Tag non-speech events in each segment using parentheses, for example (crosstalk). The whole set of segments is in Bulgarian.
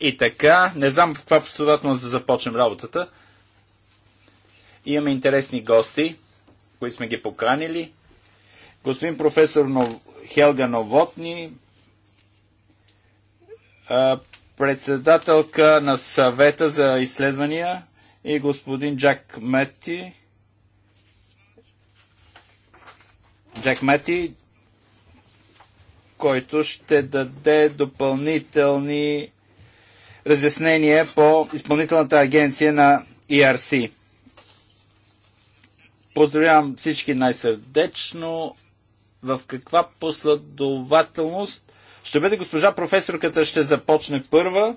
И така, не знам в каква последователност да започнем работата. Имаме интересни гости, които сме ги поканили. Господин професор Нов... Хелга Новотни, председателка на съвета за изследвания и господин Джак Мети. Джак Мети, който ще даде допълнителни разяснение по изпълнителната агенция на ERC. Поздравявам всички най-сърдечно. В каква последователност ще бъде госпожа професорката, ще започне първа.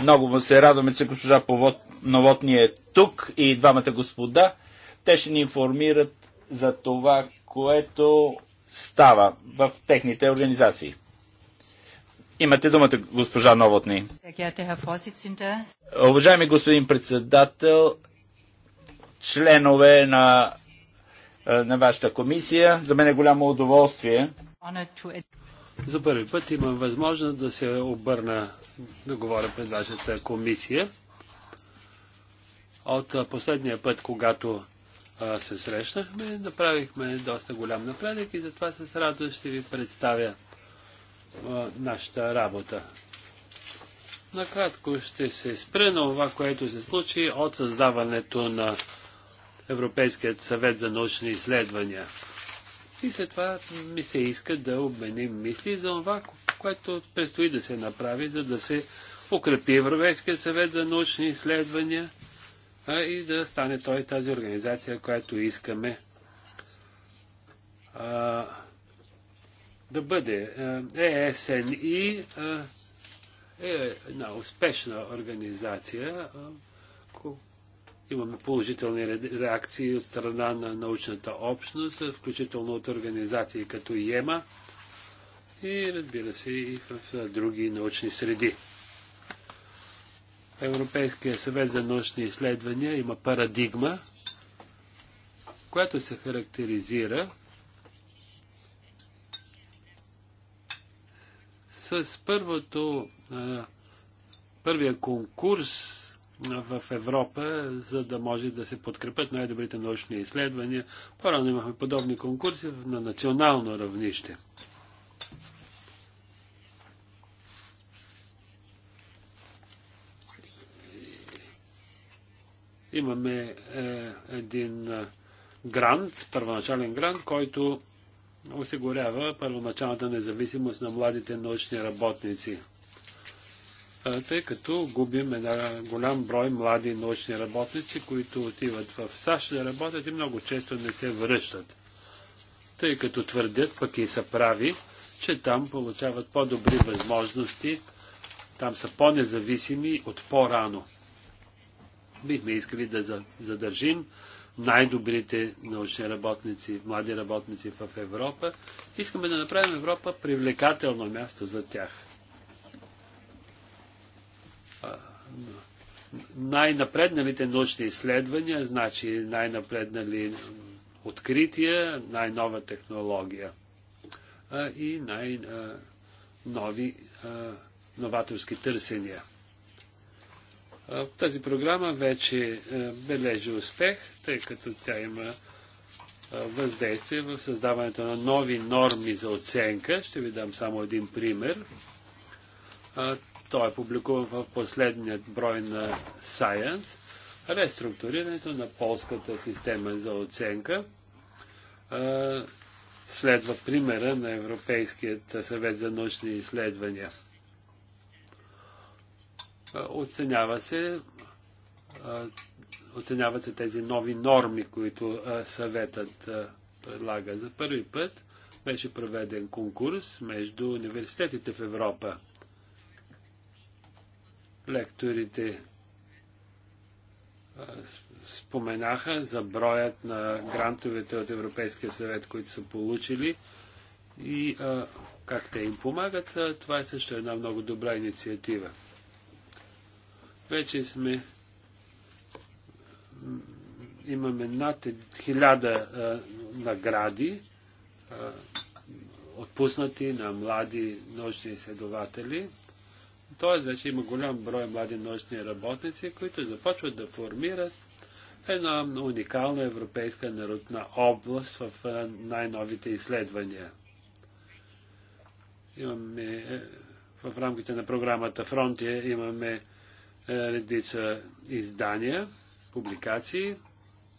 Много му се радваме, че госпожа Повод... Новотни е тук и двамата господа. Те ще ни информират за това, което става в техните организации. Имате думата, госпожа Новотни. Уважаеми господин председател, членове на, е, на вашата комисия, за мен е голямо удоволствие. За първи път имам възможност да се обърна да говоря пред вашата комисия. От последния път, когато а, се срещнахме, направихме доста голям напредък и затова с радост ще ви представя а, нашата работа. Накратко ще се спра на това, което се случи от създаването на Европейският съвет за научни изследвания. И след това ми се иска да обменим мисли за това, което предстои да се направи, за да се укрепи Европейския съвет за научни изследвания – а, и да стане той тази организация, която искаме а, да бъде. ЕСНИ е а, е една успешна организация. А, имаме положителни реакции от страна на научната общност, включително от организации като ЕМА и разбира се и в други научни среди. Европейския съвет за научни изследвания има парадигма, която се характеризира с първото, първия конкурс в Европа, за да може да се подкрепят най-добрите научни изследвания. По-рано имахме подобни конкурси на национално равнище. Имаме е, един е, грант, първоначален грант, който осигурява първоначалната независимост на младите научни работници. Е, тъй като губим една голям брой млади научни работници, които отиват в САЩ да работят и много често не се връщат. Тъй като твърдят, пък и са прави, че там получават по-добри възможности, там са по-независими от по-рано бихме искали да задържим най-добрите научни работници, млади работници в Европа. Искаме да направим Европа привлекателно място за тях. Най-напредналите научни изследвания, значи най-напреднали открития, най-нова технология и най-нови новаторски търсения. Тази програма вече е, бележи успех, тъй като тя има въздействие в създаването на нови норми за оценка. Ще ви дам само един пример. Той е публикуван в последният брой на Science. Реструктурирането на полската система за оценка следва примера на Европейският съвет за научни изследвания – Оценява се, оценяват се тези нови норми, които съветът предлага. За първи път беше проведен конкурс между университетите в Европа. Лекторите споменаха за броят на грантовете от Европейския съвет, които са получили и а, как те им помагат. А, това е също една много добра инициатива. Вече сме имаме над хиляда награди, а, отпуснати на млади научни изследователи. Тоест вече има голям брой млади научни работници, които започват да формират една уникална европейска народна област в най-новите изследвания. Имаме е, в рамките на програмата Фронтия имаме е, редица издания, публикации,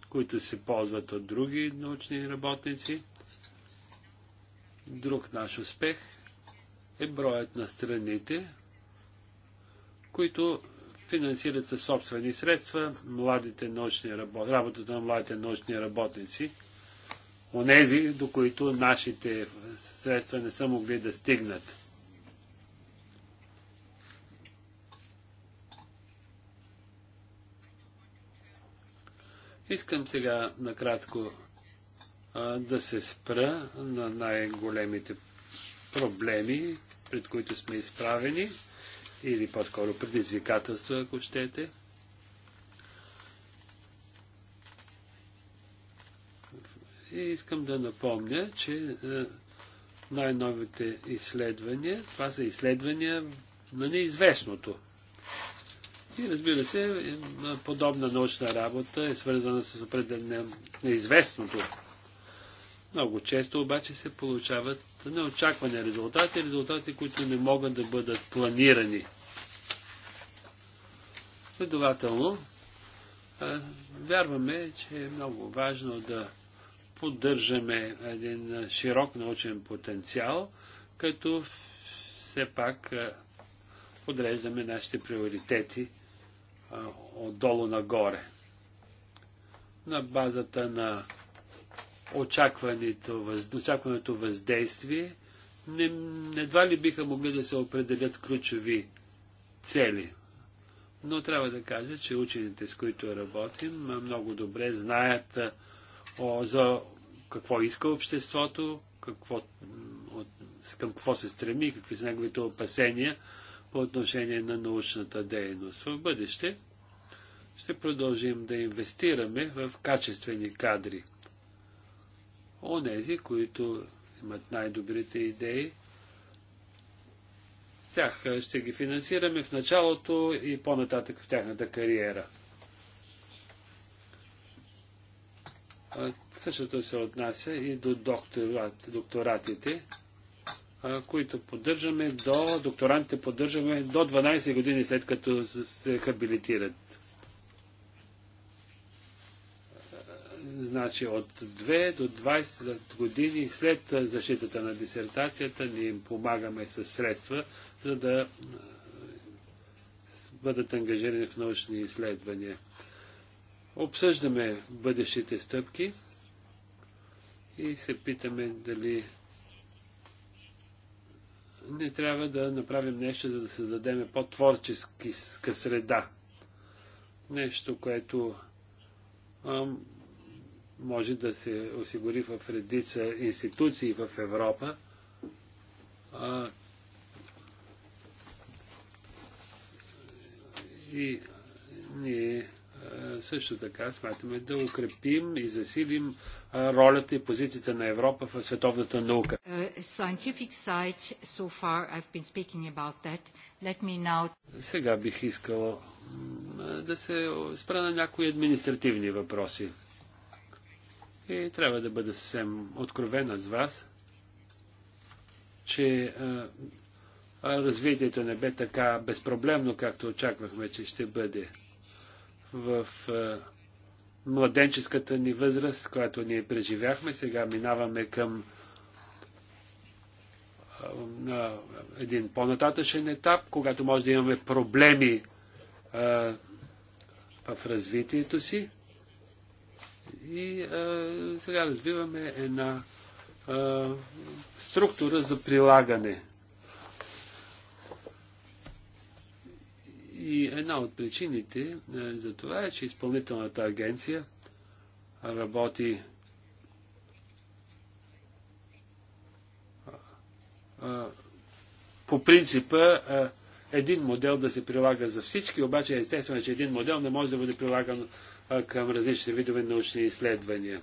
които се ползват от други научни работници. Друг наш успех е броят на страните, които финансират със собствени средства младите научни работ... работата на младите научни работници, онези, до които нашите средства не са могли да стигнат. Искам сега накратко а, да се спра на най-големите проблеми, пред които сме изправени, или по-скоро предизвикателства, ако щете. И искам да напомня, че най-новите изследвания, това са изследвания на неизвестното – и разбира се, подобна научна работа е свързана с определено неизвестното. Много често обаче се получават неочаквани резултати, резултати, които не могат да бъдат планирани. Следователно, вярваме, че е много важно да поддържаме един широк научен потенциал, като все пак подреждаме нашите приоритети отдолу нагоре. На базата на очакването, очакваното въздействие, не, едва ли биха могли да се определят ключови цели. Но трябва да кажа, че учените, с които работим, много добре знаят о, за какво иска обществото, какво, от, към какво се стреми, какви са неговите опасения по отношение на научната дейност. В бъдеще ще продължим да инвестираме в качествени кадри. Онези, които имат най-добрите идеи, с тях ще ги финансираме в началото и по-нататък в тяхната кариера. Същото се отнася и до докторат, докторатите които поддържаме до, докторантите поддържаме до 12 години след като се хабилитират. Значи от 2 до 20 години след защитата на дисертацията ни им помагаме с средства, за да бъдат ангажирани в научни изследвания. Обсъждаме бъдещите стъпки и се питаме дали не трябва да направим нещо, за да създадем по-творческа среда. Нещо, което а, може да се осигури в редица институции в Европа. А, и ние е, също така смятаме да укрепим и засилим е, ролята и позицията на Европа в световната наука. Е, Сега бих искал да се спра на някои административни въпроси. И трябва да бъда съвсем откровена с вас, че развитието не бе така безпроблемно, както очаквахме, че ще бъде в младенческата ни възраст, която ние преживяхме. Сега минаваме към един по-нататъчен етап, когато може да имаме проблеми а, в развитието си. И а, сега развиваме една а, структура за прилагане И една от причините е, за това е, че изпълнителната агенция работи по принципа един модел да се прилага за всички, обаче естествено, че един модел не може да бъде прилаган към различни видове научни изследвания.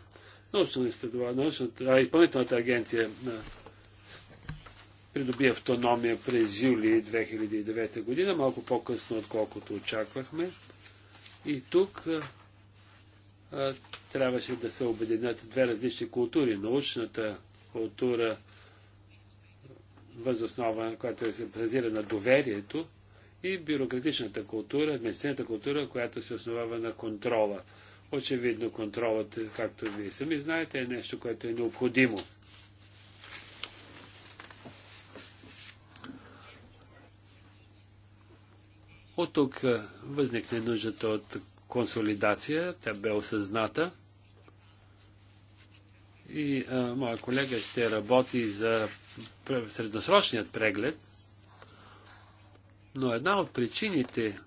Научната, научната, изпълнителната агенция придоби автономия през юли 2009 година, малко по-късно, отколкото очаквахме. И тук а, трябваше да се обединят две различни култури. Научната култура, възоснова, която се базира на доверието, и бюрократичната култура, административната култура, която се основава на контрола. Очевидно контролът, както вие сами знаете, е нещо, което е необходимо От тук възникне нуждата от консолидация, тя бе осъзната и а, моя колега ще работи за средносрочният преглед, но една от причините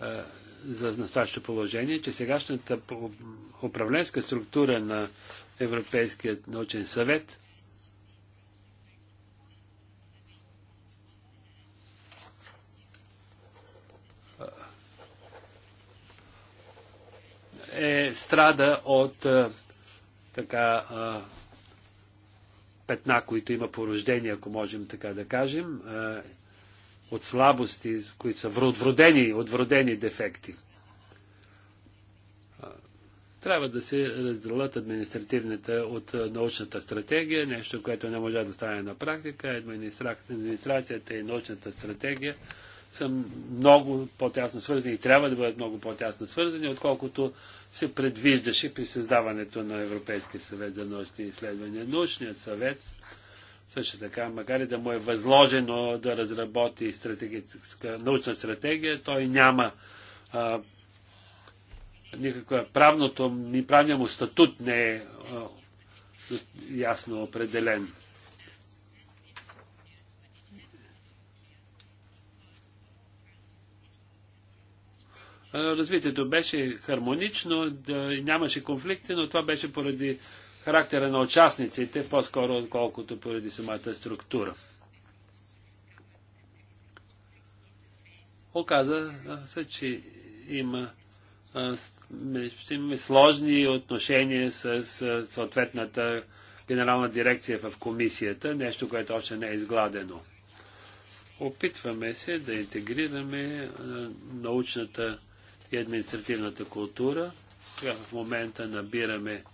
а, за настоящото положение е, че сегашната управленска структура на Европейският научен съвет – е, страда от е, така е, петна, които има по рождение, ако можем така да кажем, е, от слабости, които са вродени, отвродени дефекти. Е, трябва да се разделят административната от е, научната стратегия, нещо, което не може да стане на практика. Администрацията и научната стратегия са много по-тясно свързани и трябва да бъдат много по-тясно свързани, отколкото се предвиждаше при създаването на Европейския съвет за научни изследвания. Научният съвет също така, макар и да му е възложено да разработи стратегическа, научна стратегия, той няма а, никаква правното, ни правния му статут не е а, ясно определен. Развитието беше хармонично, да, нямаше конфликти, но това беше поради характера на участниците, по-скоро отколкото поради самата структура. Оказа се, че има сложни отношения с съответната генерална дирекция в комисията, нещо, което още не е изгладено. Опитваме се да интегрираме научната и административната култура. Сега в момента набираме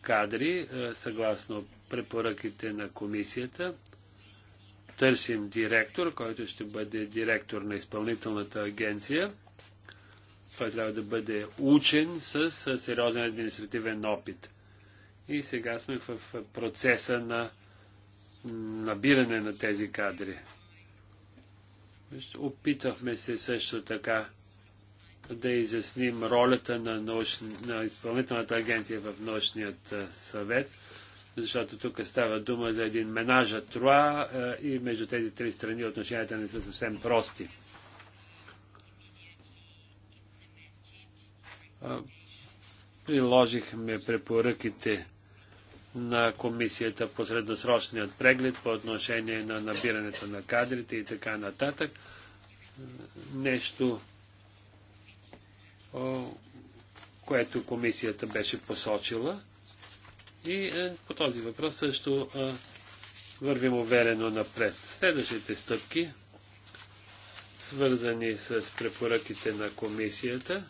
кадри е, съгласно препоръките на комисията. Търсим директор, който ще бъде директор на изпълнителната агенция. Той трябва да бъде учен с сериозен административен опит. И сега сме в процеса на набиране на тези кадри. Опитахме се също така да изясним ролята на, нощ, на изпълнителната агенция в научният съвет, защото тук става дума за един менажа труа и между тези три страни отношенията не са съвсем прости. Приложихме препоръките на комисията по средносрочният преглед по отношение на набирането на кадрите и така нататък. Нещо, което комисията беше посочила. И е, по този въпрос също вървим уверено напред. Следващите стъпки, свързани с препоръките на комисията,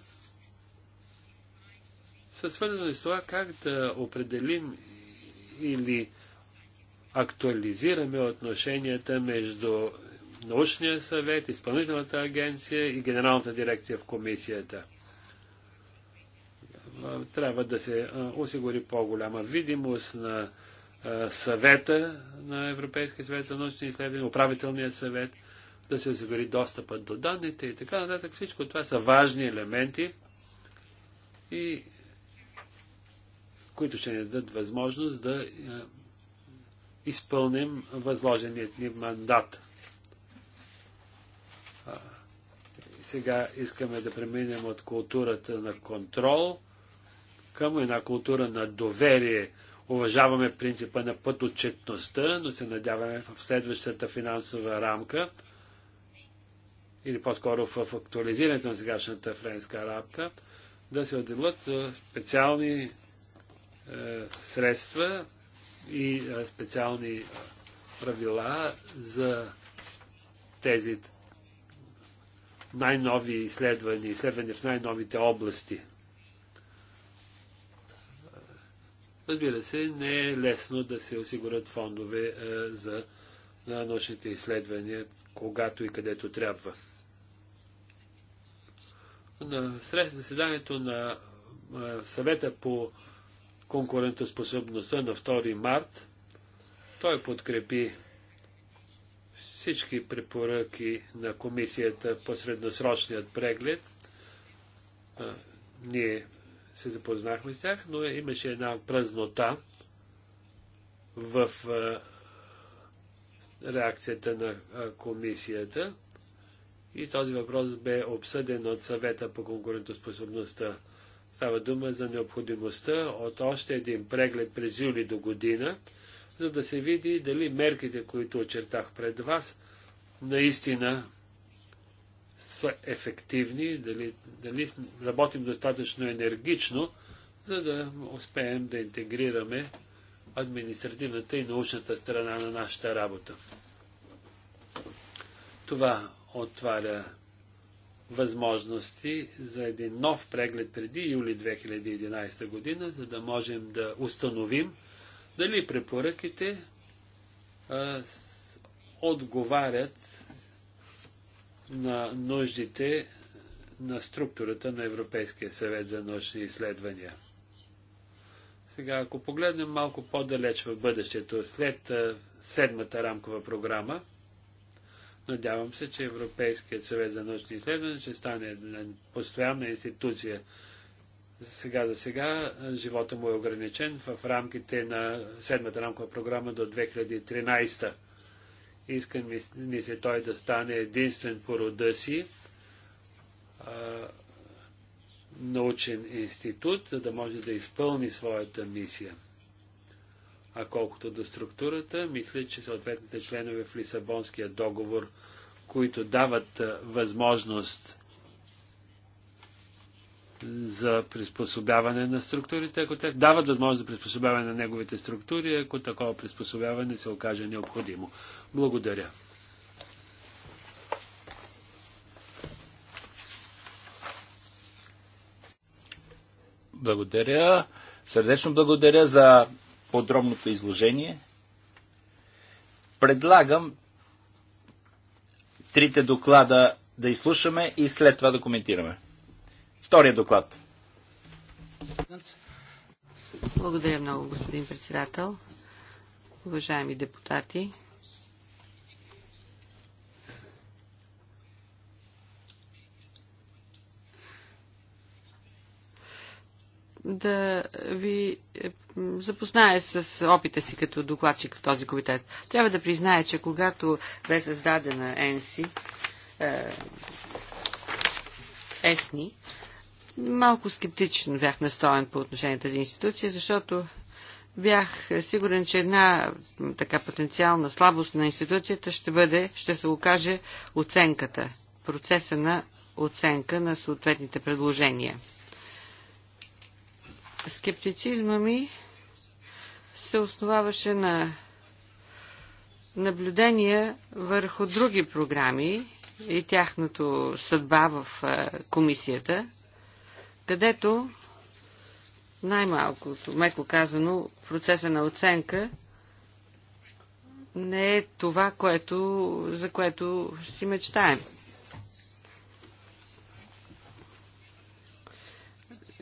са свързани с това как да определим или актуализираме отношенията между научния съвет, изпълнителната агенция и генералната дирекция в комисията трябва да се осигури по-голяма видимост на съвета на Европейския съвет за научни изследвания, управителния съвет, да се осигури достъпът до данните и така нататък. Всичко това са важни елементи и които ще ни дадат възможност да изпълним възложеният ни мандат. Сега искаме да преминем от културата на контрол към една култура на доверие. Уважаваме принципа на път но се надяваме в следващата финансова рамка или по-скоро в актуализирането на сегашната френска рамка, да се отделят специални е, средства и е, специални правила за тези най-нови изследвания, изследвания в най-новите области – Разбира се, не е лесно да се осигурят фондове а, е, за е, научните изследвания, когато и където трябва. На сред заседанието на а, е, съвета по конкурентоспособността на 2 март, той подкрепи всички препоръки на комисията по средносрочният преглед. А, ние се запознахме с тях, но имаше една празнота в реакцията на комисията и този въпрос бе обсъден от съвета по конкурентоспособността. Става дума за необходимостта от още един преглед през юли до година, за да се види дали мерките, които очертах пред вас, наистина са ефективни, дали, дали работим достатъчно енергично, за да успеем да интегрираме административната и научната страна на нашата работа. Това отваря възможности за един нов преглед преди юли 2011 година, за да можем да установим дали препоръките а, отговарят на нуждите на структурата на Европейския съвет за научни изследвания. Сега, ако погледнем малко по-далеч в бъдещето, след седмата рамкова програма, надявам се, че Европейският съвет за научни изследвания ще стане постоянна институция. Сега за сега живота му е ограничен в рамките на седмата рамкова програма до 2013. Иска ми, ми се той да стане единствен по рода си а, научен институт, за да може да изпълни своята мисия. А колкото до структурата, мисля, че съответните членове в Лисабонския договор, които дават възможност за приспособяване на структурите, ако те дават възможност за приспособяване на неговите структури, ако такова приспособяване се окаже необходимо. Благодаря. Благодаря. Сърдечно благодаря за подробното изложение. Предлагам трите доклада да изслушаме и след това да коментираме. Втория доклад. Благодаря много, господин председател. Уважаеми депутати, да ви е, запозная с опита си като докладчик в този комитет. Трябва да призная, че когато бе създадена ЕНСИ, е, ЕСНИ, Малко скептично бях настроен по отношение на тази институция, защото бях сигурен, че една така потенциална слабост на институцията ще бъде, ще се окаже оценката, процеса на оценка на съответните предложения. Скептицизма ми се основаваше на наблюдения върху други програми и тяхното съдба в комисията където най-малкото, меко казано, процеса на оценка не е това, което, за което си мечтаем.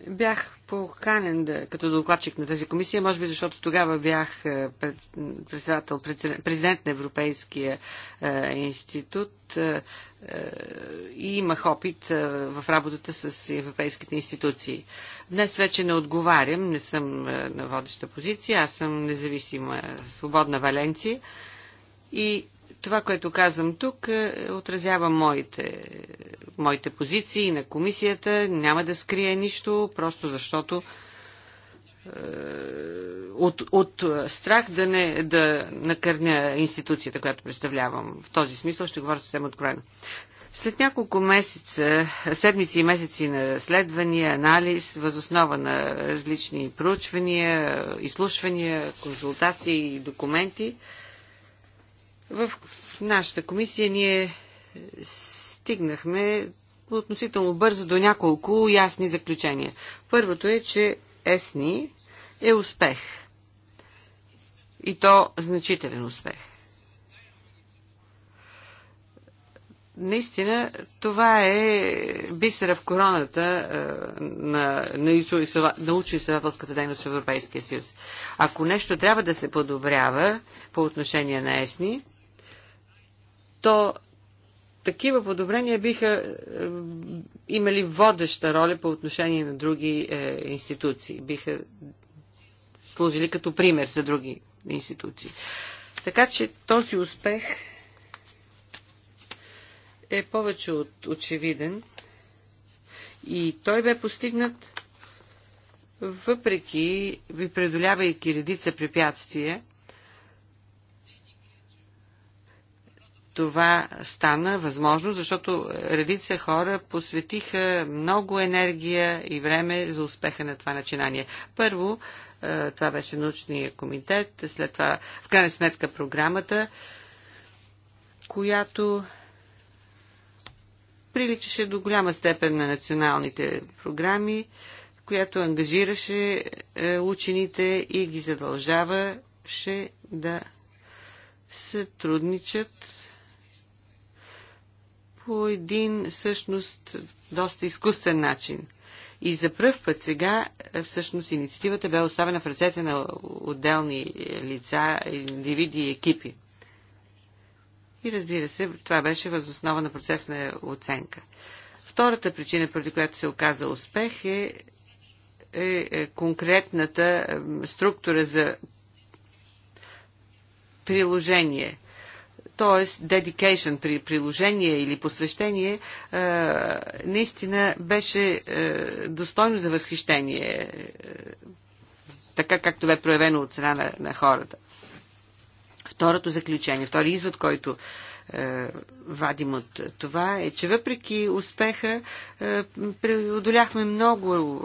Бях поканен да, като докладчик на тази комисия, може би защото тогава бях е, председател, президент на Европейския е, институт е, и имах опит в работата с европейските институции. Днес вече не отговарям, не съм на водеща позиция, аз съм независима, свободна Валенция и това, което казвам тук, е, отразява моите, моите позиции на комисията. Няма да скрия нищо, просто защото е, от, от страх да не да накърня институцията, която представлявам. В този смисъл ще говоря съвсем откровено. След няколко месеца, седмици и месеци на разследвания, анализ, възоснова на различни проучвания, изслушвания, консултации и документи, в нашата комисия ние стигнахме относително бързо до няколко ясни заключения. Първото е, че ЕСНИ е успех. И то значителен успех. Наистина, това е бисера в короната е, на, на научно-изследователската дейност в Европейския съюз. Ако нещо трябва да се подобрява по отношение на ЕСНИ, то такива подобрения биха е, имали водеща роля по отношение на други е, институции, биха служили като пример за други институции. Така че този успех е повече от очевиден и той бе постигнат въпреки, ви предолявайки редица препятствия – това стана възможно, защото редица хора посветиха много енергия и време за успеха на това начинание. Първо, е, това беше научния комитет, след това, в крайна сметка, програмата, която приличаше до голяма степен на националните програми, която ангажираше е, учените и ги задължаваше да сътрудничат по един всъщност доста изкуствен начин. И за пръв път сега е, всъщност инициативата бе оставена в ръцете на отделни лица, индивиди и екипи. И разбира се, това беше възоснова на процесна оценка. Втората причина, поради която се оказа успех е, е, е конкретната структура за приложение – т.е. dedication при приложение или посвещение, е, наистина беше е, достойно за възхищение, е, така както бе проявено от страна на, на хората. Второто заключение, втори извод, който вадим от това е, че въпреки успеха преодоляхме много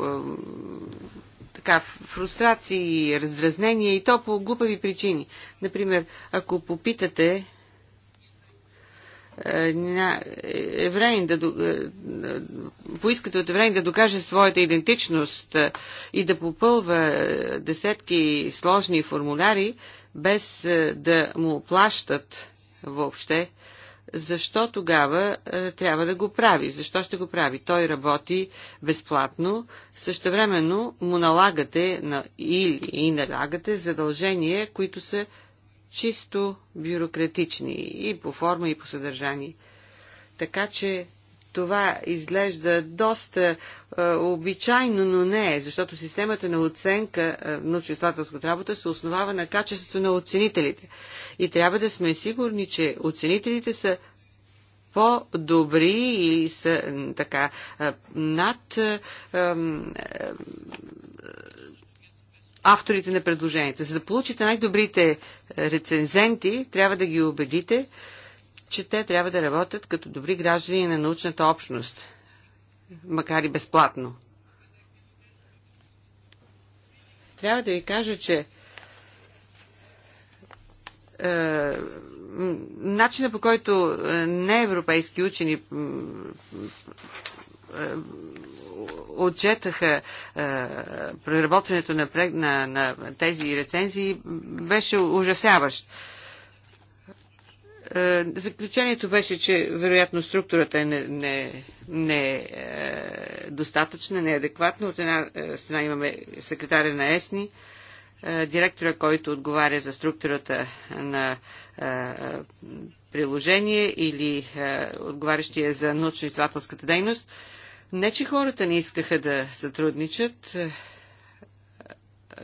така, фрустрации, раздразнения и то по глупави причини. Например, ако попитате е, е, евреин да, е, поискате от евреин да докаже своята идентичност и да попълва десетки сложни формуляри, без да му плащат въобще, защо тогава е, трябва да го прави? Защо ще го прави? Той работи безплатно, същевременно му налагате на, или и налагате задължения, които са чисто бюрократични и по форма, и по съдържание. Така че това изглежда доста е, обичайно, но не е, защото системата на оценка е, на изследователската работа се основава на качеството на оценителите. И трябва да сме сигурни, че оценителите са по-добри или са така е, над е, е, авторите на предложенията. За да получите най-добрите е, рецензенти, трябва да ги убедите, че те трябва да работят като добри граждани на научната общност, макар и безплатно. Трябва да ви кажа, че е, начина по който е, неевропейски учени е, отчетаха е, преработването на, на, на тези рецензии, беше ужасяващ. Е, заключението беше, че вероятно структурата е не, не, не е достатъчна, не е адекватна. От една е, страна имаме секретаря на ЕСНИ, директора, който отговаря за структурата на приложение или отговарящия за научно-изследователската дейност не, че хората не искаха да сътрудничат е,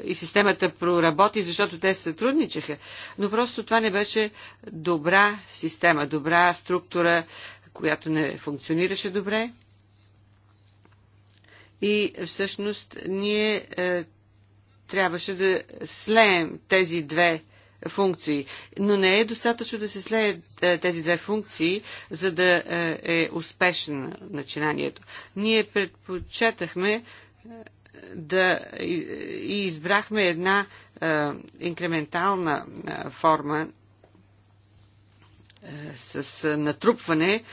и системата проработи, защото те сътрудничаха, но просто това не беше добра система, добра структура, която не функционираше добре. И всъщност ние е, трябваше да слеем тези две функции. Но не е достатъчно да се слеят е, тези две функции, за да е, е успешно начинанието. Ние предпочетахме е, да и избрахме една инкрементална форма с натрупване.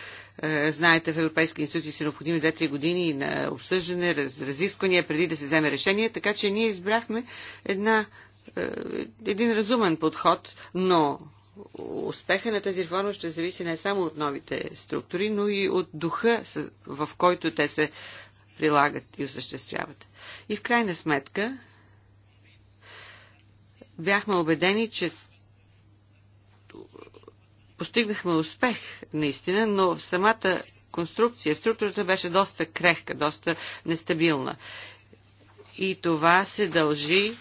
Знаете, в Европейски институции са необходими 2-3 години на обсъждане, раз, разисквания преди да се вземе решение, така че ние избрахме една е, един разумен подход, но успеха на тази реформа ще зависи не само от новите структури, но и от духа, в който те се прилагат и осъществяват. И в крайна сметка бяхме убедени, че постигнахме успех наистина, но самата конструкция, структурата беше доста крехка, доста нестабилна. И това се дължи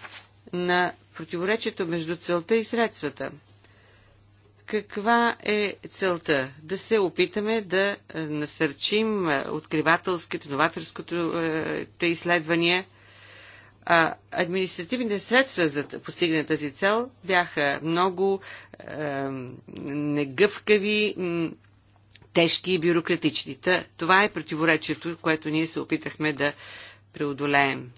на противоречието между целта и средствата. Каква е целта? Да се опитаме да е, насърчим е, откривателските, новаторското е, те изследвания. А административните средства за да постигне тази цел бяха много е, негъвкави, тежки и бюрократични. това е противоречието, което ние се опитахме да преодолеем.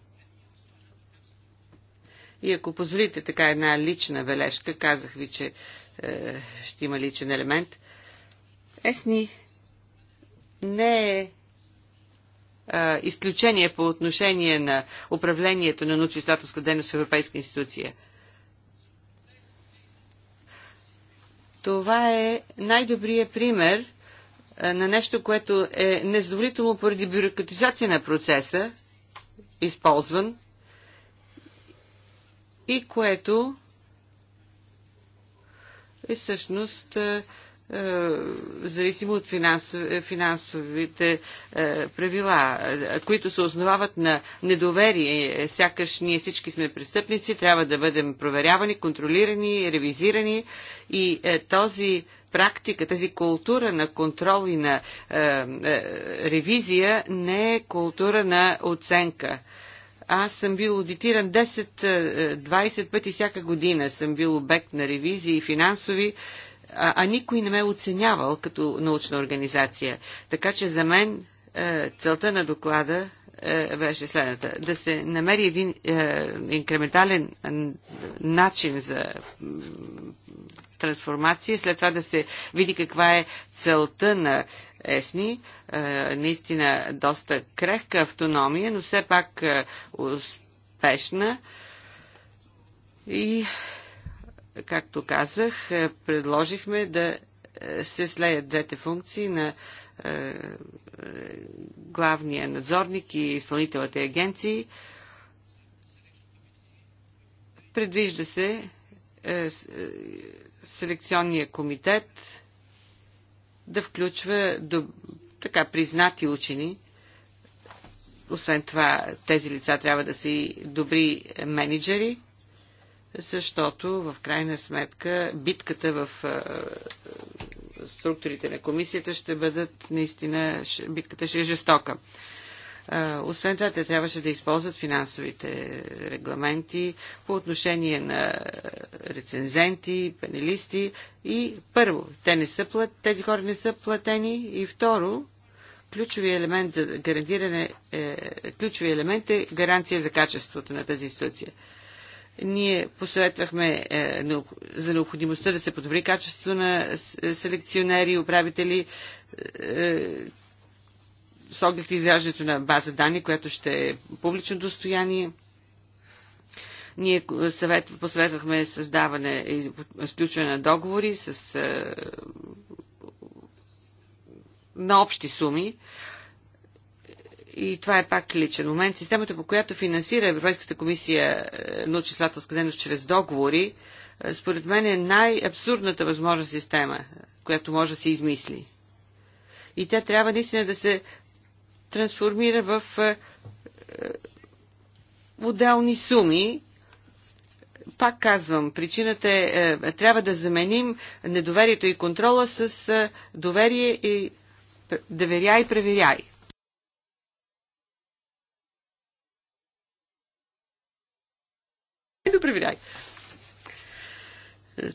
И ако позволите така една лична бележка, казах ви, че е, ще има личен елемент. Есни не е, е изключение по отношение на управлението на научно-изследователска дейност в Европейска институция. Това е най-добрият пример е, на нещо, което е незадоволително поради бюрократизация на процеса, използван и което е всъщност е, е, зависимо от е, финансовите правила, които се основават на недоверие. Сякаш ние всички сме престъпници, трябва да бъдем проверявани, контролирани, ревизирани и този практика, тази култура на контрол и на ревизия не е култура на оценка. Аз съм бил аудитиран 10-20 е, пъти всяка година. Съм бил обект на ревизии финансови, а, а никой не ме е оценявал като научна организация. Така че за мен е, целта на доклада беше следната. Да се намери един е, инкрементален начин за трансформация, след това да се види каква е целта на ЕСНИ. Е, наистина доста крехка автономия, но все пак е, успешна. И, както казах, е, предложихме да се слеят двете функции на главния надзорник и изпълнителните агенции. Предвижда се селекционния комитет да включва до, така признати учени. Освен това, тези лица трябва да са и добри менеджери, защото в крайна сметка битката в структурите на комисията ще бъдат наистина, битката ще е жестока. Освен това, те трябваше да използват финансовите регламенти по отношение на рецензенти, панелисти и първо, те не са плат... тези хора не са платени и второ, ключови елемент за гарантиране, е, ключови елемент е гаранция за качеството на тази институция. Ние посъветвахме е, за необходимостта да се подобри качеството на селекционери и управители, е, с оглед изяждането на база данни, която ще е публично достояние. Ние съвет, посветвахме създаване и сключване на договори с, е, на общи суми. И това е пак личен момент. Системата, по която финансира Европейската комисия е, научно-изследователска дейност чрез договори, е, според мен е най-абсурдната възможна система, която може да се измисли. И тя трябва наистина да се трансформира в е, е, отделни суми. Пак казвам, причината е, е, трябва да заменим недоверието и контрола с доверие и доверяй, проверяй. Да проверяй.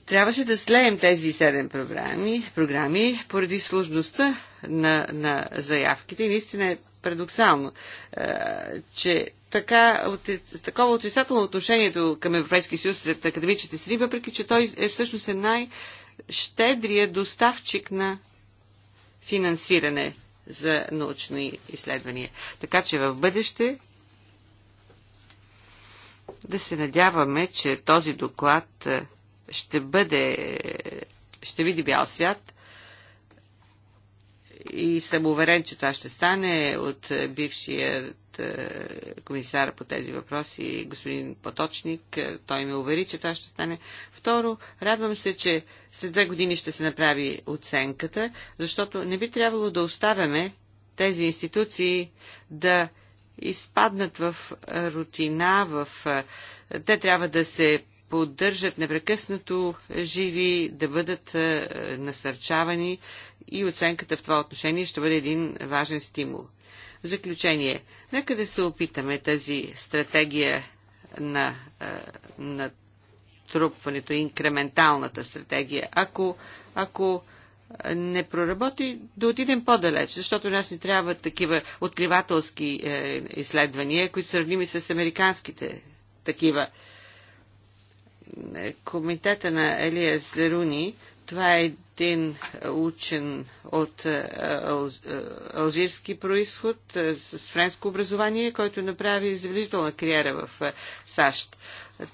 Трябваше да слеем тези седем програми, програми поради сложността на, на заявките. И наистина е парадоксално, е, че така, такова отрицателно отношение към Европейския съюз сред академичните среди, въпреки че той е всъщност е най-щедрия доставчик на финансиране за научни изследвания. Така че в бъдеще да се надяваме, че този доклад е, ще бъде, е, ще види бял свят и съм уверен, че това ще стане от бившият е, комисар по тези въпроси, господин Поточник. Е, той ме увери, че това ще стане. Второ, радвам се, че след две години ще се направи оценката, защото не би трябвало да оставяме тези институции да изпаднат в е, рутина, в... те трябва да се поддържат непрекъснато живи, да бъдат е, насърчавани и оценката в това отношение ще бъде един важен стимул. В заключение, нека да се опитаме тази стратегия на, е, на трупването, инкременталната стратегия. Ако, ако е, не проработи, да отидем по-далеч, защото нас ни трябва такива откривателски изследвания, които сравними с американските такива комитета на Елия Зеруни, това е един учен от е, е, алжирски происход е, с френско образование, който направи забележителна кариера в САЩ.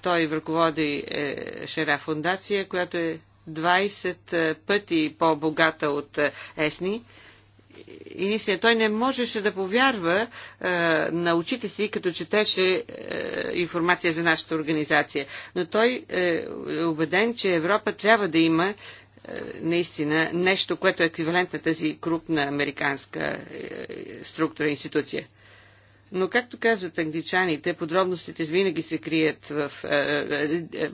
Той ръководи Шера фундация, която е 20 пъти по-богата от Есни и наистина той не можеше да повярва е, на очите си, като четеше е, информация за нашата организация. Но той е, е убеден, че Европа трябва да има е, наистина нещо, което е еквивалент на тази крупна американска е, структура, институция. Но, както казват англичаните, подробностите винаги се крият в... Е, е, е, е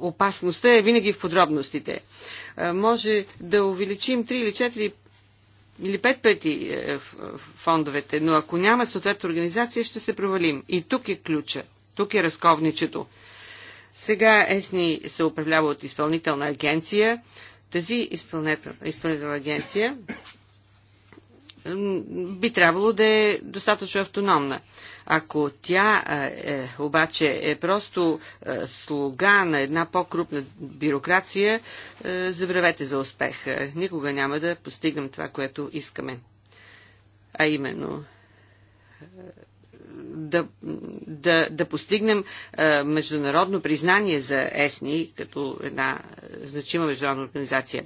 опасността е винаги в подробностите. Е, може да увеличим 3 или 4 или пет пъти е, фондовете, но ако няма съответна организация, ще се провалим. И тук е ключа, тук е разковничето. Сега ЕСНИ се управлява от изпълнителна агенция. Тази изпълнителна, изпълнителна агенция би трябвало да е достатъчно автономна. Ако тя е, е, обаче е просто е, слуга на една по-крупна бюрокрация, е, забравете за успех. Е, никога няма да постигам това, което искаме. А именно е, да, да, да постигнем е, международно признание за ЕСНИ като една значима международна организация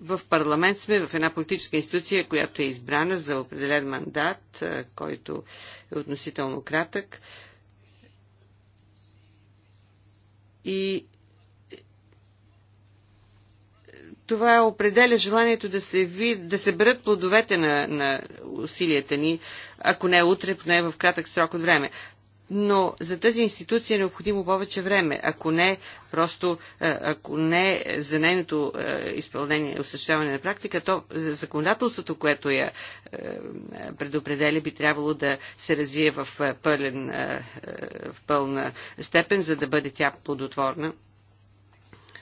в парламент сме в една политическа институция, която е избрана за определен мандат, който е относително кратък. И е, това определя желанието да се, ви, да се берат плодовете на, на усилията ни, ако не е утре, поне в кратък срок от време но за тази институция е необходимо повече време. Ако не, просто, е, ако не за нейното е, изпълнение, осъществяване на практика, то законодателството, което я е, предопределя, би трябвало да се развие в, пълен, в пълна степен, за да бъде тя плодотворна.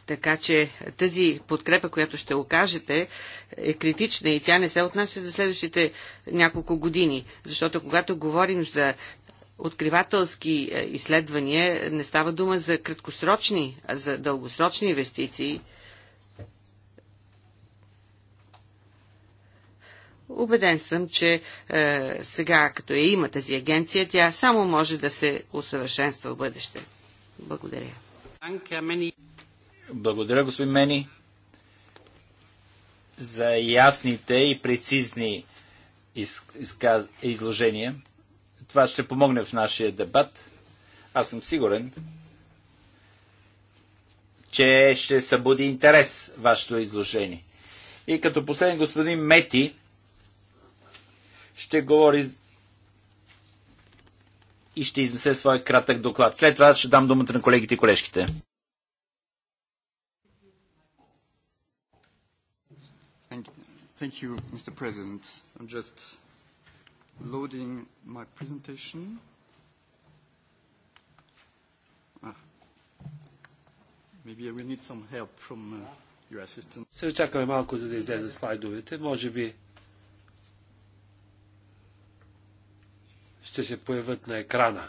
Така че тази подкрепа, която ще окажете, е критична и тя не се отнася за следващите няколко години. Защото когато говорим за откривателски е, изследвания не става дума за краткосрочни, а за дългосрочни инвестиции. Убеден съм, че е, сега, като я има тази агенция, тя само може да се усъвършенства в бъдеще. Благодаря. Благодаря, господин Мени, за ясните и прецизни из, изказ, изложения. Това ще помогне в нашия дебат. Аз съм сигурен, че ще събуди интерес вашето изложение. И като последен господин Мети ще говори и ще изнесе своя кратък доклад. След това ще дам думата на колегите и колежките. Thank you, Mr. President. I'm just loading my presentation. Ah. Maybe I will need some help from uh, your assistant. So Се очакваме малко, за да излезе слайдовете. Може би ще се появят на екрана.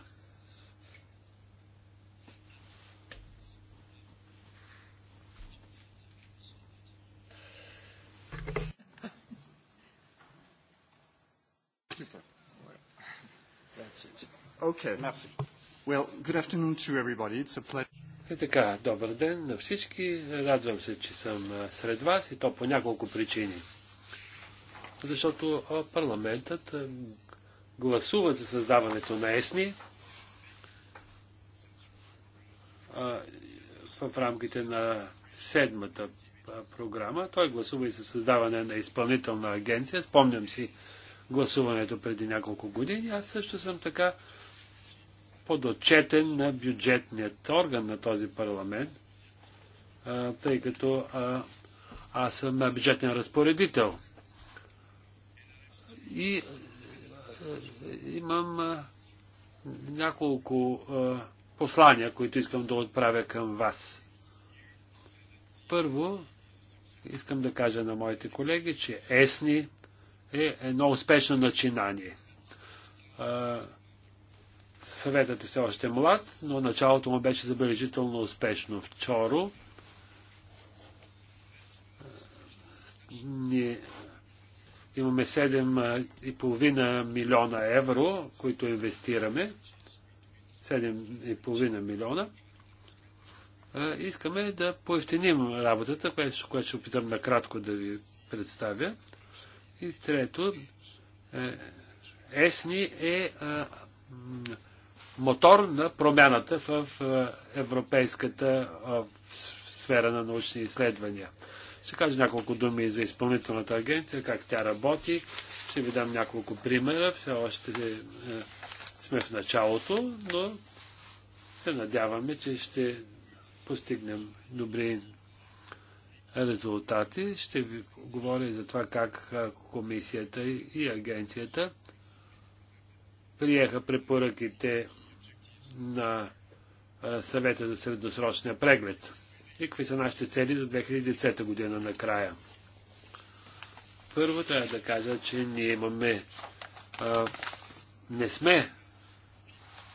Okay. Merci. Well, good afternoon to everybody. It's a pleasure. така, добър ден на всички. Радвам се, че съм сред вас и то по няколко причини. Защото парламентът гласува за създаването на ЕСНИ в рамките на седмата програма. Той гласува и за създаване на изпълнителна агенция. Спомням си гласуването преди няколко години. Аз също съм така подотчетен на бюджетният орган на този парламент, тъй като аз съм бюджетен разпоредител. И имам няколко послания, които искам да отправя към вас. Първо, искам да кажа на моите колеги, че ЕСНИ е едно успешно начинание. Съветът е все още млад, но началото му беше забележително успешно. Вчора ние имаме 7,5 милиона евро, които инвестираме. 7,5 милиона. Искаме да поевтиним работата, което което ще опитам накратко да ви представя. И трето, е, ЕСНИ е мотор на промяната в е, европейската е, сфера на научни изследвания. Ще кажа няколко думи за изпълнителната агенция, как тя работи. Ще ви дам няколко примера. Все още е, сме в началото, но се надяваме, че ще постигнем добри резултати. Ще ви говоря за това как комисията и агенцията приеха препоръките на съвета за средносрочния преглед. И какви са нашите цели до 2010 година накрая? Първо трябва да кажа, че ние имаме, а, не сме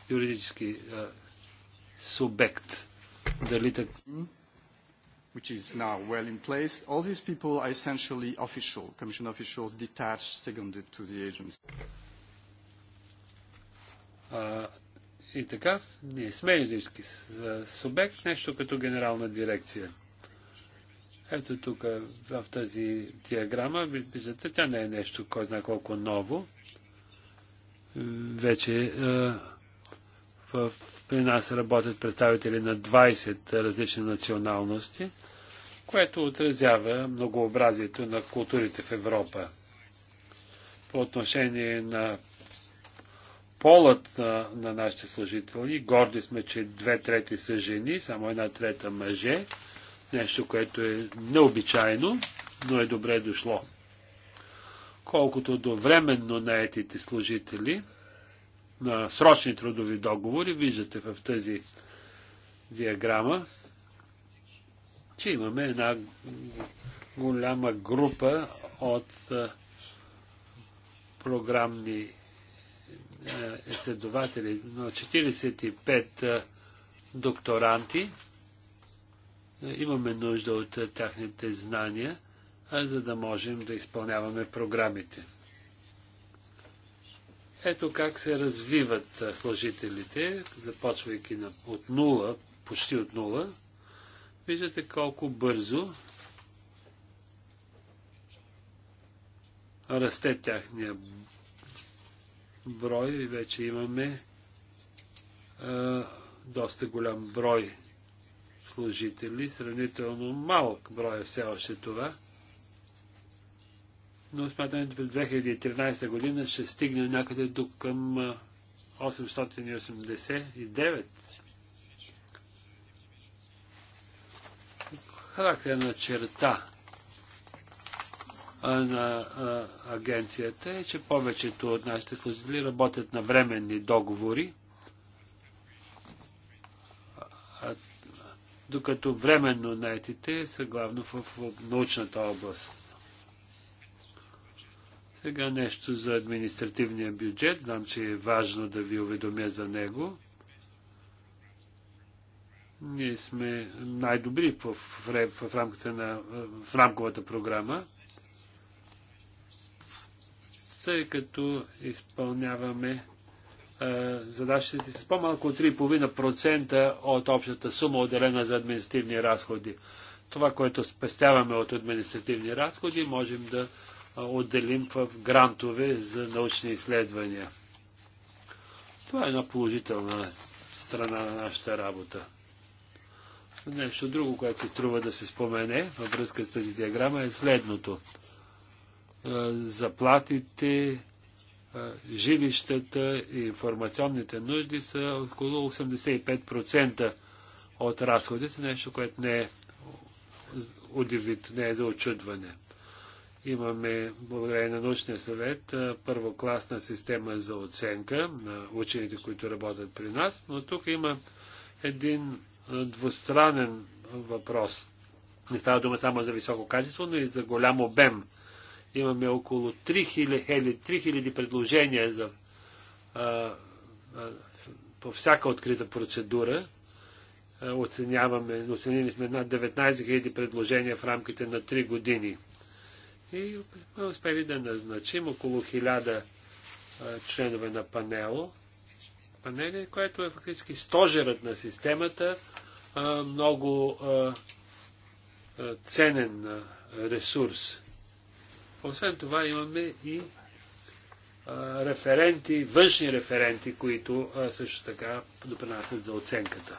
юридически а, субект. Дали така? Which is now well in place. All these people are essentially official, commission officials detached, seconded to the agency. И така, ние сме юридически субект, нещо като генерална дирекция. Ето тук в тази диаграма, виждате, тя не е нещо, кой знае колко ново. Вече е, в, при нас работят представители на 20 различни националности, което отразява многообразието на културите в Европа. По отношение на полът на, на нашите служители. Горди сме, че две трети са жени, само една трета мъже. Нещо, което е необичайно, но е добре дошло. Колкото до временно наетите служители на срочни трудови договори, виждате в тази диаграма, че имаме една голяма група от програмни е, изследователи, но 45 е, докторанти. Е, имаме нужда от тяхните знания, за да можем да изпълняваме програмите. Ето как се развиват служителите, започвайки от нула, почти от нула. Виждате колко бързо расте тяхния брой и вече имаме а, доста голям брой служители, сравнително малък брой е все още това. Но смятаме, че през 2013 година ще стигне някъде до към 889 характерна черта на агенцията е, че повечето от нашите служители работят на временни договори, докато временно наетите са главно в научната област. Сега нещо за административния бюджет. Знам, че е важно да ви уведомя за него. Ние сме най-добри в, на в рамковата програма тъй като изпълняваме задачите си с по-малко от 3,5% от общата сума, отделена за административни разходи. Това, което спестяваме от административни разходи, можем да отделим в грантове за научни изследвания. Това е една положителна страна на нашата работа. Нещо друго, което се струва да се спомене във връзка с тази диаграма е следното – заплатите, жилищата и информационните нужди са около 85% от разходите, нещо, което не е удивително, не е за очудване. Имаме, благодарение на научния съвет, първокласна система за оценка на учените, които работят при нас, но тук има един двустранен въпрос. Не става дума само за високо качество, но и за голям обем Имаме около 3000, 3000 предложения за, а, а, по всяка открита процедура. оценяваме, оценили сме над 19 000 предложения в рамките на 3 години. И успели да назначим около 1000 членове на панел, панели, което е фактически стожерът на системата, много ценен ресурс. Освен това имаме и а, референти, външни референти, които а, също така допринасят за оценката.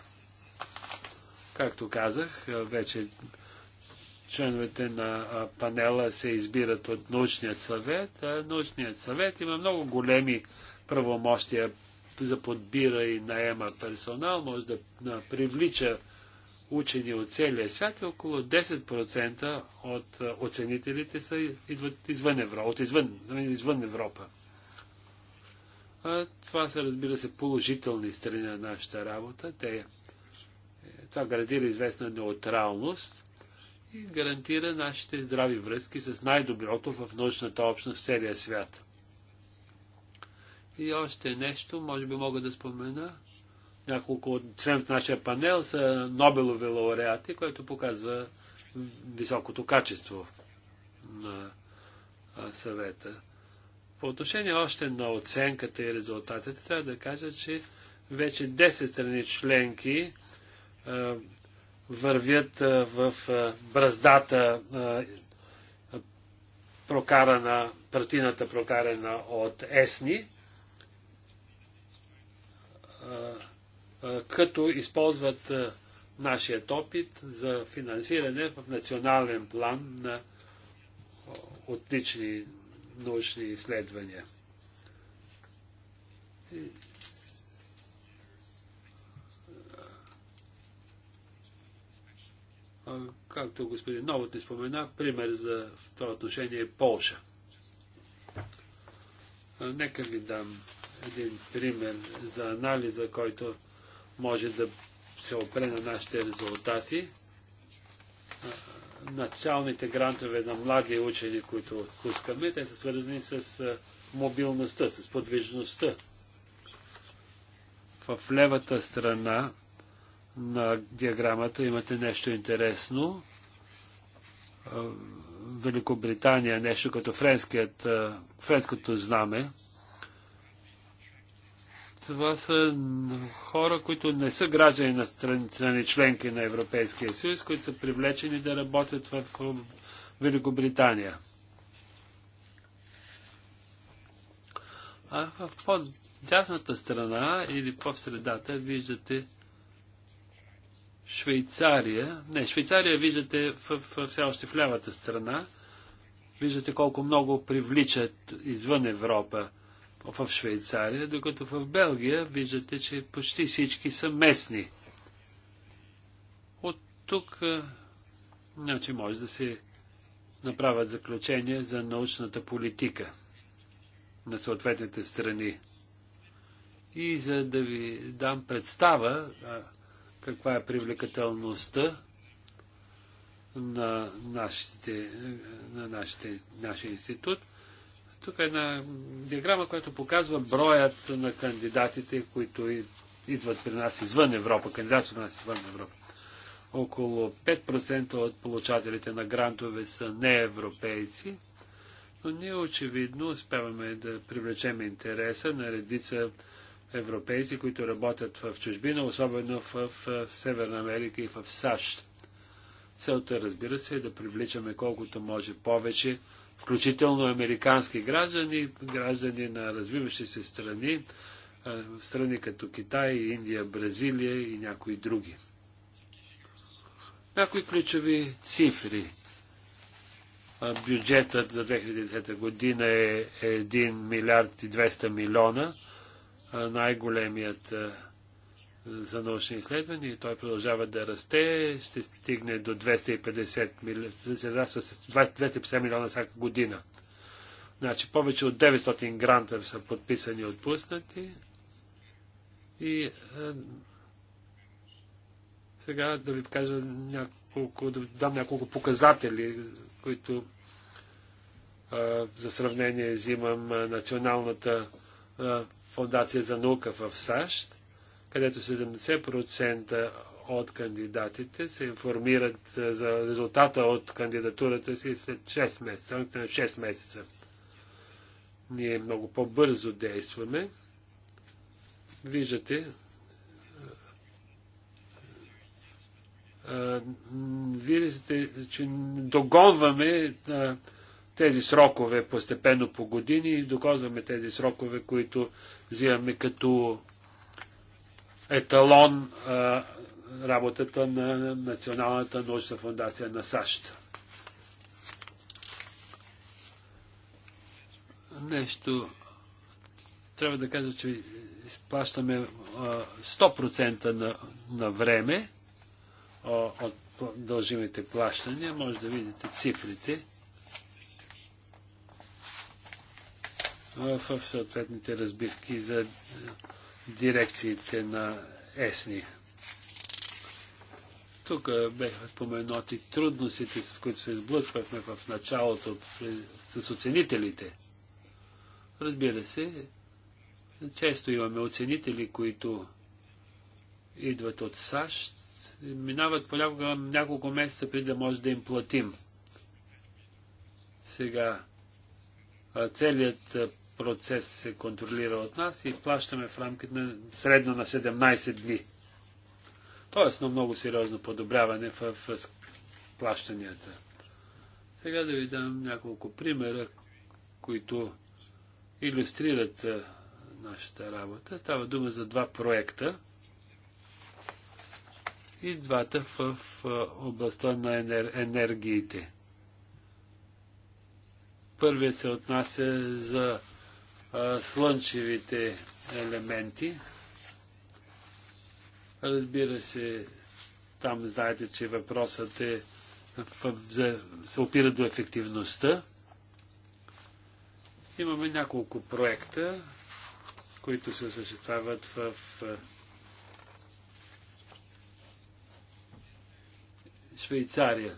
Както казах, вече членовете на панела се избират от научния съвет. А научният съвет има много големи правомощия за подбира и наема персонал, може да привлича учени от целия свят, около 10% от оценителите са идват извън Европа, от извън, извън Европа. А, това са, разбира се, положителни страни на нашата работа. Те, е, това гарантира известна неутралност и гарантира нашите здрави връзки с най-доброто в научната общност в целия свят. И още нещо, може би мога да спомена – няколко от членовете на нашия панел са Нобелови лауреати, което показва високото качество на съвета. По отношение още на оценката и резултатите, трябва да кажа, че вече 10 страни членки вървят в браздата прокарана, партината прокарана от Есни като използват нашият опит за финансиране в национален план на отлични научни изследвания. Както господин Новот не спомена, пример за това отношение е Полша. Нека ви дам един пример за анализа, който може да се опре на нашите резултати. Началните грантове на млади учени, които отпускаме, те са свързани с мобилността, с подвижността. В левата страна на диаграмата имате нещо интересно. Великобритания, е нещо като френският, френското знаме, това са хора, които не са граждани на страни членки на Европейския съюз, които са привлечени да работят в Великобритания. А в по-дясната страна или по-средата виждате Швейцария. Не, Швейцария виждате в, в, все още в лявата страна. Виждате колко много привличат извън Европа в Швейцария, докато в Белгия виждате, че почти всички са местни. От тук значи, може да се направят заключения за научната политика на съответните страни. И за да ви дам представа каква е привлекателността на, нашите, на нашите, нашия институт, тук е една диаграма, която показва броят на кандидатите, които идват при нас извън Европа, кандидатите при нас извън Европа. Около 5% от получателите на грантове са неевропейци, но ние очевидно успяваме да привлечем интереса на редица европейци, които работят в чужбина, особено в, в Северна Америка и в САЩ. Целта, разбира се, е да привличаме колкото може повече включително американски граждани, граждани на развиващи се страни, страни като Китай, Индия, Бразилия и някои други. Някои ключови цифри. Бюджетът за 2010 година е 1 милиард и 200 милиона, най-големият за научни изследвания. Той продължава да расте, ще стигне до 250 милиона, 250 милиона всяка година. Значи повече от 900 гранта са подписани и отпуснати. И е, сега да ви кажа няколко, да дам няколко показатели, които е, за сравнение взимам националната е, фундация за наука в САЩ където 70% от кандидатите се информират е, за резултата от кандидатурата си след 6 месеца, на 6 месеца. Ние много по-бързо действаме. Виждате, е, е, виждате, че догонваме тези срокове постепенно по години и доказваме тези срокове, които взимаме като еталон а, работата на Националната научна фундация на САЩ. Нещо трябва да кажа, че изплащаме 100% на, на време от дължимите плащания. Може да видите цифрите в съответните разбивки за дирекциите на ЕСНИ. Тук бяха споменати трудностите, с които се изблъсквахме в началото с оценителите. Разбира се, често имаме оценители, които идват от САЩ, минават понякога няколко месеца преди да може да им платим. Сега целият процес се контролира от нас и плащаме в рамките на средно на 17 дни. Тоест на много сериозно подобряване в, в плащанията. Сега да ви дам няколко примера, които иллюстрират нашата работа. Става дума за два проекта и двата в областта на енер... енергиите. Първият се отнася за слънчевите елементи. Разбира се, там знаете, че въпросът е се опира до ефективността. Имаме няколко проекта, които се осъществяват в Швейцария.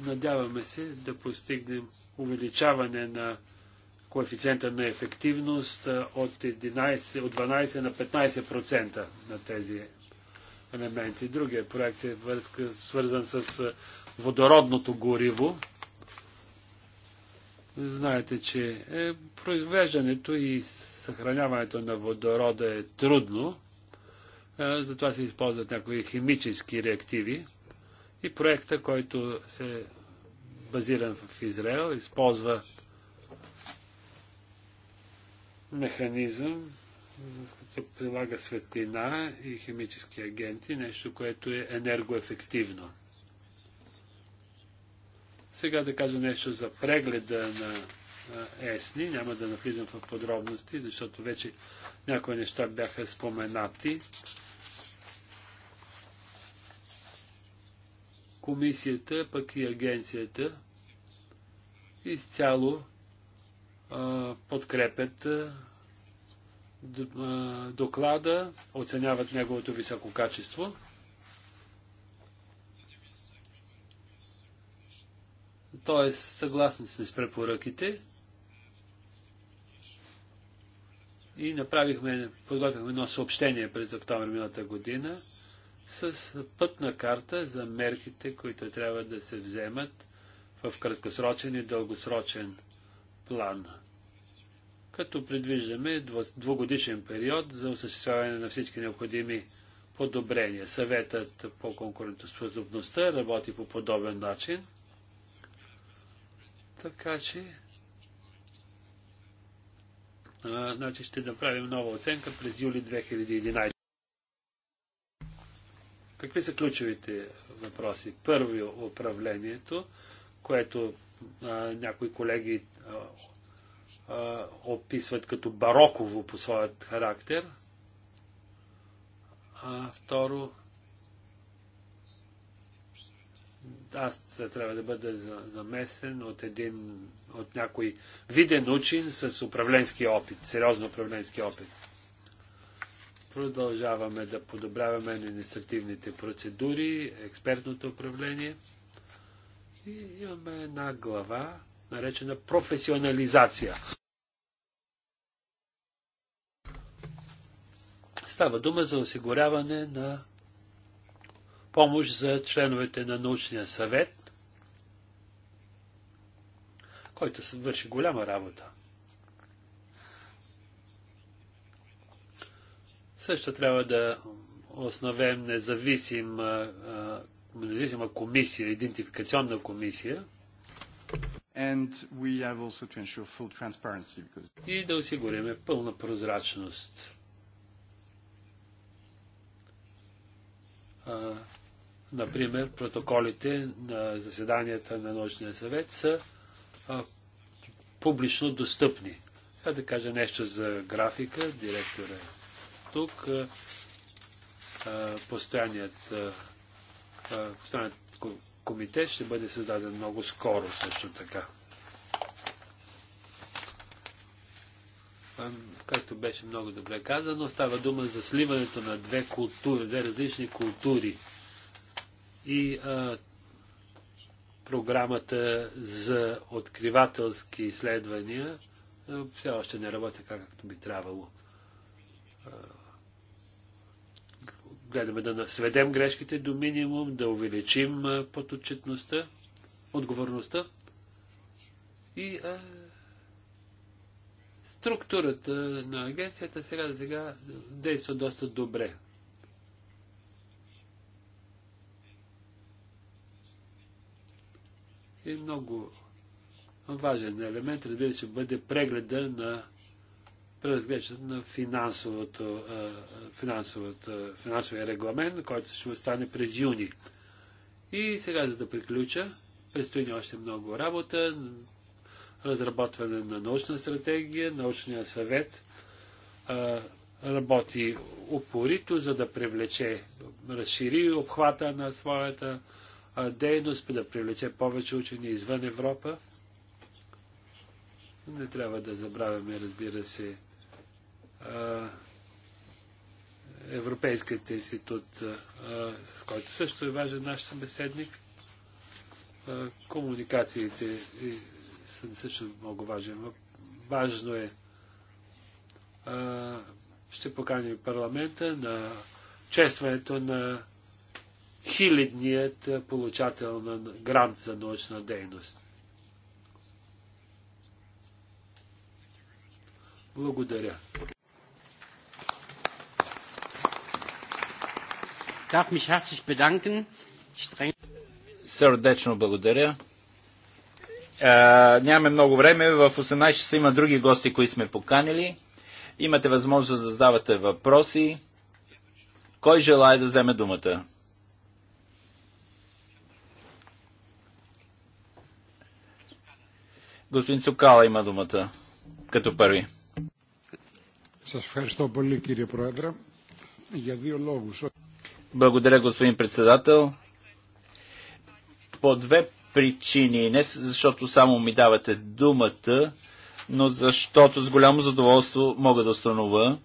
Надяваме се да постигнем увеличаване на коефициента на ефективност от, 11, от 12 на 15% на тези елементи. Другия проект е връзка, свързан с водородното гориво. Знаете, че е, произвеждането и съхраняването на водорода е трудно, е, затова се използват някои химически реактиви. И проекта, който се базиран в Израел, използва механизъм, се прилага светлина и химически агенти, нещо, което е енергоефективно. Сега да кажа нещо за прегледа на ЕСНИ. Няма да навлизам в подробности, защото вече някои неща бяха споменати. комисията, пък и агенцията изцяло а, подкрепят а, доклада, оценяват неговото високо качество. Тоест, съгласни сме с препоръките и направихме, подготвихме едно съобщение през октомври миналата година – с пътна карта за мерките, които трябва да се вземат в краткосрочен и дългосрочен план. Като предвиждаме двугодишен период за осъществяване на всички необходими подобрения. Съветът по конкурентоспособността работи по подобен начин. Така че а, значи ще направим нова оценка през юли 2011. Какви са ключовите въпроси? Първо управлението, което а, някои колеги а, а, описват като бароково по своят характер. А, второ, аз трябва да бъда замесен от един, от някой виден учин с управленски опит, сериозно управленски опит. Продължаваме да подобряваме административните процедури, експертното управление. И имаме една глава, наречена професионализация. Става дума за осигуряване на помощ за членовете на научния съвет, който се върши голяма работа. Също трябва да основем независима, независима комисия, идентификационна комисия. Because... И да осигуриме пълна прозрачност. А, например, протоколите на заседанията на научния съвет са а, публично достъпни. Сега да кажа нещо за графика. Директора тук постоянният, постоянният комитет ще бъде създаден много скоро също така. Както беше много добре казано, става дума за сливането на две култури, две различни култури. И а, програмата за откривателски изследвания все още не работи както би трябвало гледаме да сведем грешките до минимум, да увеличим поточетността, отговорността и а, структурата на агенцията сега да сега действа доста добре. И много важен елемент, разбира се, бъде прегледа на преразглеждане на финансовото, финансовото, финансовия регламент, който ще остане през юни. И сега, за да приключа, предстои ни още много работа, разработване на научна стратегия, научния съвет работи упорито, за да привлече, разшири обхвата на своята дейност, да привлече повече учени извън Европа. Не трябва да забравяме, разбира се, е, Европейският институт, е, с който също е важен наш събеседник. Е, комуникациите са също много важен. Важно е. Ще поканим парламента на честването на хилядният получател на грант за научна дейност. Благодаря. darf mich herzlich bedanken. Сърдечно благодаря. Е, нямаме много време. В 18 часа има други гости, които сме поканили. Имате възможност да задавате въпроси. Кой желая да вземе думата? Господин Цукала има думата като първи. Σας ευχαριστώ πολύ проедра. Я дио δύο λόγους. Благодаря, господин председател. По две причини. Не защото само ми давате думата, но защото с голямо задоволство мога да установя,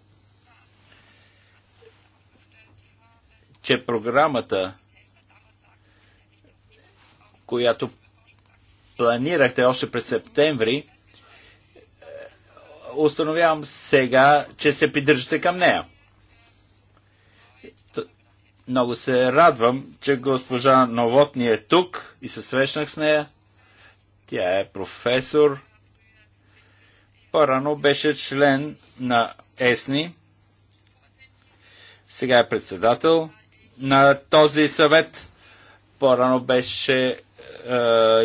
че програмата, която планирахте още през септември, е, установявам сега, че се придържате към нея. Много се радвам, че госпожа Новотни е тук и се срещнах с нея. Тя е професор. Парано беше член на ЕСНИ. Сега е председател на този съвет. Порано беше е,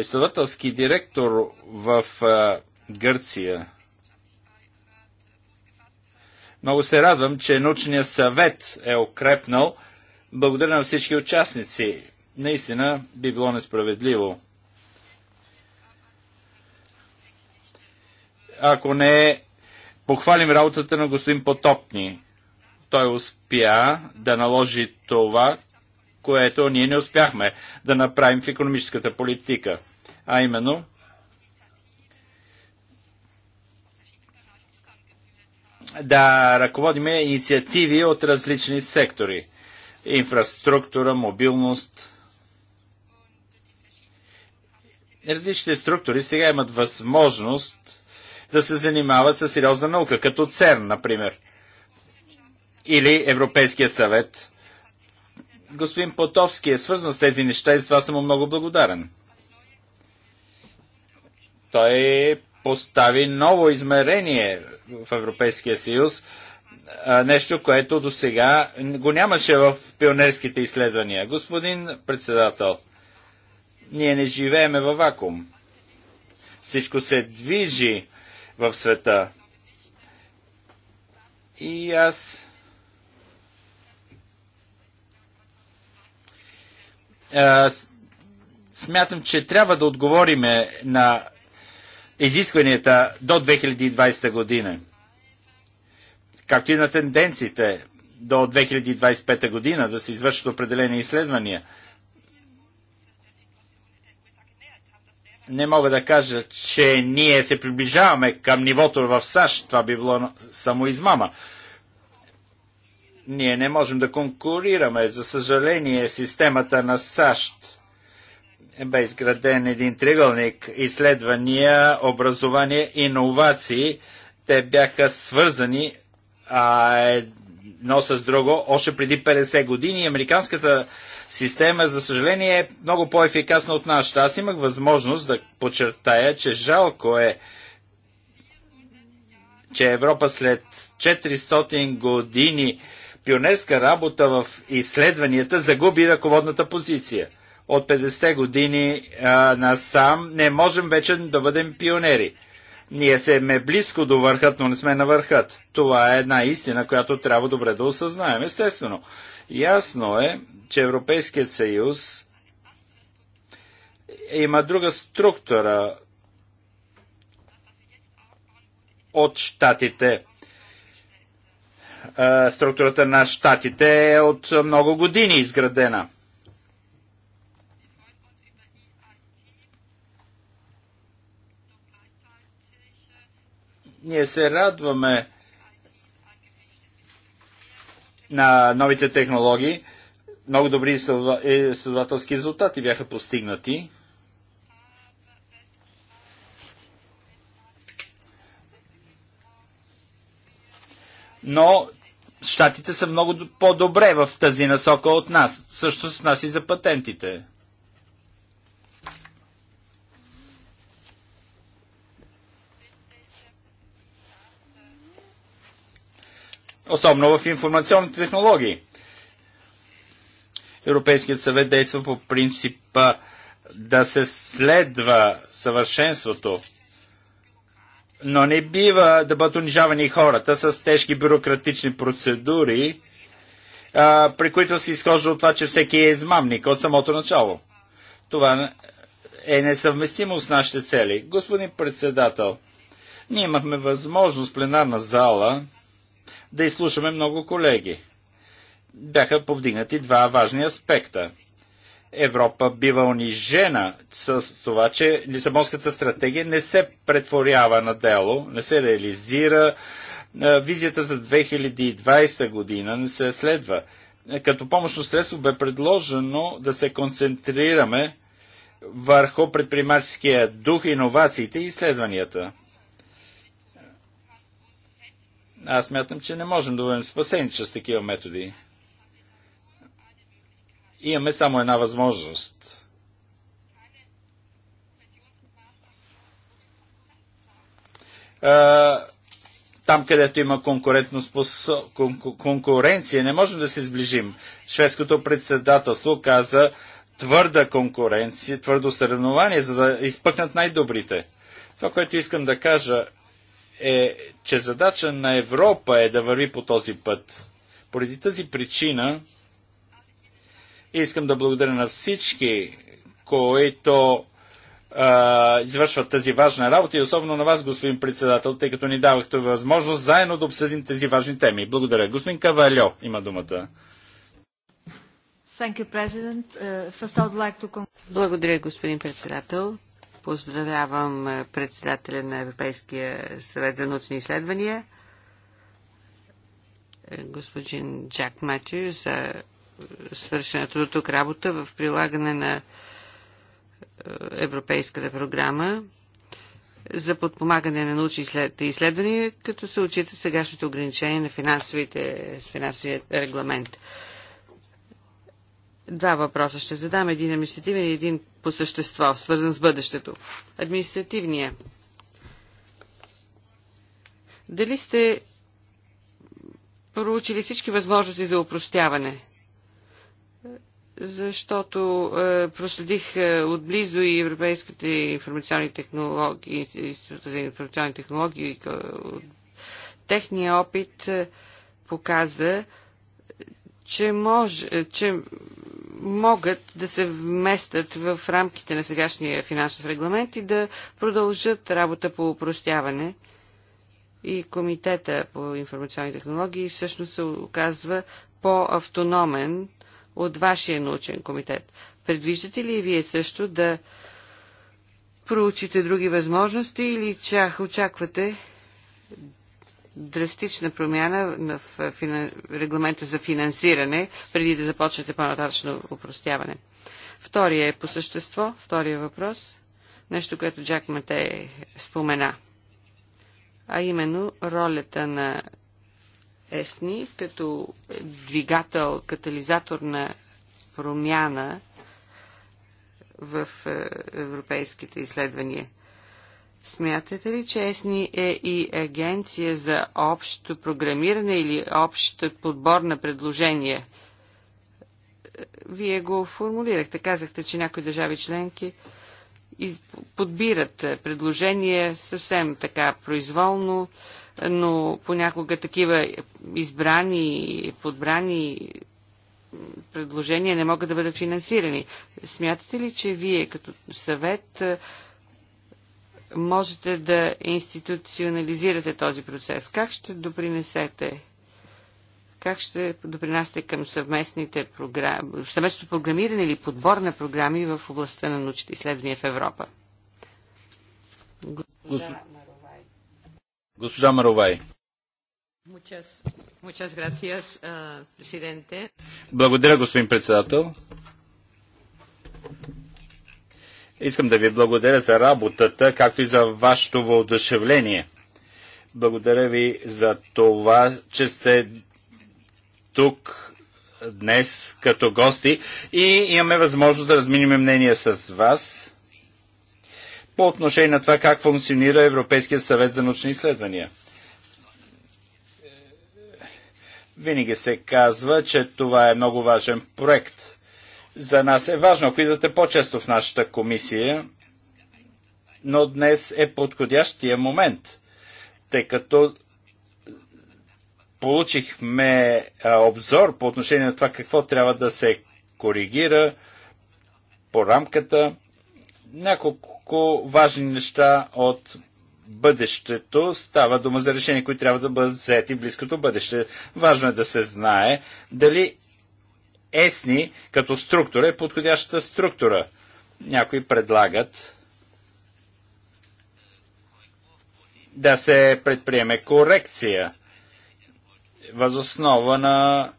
изследователски директор в е, Гърция. Много се радвам, че научният съвет е укрепнал – благодаря на всички участници. Наистина би било несправедливо. Ако не, похвалим работата на господин Потопни. Той успя да наложи това, което ние не успяхме да направим в економическата политика. А именно, да ръководиме инициативи от различни сектори инфраструктура, мобилност. Различните структури сега имат възможност да се занимават с сериозна наука, като ЦЕРН, например, или Европейския съвет. Господин Потовски е свързан с тези неща и за това съм му много благодарен. Той постави ново измерение в Европейския съюз нещо, което до сега го нямаше в пионерските изследвания. Господин председател, ние не живееме във вакуум. Всичко се движи в света. И аз смятам, че трябва да отговориме на изискванията до 2020 година както и на тенденциите до 2025 година да се извършат определени изследвания. Не мога да кажа, че ние се приближаваме към нивото в САЩ. Това би било само измама. Ние не можем да конкурираме. За съжаление, системата на САЩ бе изграден един тригълник изследвания, образование, иновации. Те бяха свързани а, едно с друго. Още преди 50 години американската система, за съжаление, е много по-ефикасна от нашата. Аз имах възможност да подчертая, че жалко е, че Европа след 400 години пионерска работа в изследванията загуби ръководната позиция. От 50-те години а, насам не можем вече да бъдем пионери. Ние сме близко до върхът, но не сме на върхът. Това е една истина, която трябва добре да осъзнаем. Естествено, ясно е, че Европейският съюз има друга структура от щатите. Е, структурата на щатите е от много години изградена – Ние се радваме на новите технологии. Много добри изследователски резултати бяха постигнати. Но щатите са много по-добре в тази насока от нас. Също с нас и за патентите. особено в информационните технологии. Европейският съвет действа по принципа да се следва съвършенството, но не бива да бъдат унижавани хората с тежки бюрократични процедури, а, при които се изхожда от това, че всеки е измамник от самото начало. Това е несъвместимо с нашите цели. Господин председател, ние имахме възможност в пленарна зала да изслушаме много колеги. Бяха повдигнати два важни аспекта. Европа бива унижена с това, че Лисабонската стратегия не се претворява на дело, не се реализира. Визията за 2020 година не се следва. Като помощно средство бе предложено да се концентрираме върху предприемаческия дух, иновациите и изследванията. Аз мятам, че не можем да бъдем спасени чрез такива методи. Имаме само една възможност. там, където има конкуренция, не можем да се сближим. Шведското председателство каза твърда конкуренция, твърдо съревнование, за да изпъкнат най-добрите. Това, което искам да кажа е, че задача на Европа е да върви по този път. Поради тази причина искам да благодаря на всички, които а, извършват тази важна работа и особено на вас, господин председател, тъй като ни давахте възможност заедно да обсъдим тези важни теми. Благодаря. Господин Кавальо има думата. Uh, благодаря, господин председател. Поздравявам е, председателя на Европейския съвет за научни изследвания, е, господин Джак Матю, за е, свършената до тук работа в прилагане на Европейската програма за подпомагане на научни изследвания, като се отчита сегашното ограничение на финансовите, финансовия регламент. Два въпроса ще задам. Един административен и един по същество, свързан с бъдещето. Административния. Дали сте проучили всички възможности за упростяване? Защото е, проследих е, отблизо и Европейските информационни технологии, Института за информационни технологии, е, техния опит е, показа, че може, е, че могат да се вместят в рамките на сегашния финансов регламент и да продължат работа по упростяване. И Комитета по информационни технологии всъщност се оказва по-автономен от вашия научен комитет. Предвиждате ли вие също да проучите други възможности или чах, очаквате драстична промяна в регламента за финансиране, преди да започнете по-нататъчно упростяване. Втория е по същество, втория въпрос, нещо, което Джак Мате спомена, а именно ролята на ЕСНИ като двигател, катализатор на промяна в е, европейските изследвания – Смятате ли, че ЕСНИ е и агенция за общото програмиране или общата подбор на предложения? Вие го формулирахте. Казахте, че някои държави членки подбират предложения съвсем така произволно, но понякога такива избрани, и подбрани предложения не могат да бъдат финансирани. Смятате ли, че вие като съвет можете да институционализирате този процес? Как ще допринесете? Как ще допринасяте към съвместните програми, съвместно програмиране или подбор на програми в областта на научните изследвания в Европа? Госпожа Маровай. Госпожа Маровай. Eh, Благодаря, господин председател. Искам да ви благодаря за работата, както и за вашето въодушевление. Благодаря ви за това, че сте тук днес като гости и имаме възможност да разминим мнение с вас по отношение на това как функционира Европейския съвет за научни изследвания. Винаги се казва, че това е много важен проект – за нас е важно. Ако идвате по-често в нашата комисия, но днес е подходящия момент, тъй като получихме обзор по отношение на това какво трябва да се коригира по рамката. Няколко важни неща от бъдещето. Става дума за решения, които трябва да бъдат взети в близкото бъдеще. Важно е да се знае дали ЕСНИ като структура е подходящата структура. Някои предлагат да се предприеме корекция възоснова на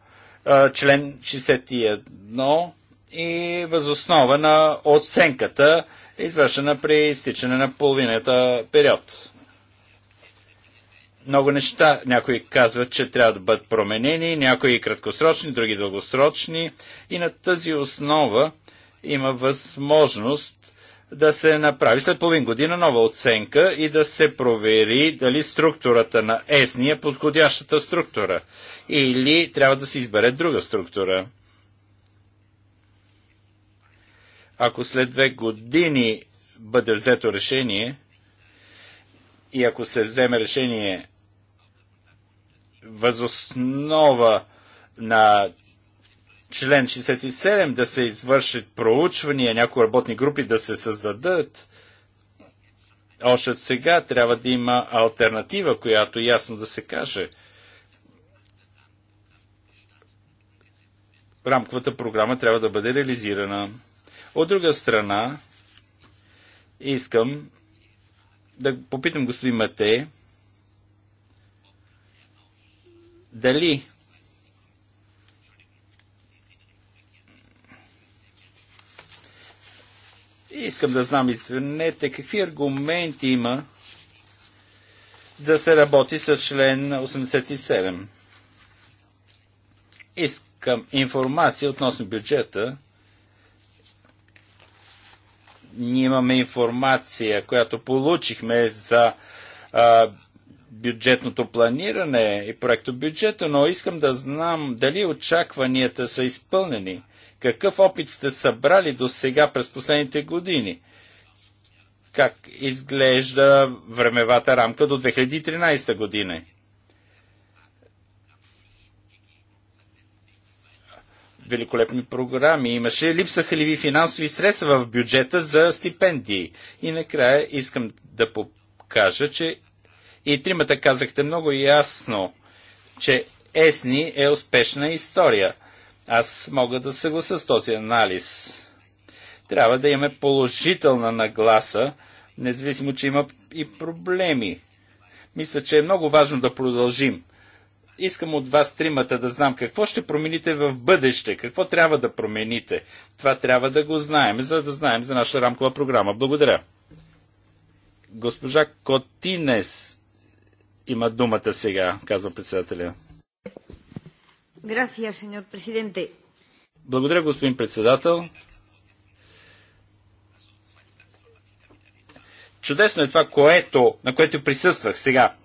а, член 61 и възоснова на оценката, извършена при изтичане на половината период много неща. Някои казват, че трябва да бъдат променени, някои краткосрочни, други дългосрочни. И на тази основа има възможност да се направи след половин година нова оценка и да се провери дали структурата на ЕСНИ е подходящата структура или трябва да се избере друга структура. Ако след две години бъде взето решение и ако се вземе решение възоснова на член 67 да се извършат проучвания, някои работни групи да се създадат, още от сега трябва да има альтернатива, която ясно да се каже. Рамковата програма трябва да бъде реализирана. От друга страна, искам да попитам господин Матей, дали Искам да знам, извинете, какви аргументи има да се работи с член 87. Искам информация относно бюджета. Ние имаме информация, която получихме за а, бюджетното планиране и проектобюджета, но искам да знам дали очакванията са изпълнени. Какъв опит сте събрали до сега през последните години? Как изглежда времевата рамка до 2013 година? великолепни програми. Имаше липсаха ли ви финансови средства в бюджета за стипендии? И накрая искам да покажа, че и тримата казахте много ясно, че Есни е успешна история. Аз мога да съгласа с този анализ. Трябва да имаме положителна нагласа, независимо, че има и проблеми. Мисля, че е много важно да продължим. Искам от вас тримата да знам какво ще промените в бъдеще, какво трябва да промените. Това трябва да го знаем, за да знаем за нашата рамкова програма. Благодаря. Госпожа Котинес има думата сега, казва председателя. Gracias, Благодаря, господин председател. Чудесно е това, което, на което присъствах сега.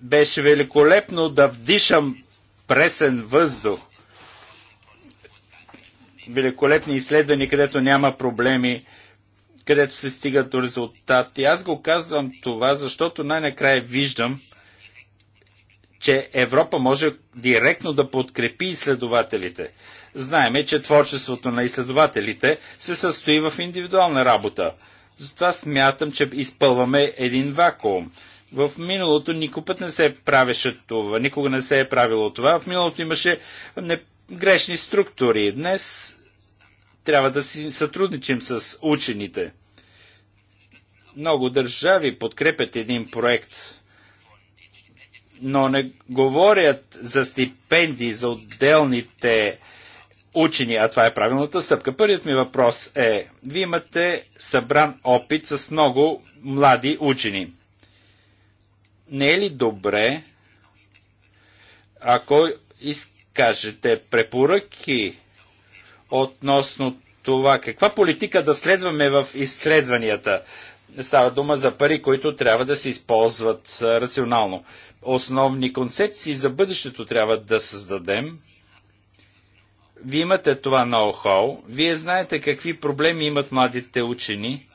Беше великолепно да вдишам пресен въздух. Великолепни изследвания, където няма проблеми където се стига до резултати. Аз го казвам това, защото най-накрая виждам, че Европа може директно да подкрепи изследователите. Знаеме, че творчеството на изследователите се състои в индивидуална работа. Затова смятам, че изпълваме един вакуум. В миналото никога път не се правеше това, никога не се е правило това. В миналото имаше не... грешни структури. Днес трябва да си сътрудничим с учените. Много държави подкрепят един проект, но не говорят за стипендии за отделните учени, а това е правилната стъпка. Първият ми въпрос е, вие имате събран опит с много млади учени. Не е ли добре, ако изкажете препоръки относно това, каква политика да следваме в изследванията, Става дума за пари, които трябва да се използват рационално. Основни концепции за бъдещето трябва да създадем. Вие имате това ноу-хау, вие знаете какви проблеми имат младите учени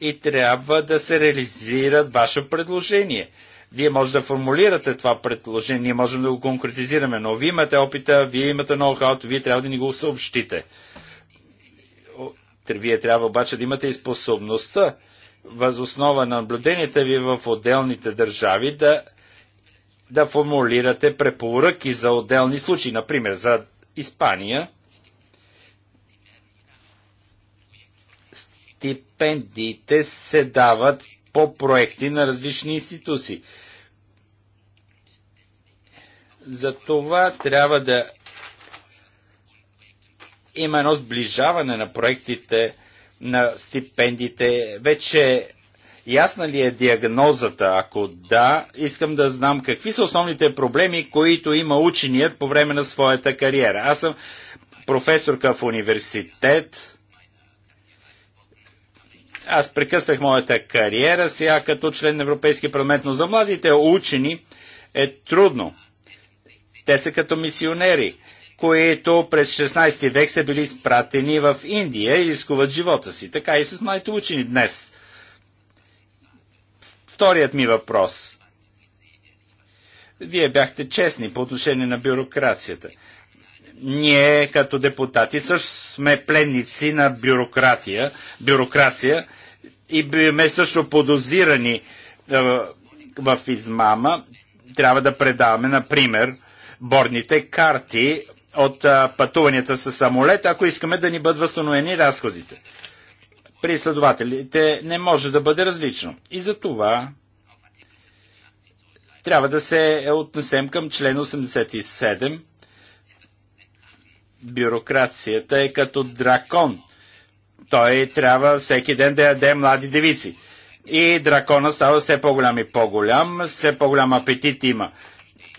и трябва да се реализират ваше предложение. Вие може да формулирате това предложение, ние можем да го конкретизираме, но вие имате опита, вие имате ноу-хауто, вие трябва да ни го съобщите. Вие трябва обаче да имате и способността възоснова на наблюденията ви в отделните държави да, да формулирате препоръки за отделни случаи, например за Испания, стипендиите се дават по проекти на различни институции. За това трябва да има едно сближаване на проектите на стипендите. Вече ясна ли е диагнозата? Ако да, искам да знам какви са основните проблеми, които има ученият по време на своята кариера. Аз съм професорка в университет. Аз прекъснах моята кариера сега като член на Европейския парламент, но за младите учени е трудно. Те са като мисионери които през 16 век са били изпратени в Индия и рискуват живота си. Така и с моите учени днес. Вторият ми въпрос. Вие бяхте честни по отношение на бюрокрацията. Ние като депутати също сме пленници на бюрократия, бюрокрация и биваме също подозирани е, в измама. Трябва да предаваме, например, борните карти от а, пътуванията с самолет, ако искаме да ни бъдат възстановени разходите. При изследователите не може да бъде различно. И за това трябва да се отнесем към член 87. Бюрокрацията е като дракон. Той трябва всеки ден да яде млади девици. И дракона става все по-голям и по-голям, все по-голям апетит има.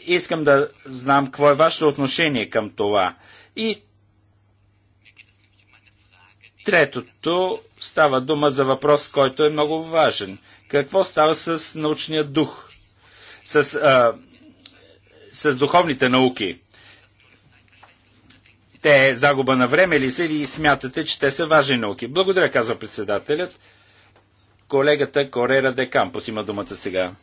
Искам да знам какво е вашето отношение към това. И третото става дума за въпрос, който е много важен. Какво става с научния дух? С, а, с духовните науки? Те е загуба на време ли са или смятате, че те са важни науки? Благодаря, казва председателят. Колегата Корера де Кампус има думата сега.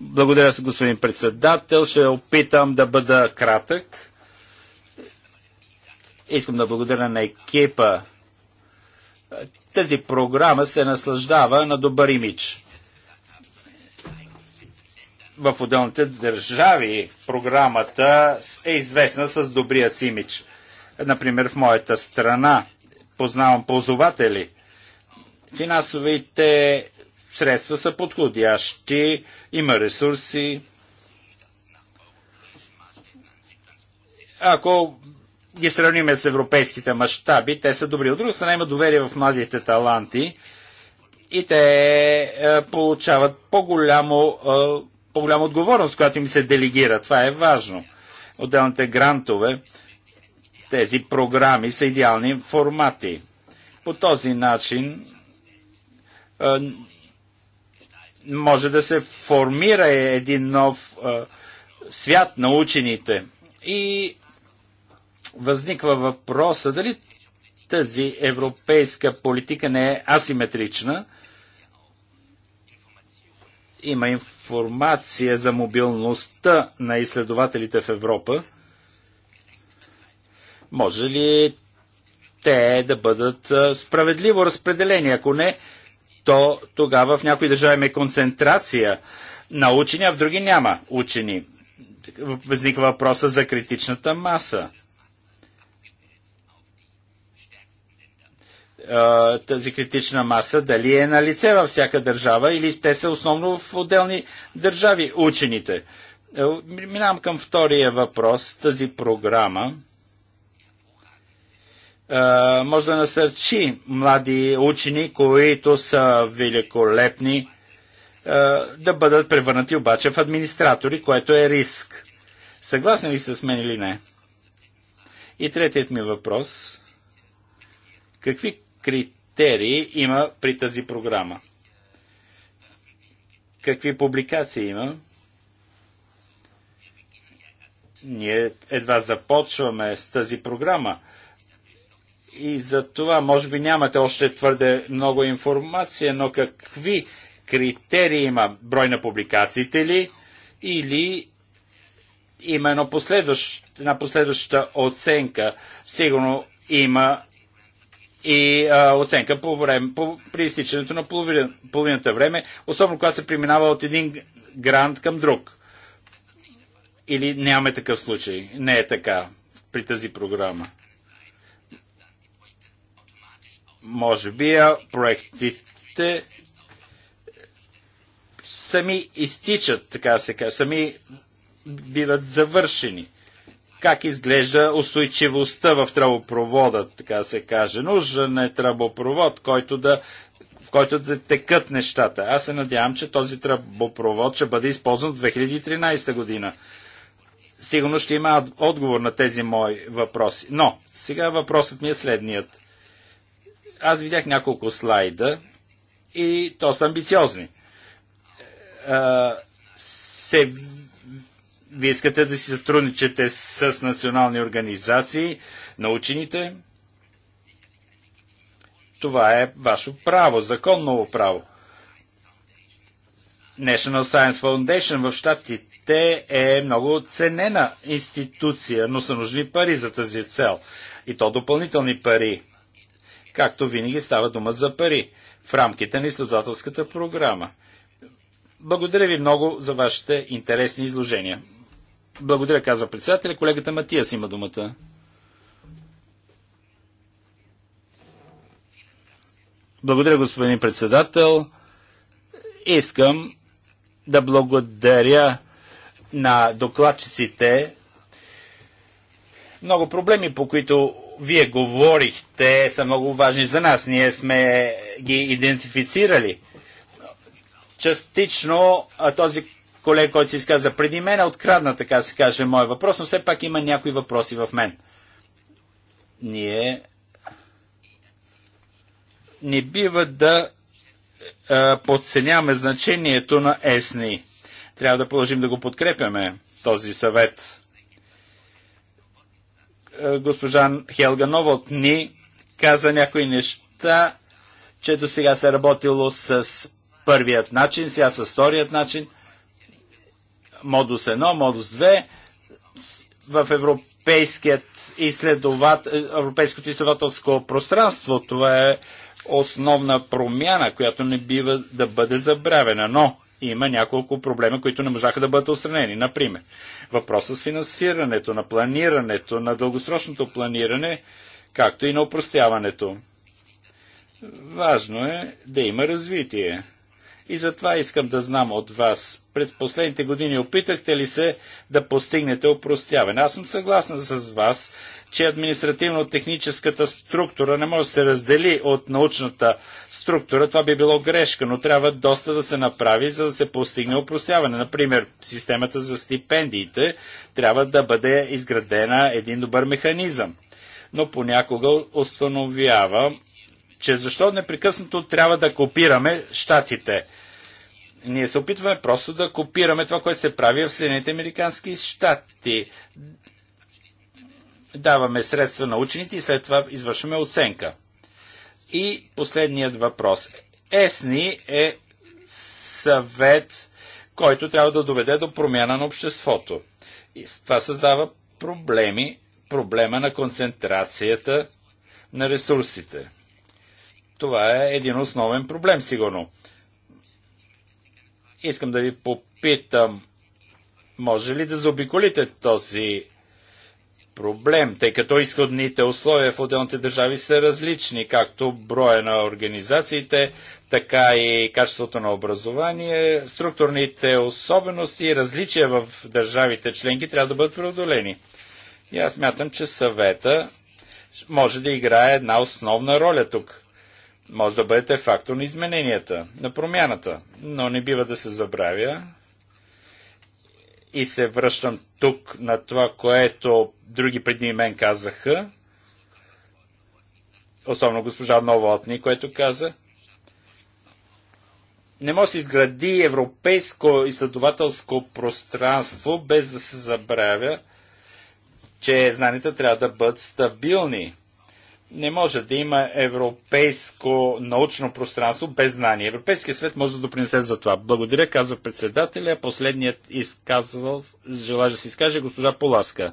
Благодаря, господин председател. Ще опитам да бъда кратък. Искам да благодаря на екипа. Тази програма се наслаждава на добър имидж. В отделните държави програмата е известна с добрият си имидж. Например, в моята страна познавам ползователи. Финансовите средства са подходящи, има ресурси. Ако ги сравниме с европейските мащаби, те са добри. От друга страна има доверие в младите таланти и те е, получават по-голямо, е, по-голяма отговорност, която им се делегира. Това е важно. Отделните грантове, тези програми са идеални формати. По този начин е, може да се формира един нов свят на учените. И възниква въпроса дали тази европейска политика не е асиметрична. Има информация за мобилността на изследователите в Европа. Може ли те да бъдат справедливо разпределени? Ако не, то тогава в някои държави има концентрация на учени, а в други няма учени. Възниква въпроса за критичната маса. тази критична маса, дали е на лице във всяка държава или те са основно в отделни държави, учените. Е, минавам към втория въпрос. Тази програма е, може да насърчи млади учени, които са великолепни, е, да бъдат превърнати обаче в администратори, което е риск. Съгласни ли с мен или не? И третият ми въпрос. Какви критерии има при тази програма? Какви публикации има? Ние едва започваме с тази програма – и за това, може би нямате още твърде много информация, но какви критерии има? Брой на публикациите ли? Или има едно последващ, една последваща оценка? Сигурно има и а, оценка по време, по, при изтичането на половина, половината време, особено когато се преминава от един грант към друг. Или нямаме такъв случай? Не е така при тази програма може би проектите сами изтичат, така да се каже, сами биват завършени. Как изглежда устойчивостта в тръбопровода, така да се каже. Нужен е тръбопровод, който да, в който да текат нещата. Аз се надявам, че този тръбопровод ще бъде използван в 2013 година. Сигурно ще има отговор на тези мои въпроси. Но, сега въпросът ми е следният. Аз видях няколко слайда и то са амбициозни. А, се, вие искате да си сътрудничате с национални организации на учените. Това е ваше право, законно право. National Science Foundation в щатите е много ценена институция, но са нужни пари за тази цел. И то допълнителни пари. Както винаги става дума за пари в рамките на изследователската програма. Благодаря ви много за вашите интересни изложения. Благодаря, казва председателя. Колегата Матиас има думата. Благодаря, господин председател. Искам да благодаря на докладчиците. Много проблеми, по които вие говорихте, са много важни за нас. Ние сме ги идентифицирали. Частично този колега, който се изказа преди мен, е открадна, така се каже, мой въпрос, но все пак има някои въпроси в мен. Ние не бива да подценяваме значението на ЕСНИ. Трябва да продължим да го подкрепяме, този съвет. Е, госпожа Хелга Новот НИ каза някои неща, че до сега се е работило с първият начин, сега с вторият начин, модус 1, модус 2, в европейският изследовател, европейското изследователско пространство. Това е основна промяна, която не бива да бъде забравена. Но има няколко проблема, които не можаха да бъдат осранени. Например, въпросът с финансирането, на планирането, на дългосрочното планиране, както и на упростяването. Важно е да има развитие. И затова искам да знам от вас, през последните години опитахте ли се да постигнете упростяване? Аз съм съгласна с вас, че административно-техническата структура не може да се раздели от научната структура. Това би било грешка, но трябва доста да се направи, за да се постигне упростяване. Например, системата за стипендиите трябва да бъде изградена един добър механизъм. Но понякога установява, че защо непрекъснато трябва да копираме щатите. Ние се опитваме просто да копираме това, което се прави в Съединените Американски щати даваме средства на учените и след това извършваме оценка. И последният въпрос. ЕСНИ е съвет, който трябва да доведе до промяна на обществото. И това създава проблеми, проблема на концентрацията на ресурсите. Това е един основен проблем, сигурно. Искам да ви попитам, може ли да заобиколите този проблем, тъй като изходните условия в отделните държави са различни, както броя на организациите, така и качеството на образование, структурните особености и различия в държавите членки трябва да бъдат преодолени. И аз мятам, че съвета може да играе една основна роля тук. Може да бъдете фактор на измененията, на промяната, но не бива да се забравя, и се връщам тук на това, което други преди мен казаха, особено госпожа Новотни, което каза. Не може да се изгради европейско изследователско пространство без да се забравя, че знанията трябва да бъдат стабилни не може да има европейско научно пространство без знание. Европейския свет може да допринесе за това. Благодаря, казва председателя. Последният изказвал, желая да се изкаже госпожа Поласка.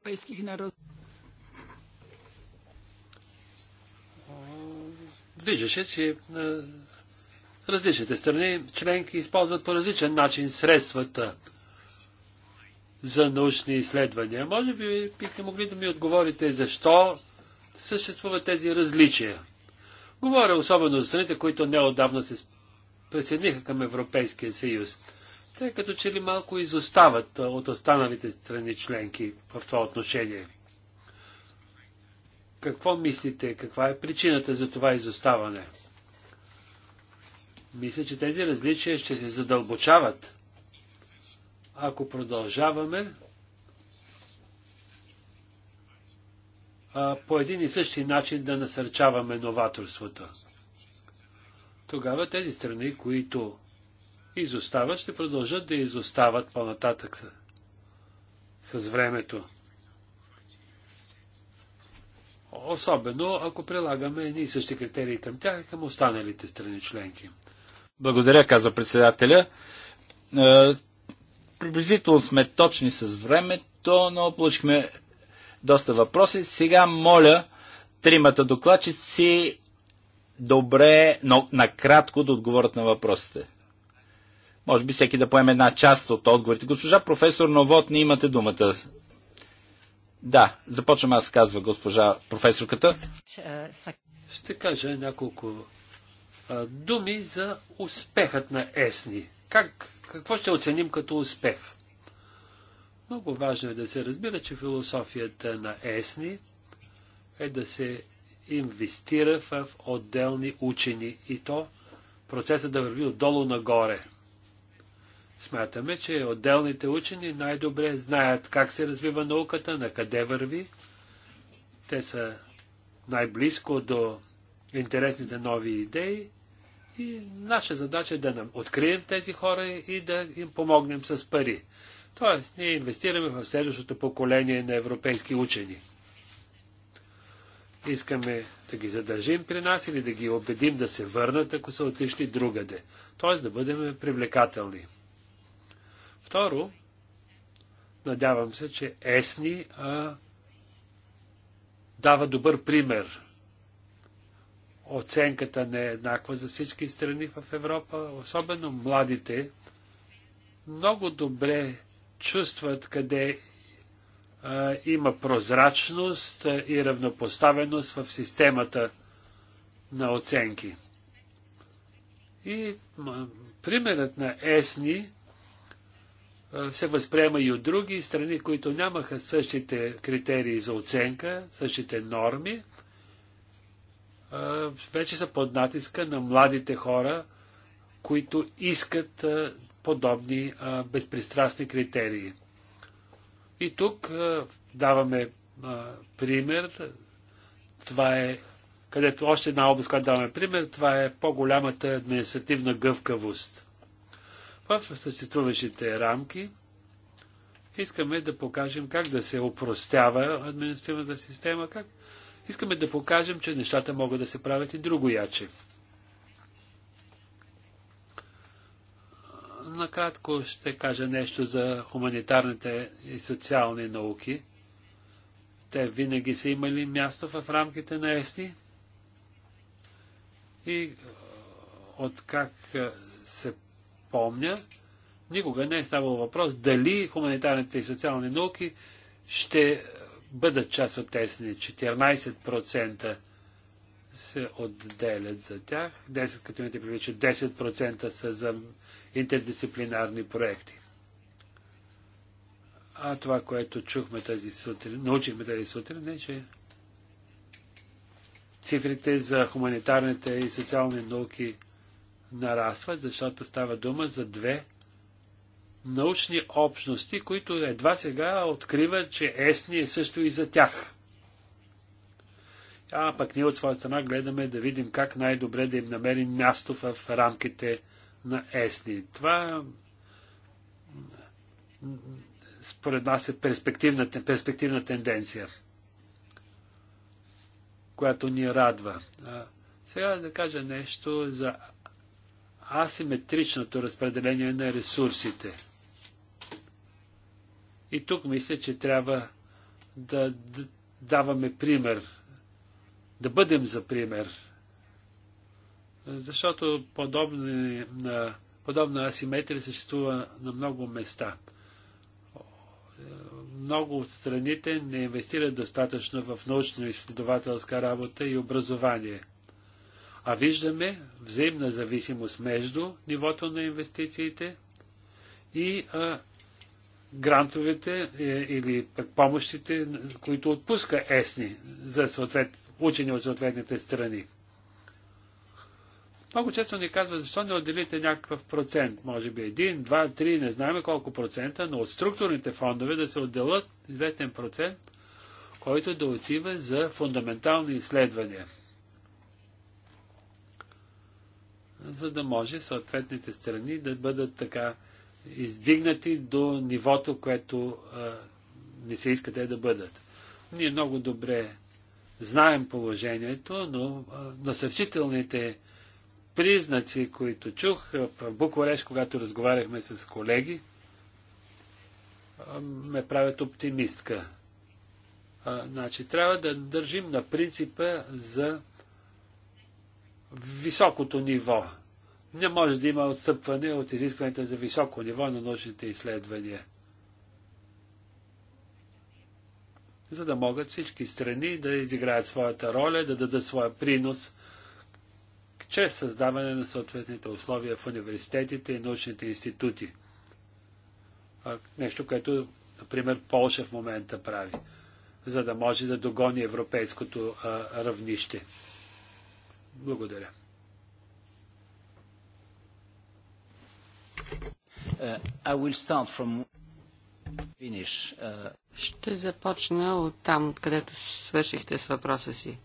европейских народов. виждаше, че различните страни членки използват по различен начин средствата за научни изследвания. Може би бихте могли да ми отговорите защо съществуват тези различия. Говоря особено за страните, които неодавна се присъединиха към Европейския съюз. Те като че ли малко изостават от останалите страни членки в това отношение. Какво мислите? Каква е причината за това изоставане? Мисля, че тези различия ще се задълбочават. Ако продължаваме по един и същи начин да насърчаваме новаторството. Тогава тези страни, които изостават, ще продължат да изостават по-нататък с времето. Особено ако прилагаме едни и същи критерии към тях и към останалите страни членки. Благодаря, каза председателя. Е, приблизително сме точни с времето, но получихме доста въпроси. Сега моля тримата докладчици добре, но накратко да отговорят на въпросите. Може би всеки да поеме една част от отговорите. Госпожа професор Новотни, не имате думата да, започвам аз, казва госпожа професорката. Ще кажа няколко а, думи за успехът на Есни. Как, какво ще оценим като успех? Много важно е да се разбира, че философията на Есни е да се инвестира в отделни учени и то процесът да върви отдолу нагоре. Смятаме, че отделните учени най-добре знаят как се развива науката, на къде върви. Те са най-близко до интересните нови идеи и наша задача е да нам открием тези хора и да им помогнем с пари. Тоест, ние инвестираме в следващото поколение на европейски учени. Искаме да ги задържим при нас или да ги убедим да се върнат, ако са отишли другаде. Тоест да бъдем привлекателни. Второ, надявам се, че Есни а, дава добър пример. Оценката не е еднаква за всички страни в Европа, особено младите много добре чувстват къде а, има прозрачност и равнопоставеност в системата на оценки. И примерът на Есни се възприема и от други страни, които нямаха същите критерии за оценка, същите норми, вече са под натиска на младите хора, които искат подобни безпристрастни критерии. И тук даваме пример. Това е, където още една област, която даваме пример, това е по-голямата административна гъвкавост – в съществуващите рамки искаме да покажем как да се опростява административната система, как искаме да покажем, че нещата могат да се правят и друго яче. Накратко ще кажа нещо за хуманитарните и социални науки. Те винаги са имали място в рамките на ЕСНИ. И откак помня, никога не е ставало въпрос дали хуманитарните и социални науки ще бъдат част от тесни. 14% се отделят за тях, 10, като имате привече, 10% са за интердисциплинарни проекти. А това, което чухме тази сутрин, научихме тази сутрин, е, че цифрите за хуманитарните и социални науки нарастват, защото става дума за две научни общности, които едва сега откриват, че есни е също и за тях. А пък ние от своя страна гледаме да видим как най-добре да им намерим място в рамките на есни. Това според нас е перспективна, перспективна тенденция, която ни радва. А, сега да кажа нещо за асиметричното разпределение на ресурсите. И тук мисля, че трябва да даваме пример, да бъдем за пример. Защото подобни, подобна асиметрия съществува на много места. Много от страните не инвестират достатъчно в научно-изследователска работа и образование – а виждаме взаимна зависимост между нивото на инвестициите и а, грантовете е, или пък помощите, които отпуска ЕСНИ за съответ, учени от съответните страни. Много често ни казват, защо не отделите някакъв процент, може би един, два, три, не знаем колко процента, но от структурните фондове да се отделят известен процент, който да отива за фундаментални изследвания – за да може съответните страни да бъдат така издигнати до нивото, което а, не се иска те да бъдат. Ние много добре знаем положението, но а, насъвчителните признаци, които чух в Букуреш, когато разговаряхме с колеги, а, ме правят оптимистка. А, значи, трябва да държим на принципа за високото ниво. Не може да има отстъпване от изискването за високо ниво на научните изследвания. За да могат всички страни да изиграят своята роля, да дадат своя принос чрез създаване на съответните условия в университетите и научните институти. Нещо, което, например, Полша в момента прави, за да може да догони европейското равнище. Благодаря. Uh, from... Uh, ще започна от там, където свършихте с въпроса си.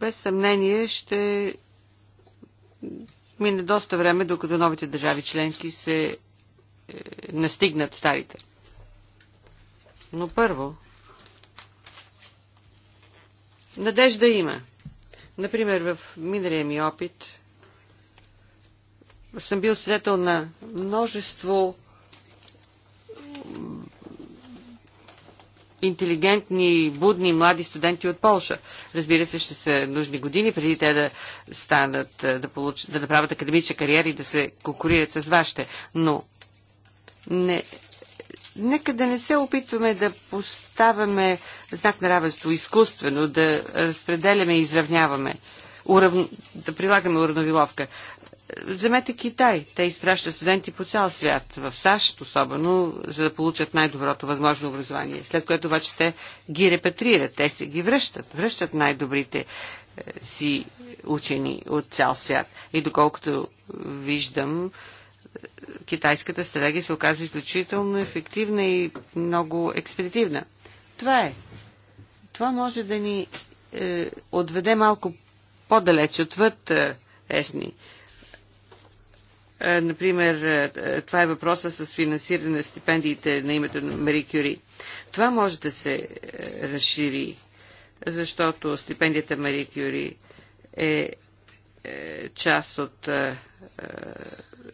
Без съмнение ще мине доста време, докато новите държави членки се е, настигнат старите. Но първо, надежда има – Например, в миналия ми опит съм бил свидетел на множество интелигентни, будни, млади студенти от Полша. Разбира се, ще са нужни години преди те да станат, е, да, получ... да направят академична кариера и да се конкурират с вашите. Но не, Нека да не се опитваме да поставяме знак на равенство изкуствено, да разпределяме и изравняваме, урав... да прилагаме уравновиловка. Вземете Китай. Те изпращат студенти по цял свят, в САЩ особено, за да получат най-доброто възможно образование. След което обаче те ги репатрират, те се ги връщат, връщат най-добрите е, си учени от цял свят. И доколкото виждам, китайската стратегия се оказа изключително ефективна и много експедитивна. Това е. Това може да ни е, отведе малко по-далеч, отвъд е, есни. Е, например, е, е, това е въпроса с финансиране на стипендиите на името на Мари Кюри. Това може да се е, разшири, защото стипендията Мари Кюри е, е част от е, е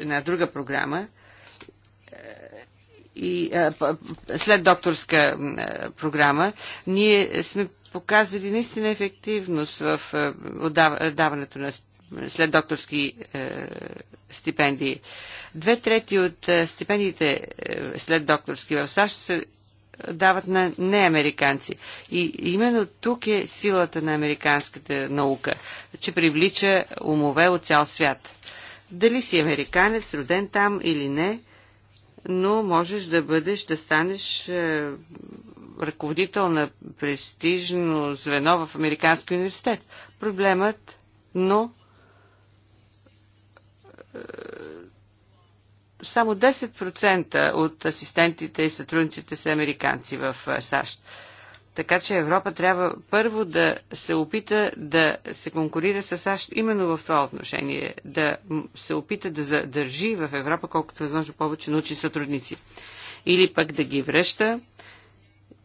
една друга програма е, и е, след докторска е, програма, ние сме показали наистина ефективност в даването на след докторски стипендии. Две трети от стипендиите след докторски в САЩ се дават на неамериканци. И именно тук е силата на американската наука, че привлича умове от цял свят. Дали си американец, роден там или не, но можеш да бъдеш, да станеш е, ръководител на престижно звено в Американски университет. Проблемът, но е, само 10% от асистентите и сътрудниците са американци в е, САЩ. Така че Европа трябва първо да се опита да се конкурира с САЩ именно в това отношение, да се опита да задържи в Европа колкото е възможно повече научни сътрудници. Или пък да ги връща,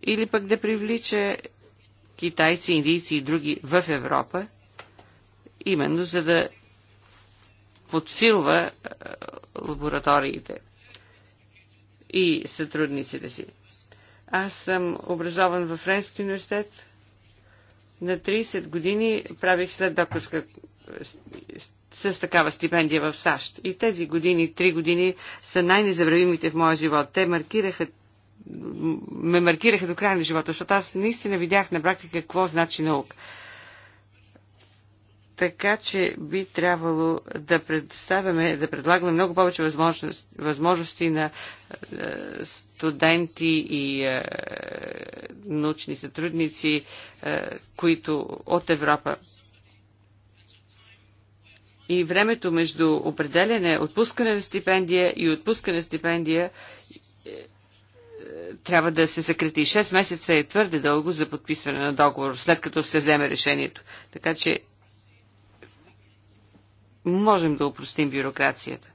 или пък да привлича китайци, индийци и други в Европа, именно за да подсилва лабораториите и сътрудниците си. Аз съм образован във Френски университет. На 30 години правих след докторска с, с такава стипендия в САЩ. И тези години, три години, са най-незабравимите в моя живот. Те маркираха ме маркираха до края на живота, защото аз наистина видях на практика какво значи наука. Така че би трябвало да предоставяме, да предлагаме много повече възможности, възможности на е, студенти и е, научни сътрудници, е, които от Европа. И времето между определене, отпускане на стипендия и отпускане на стипендия трябва да се съкрати. 6 месеца е твърде дълго за подписване на договор, след като се вземе решението. Така че можем да упростим бюрокрацията.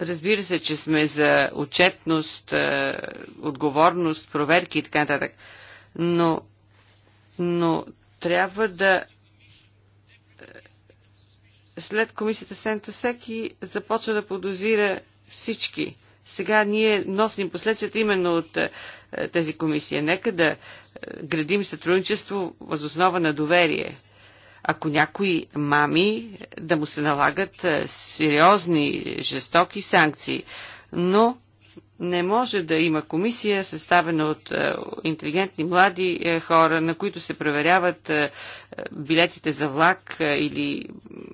Разбира се, че сме за отчетност, е, отговорност, проверки и така нататък. Но, но трябва да е, след комисията Сента всеки започва да подозира всички. Сега ние носим последствията именно от е, тази комисия. Нека да градим сътрудничество възоснова на доверие – ако някои мами да му се налагат е, сериозни, жестоки санкции. Но не може да има комисия, съставена от е, интелигентни млади е, хора, на които се проверяват билетите за влак или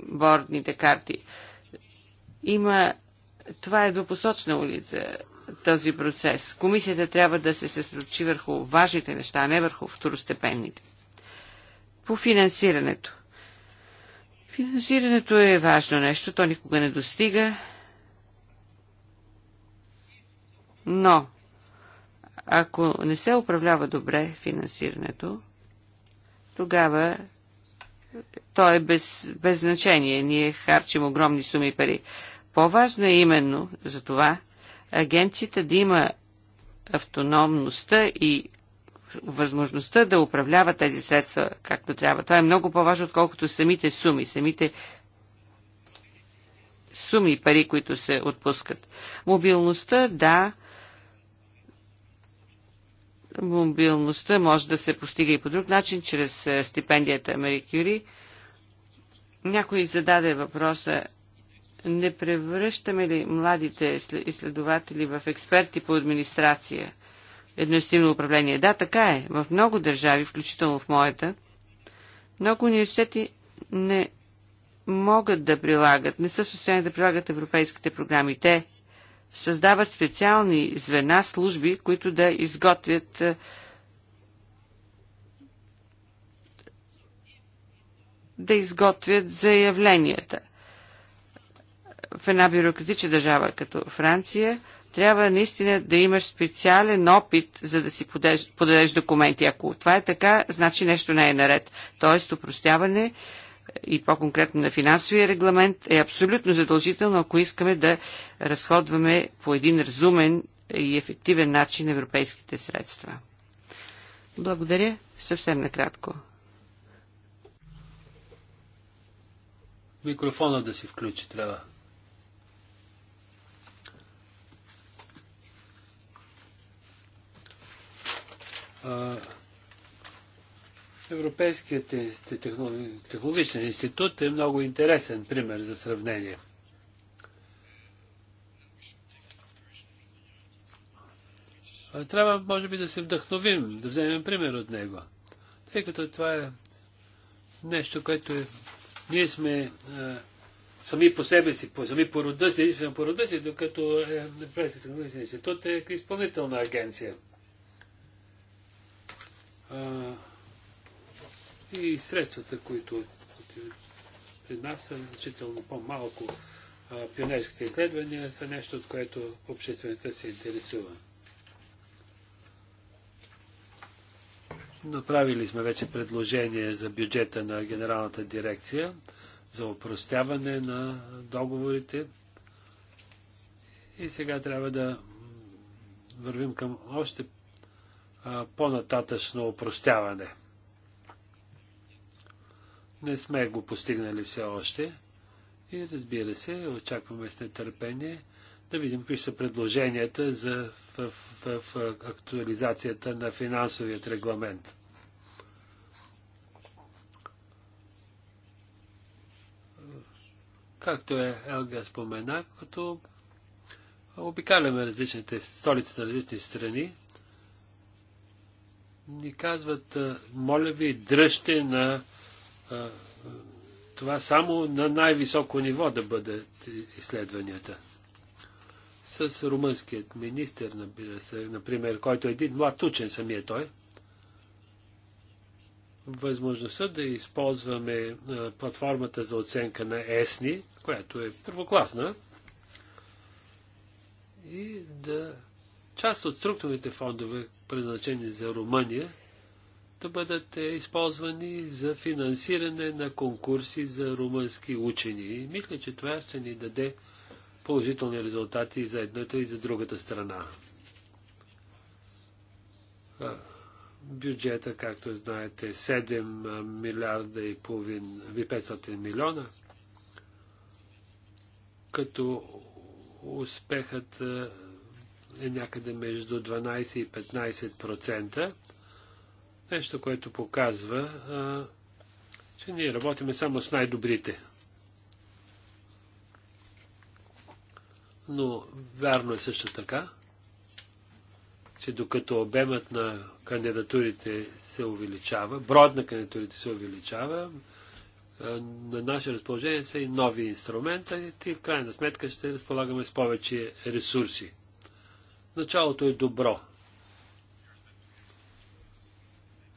бордните карти. Има. Това е двупосочна улица този процес. Комисията трябва да се съсредоточи върху важните неща, а не върху второстепенните. По финансирането. Финансирането е важно нещо, то никога не достига. Но, ако не се управлява добре финансирането, тогава то е без, без значение. Ние харчим огромни суми пари. По-важно е именно за това агенцията да има автономността и възможността да управлява тези средства както трябва. Това е много по-важно, отколкото самите суми, самите суми пари, които се отпускат. Мобилността, да, мобилността може да се постига и по друг начин, чрез е, стипендията Мари Кюри. Някой зададе въпроса, не превръщаме ли младите изследователи в експерти по администрация? едностивно управление. Да, така е. В много държави, включително в моята, много университети не могат да прилагат, не са в състояние да прилагат европейските програми. Те създават специални звена, служби, които да изготвят е, да изготвят заявленията. В една бюрократична държава като Франция – трябва наистина да имаш специален опит, за да си подадеш, подадеш документи. Ако това е така, значи нещо не е наред. Тоест, упростяване е, и по-конкретно на финансовия регламент е абсолютно задължително, ако искаме да разходваме по един разумен и ефективен начин европейските средства. Благодаря. Съвсем накратко. Микрофона да си включи трябва. Европейският технологичен институт е много интересен пример за сравнение. Трябва, може би, да се вдъхновим, да вземем пример от него. Тъй като това е нещо, което е... ние сме е, сами по себе си, по, сами по рода си, единствено по рода си, докато е, Европейският технологичен институт е изпълнителна агенция и средствата, които при нас са значително по-малко. Пионерските изследвания са нещо, от което обществеността се интересува. Направили сме вече предложение за бюджета на Генералната дирекция за упростяване на договорите. И сега трябва да вървим към още по-нататъчно опростяване. Не сме го постигнали все още и разбира се, очакваме с нетърпение да видим какви са предложенията за, в, в, в актуализацията на финансовият регламент. Както е Елга спомена, като обикаляме различните столици на различни страни, ни казват, моля ви, дръжте на това само на най-високо ниво да бъдат изследванията. С румънският министр, например, който е един млад учен самия той, възможността да използваме платформата за оценка на ЕСНИ, която е първокласна, и да част от структурните фондове, предназначени за Румъния, да бъдат е, използвани за финансиране на конкурси за румънски учени. И мисля, че това ще ни даде положителни резултати за едната и за другата страна. Бюджета, както знаете, 7 милиарда и половин, 500 милиона, като успехът е някъде между 12 и 15%. Нещо, което показва, а, че ние работиме само с най-добрите. Но вярно е също така, че докато обемът на кандидатурите се увеличава, брод на кандидатурите се увеличава, на наше разположение са и нови инструмента и в крайна сметка ще разполагаме с повече ресурси. Началото е добро.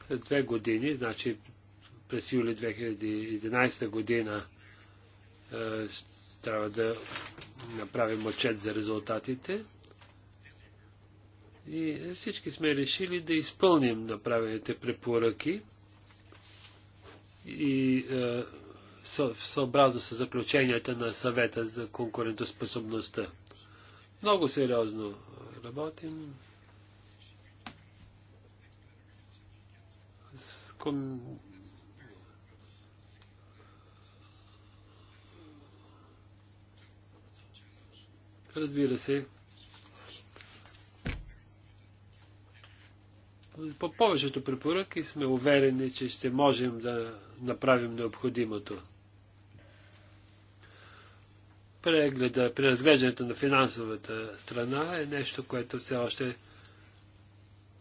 След две години, значи през юли 2011 година, е, трябва да направим отчет за резултатите. И всички сме решили да изпълним направените препоръки и е, съобразно с заключенията на съвета за конкурентоспособността. Много сериозно работим. Кон... Разбира се, по повечето препоръки сме уверени, че ще можем да направим необходимото прегледа, при разглеждането на финансовата страна е нещо, което все още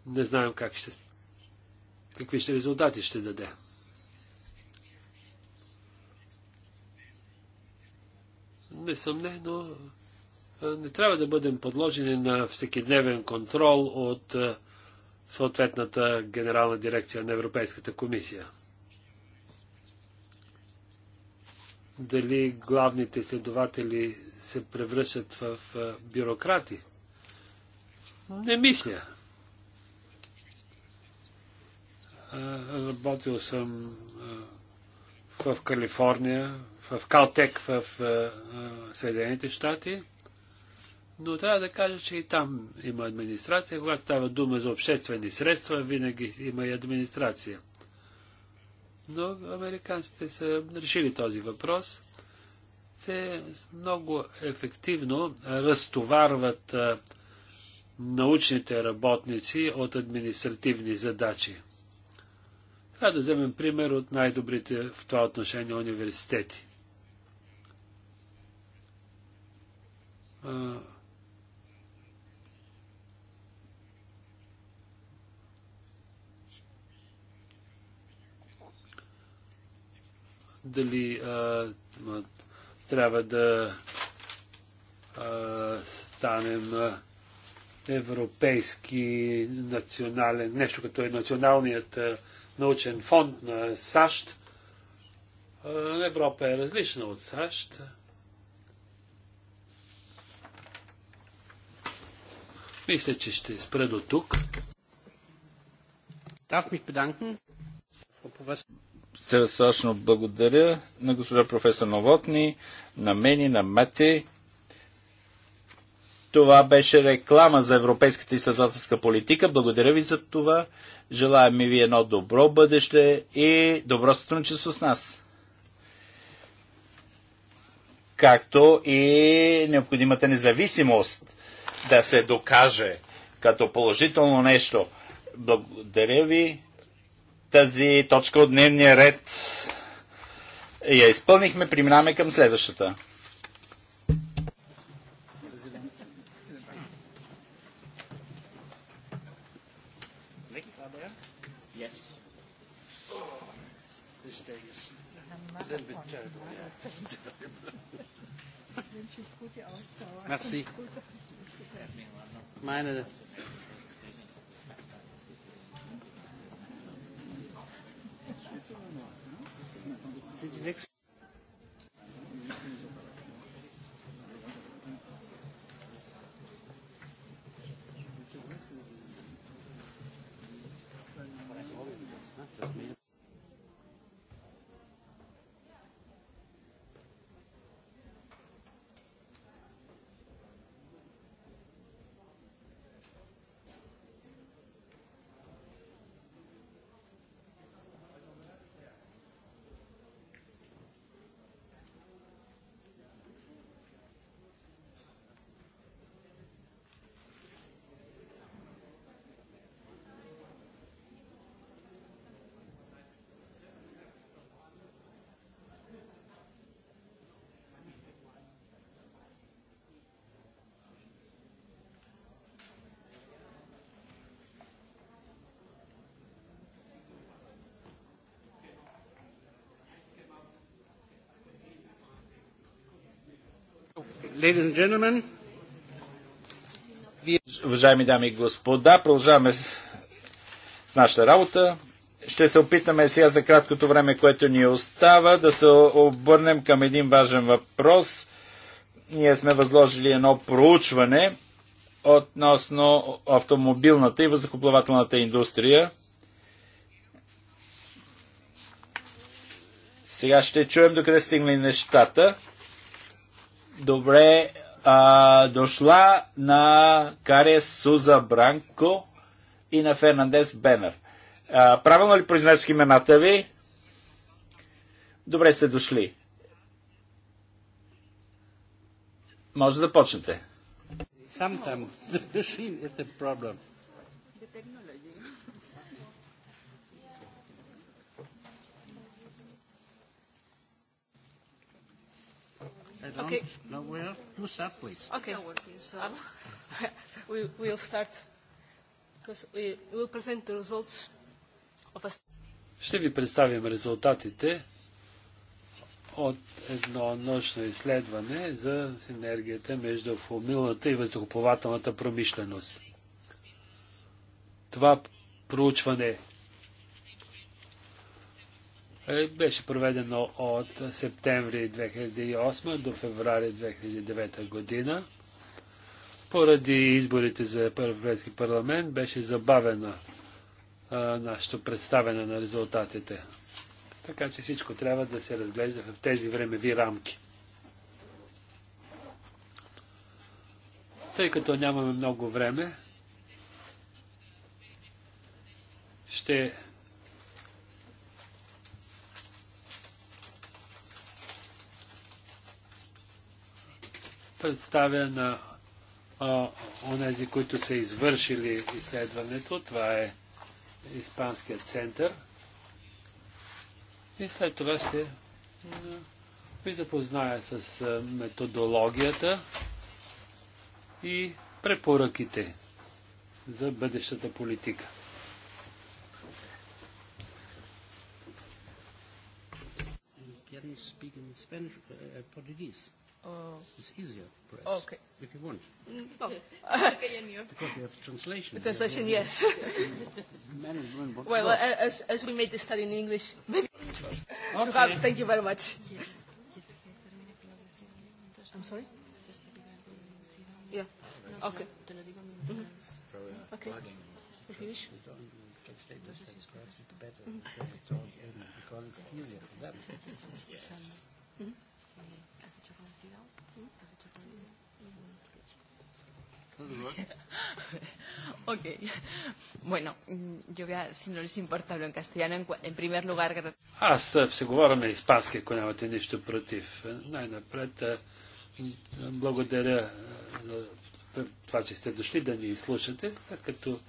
не знаем как ще, какви ще резултати ще даде. Несъмнено, не трябва да бъдем подложени на всекидневен контрол от съответната генерална дирекция на Европейската комисия. дали главните следователи се превръщат в бюрократи? Не мисля. Работил съм в Калифорния, в Калтек в Съединените щати, но трябва да кажа, че и там има администрация. Когато става дума за обществени средства, винаги има и администрация. Но американците са решили този въпрос. Те много ефективно разтоварват научните работници от административни задачи. Трябва да вземем пример от най-добрите в това отношение университети. дали а, трябва да а, станем европейски национален, нещо като е националният а, научен фонд на САЩ. А, Европа е различна от САЩ. Мисля, че ще спра до тук. Darf mich bedanken. Целесочно благодаря на госпожа професор Новотни, на и на Мати. Това беше реклама за европейската изследователска политика. Благодаря ви за това. Желаем ви едно добро бъдеще и добро сътрудничество с нас. Както и необходимата независимост да се докаже като положително нещо. Благодаря ви тази точка от дневния ред я изпълнихме. Преминаваме към следващата. Merci. Meine next Уважаеми дами и господа, продължаваме с нашата работа. Ще се опитаме сега за краткото време, което ни остава, да се обърнем към един важен въпрос. Ние сме възложили едно проучване относно автомобилната и въздухоплавателната индустрия. Сега ще чуем докъде стигнали нещата добре а, дошла на Карес Суза Бранко и на Фернандес Бенер. А, правилно ли произнесох имената ви? Добре сте дошли. Може да започнете. Sometimes the machine is the problem. I don't okay. know where to start, please. Okay. we will start because we will present the results of a... Ще ви представим резултатите от едно нощно изследване за синергията между фумилната и въздухоплавателната промишленост. Това проучване е, беше проведено от септември 2008 до феврари 2009 година. Поради изборите за Европейски парламент беше забавена нашето представяне на резултатите. Така че всичко трябва да се разглежда в тези времеви рамки. Тъй като нямаме много време, ще представя на а, онези, които са извършили изследването. Това е Испанският център. И след това ще ви запозная с методологията и препоръките за бъдещата политика. Spanish, uh, Portuguese. Uh, it's easier, perhaps, okay. if you want. because we have translation. Translation, yes. well, as, as we made the study in English, maybe. Okay. Thank you very much. I'm sorry? Yeah. Okay. mm Okay. Mm-hmm. (laughs) Ok. Bueno, yo voy a, si no les importa, hablo en castellano. En, primer lugar, gracias. Аз е, се говоря на испански, ако нямате нищо против. Най-напред, е, благодаря е, това, че сте дошли да ни слушате. След като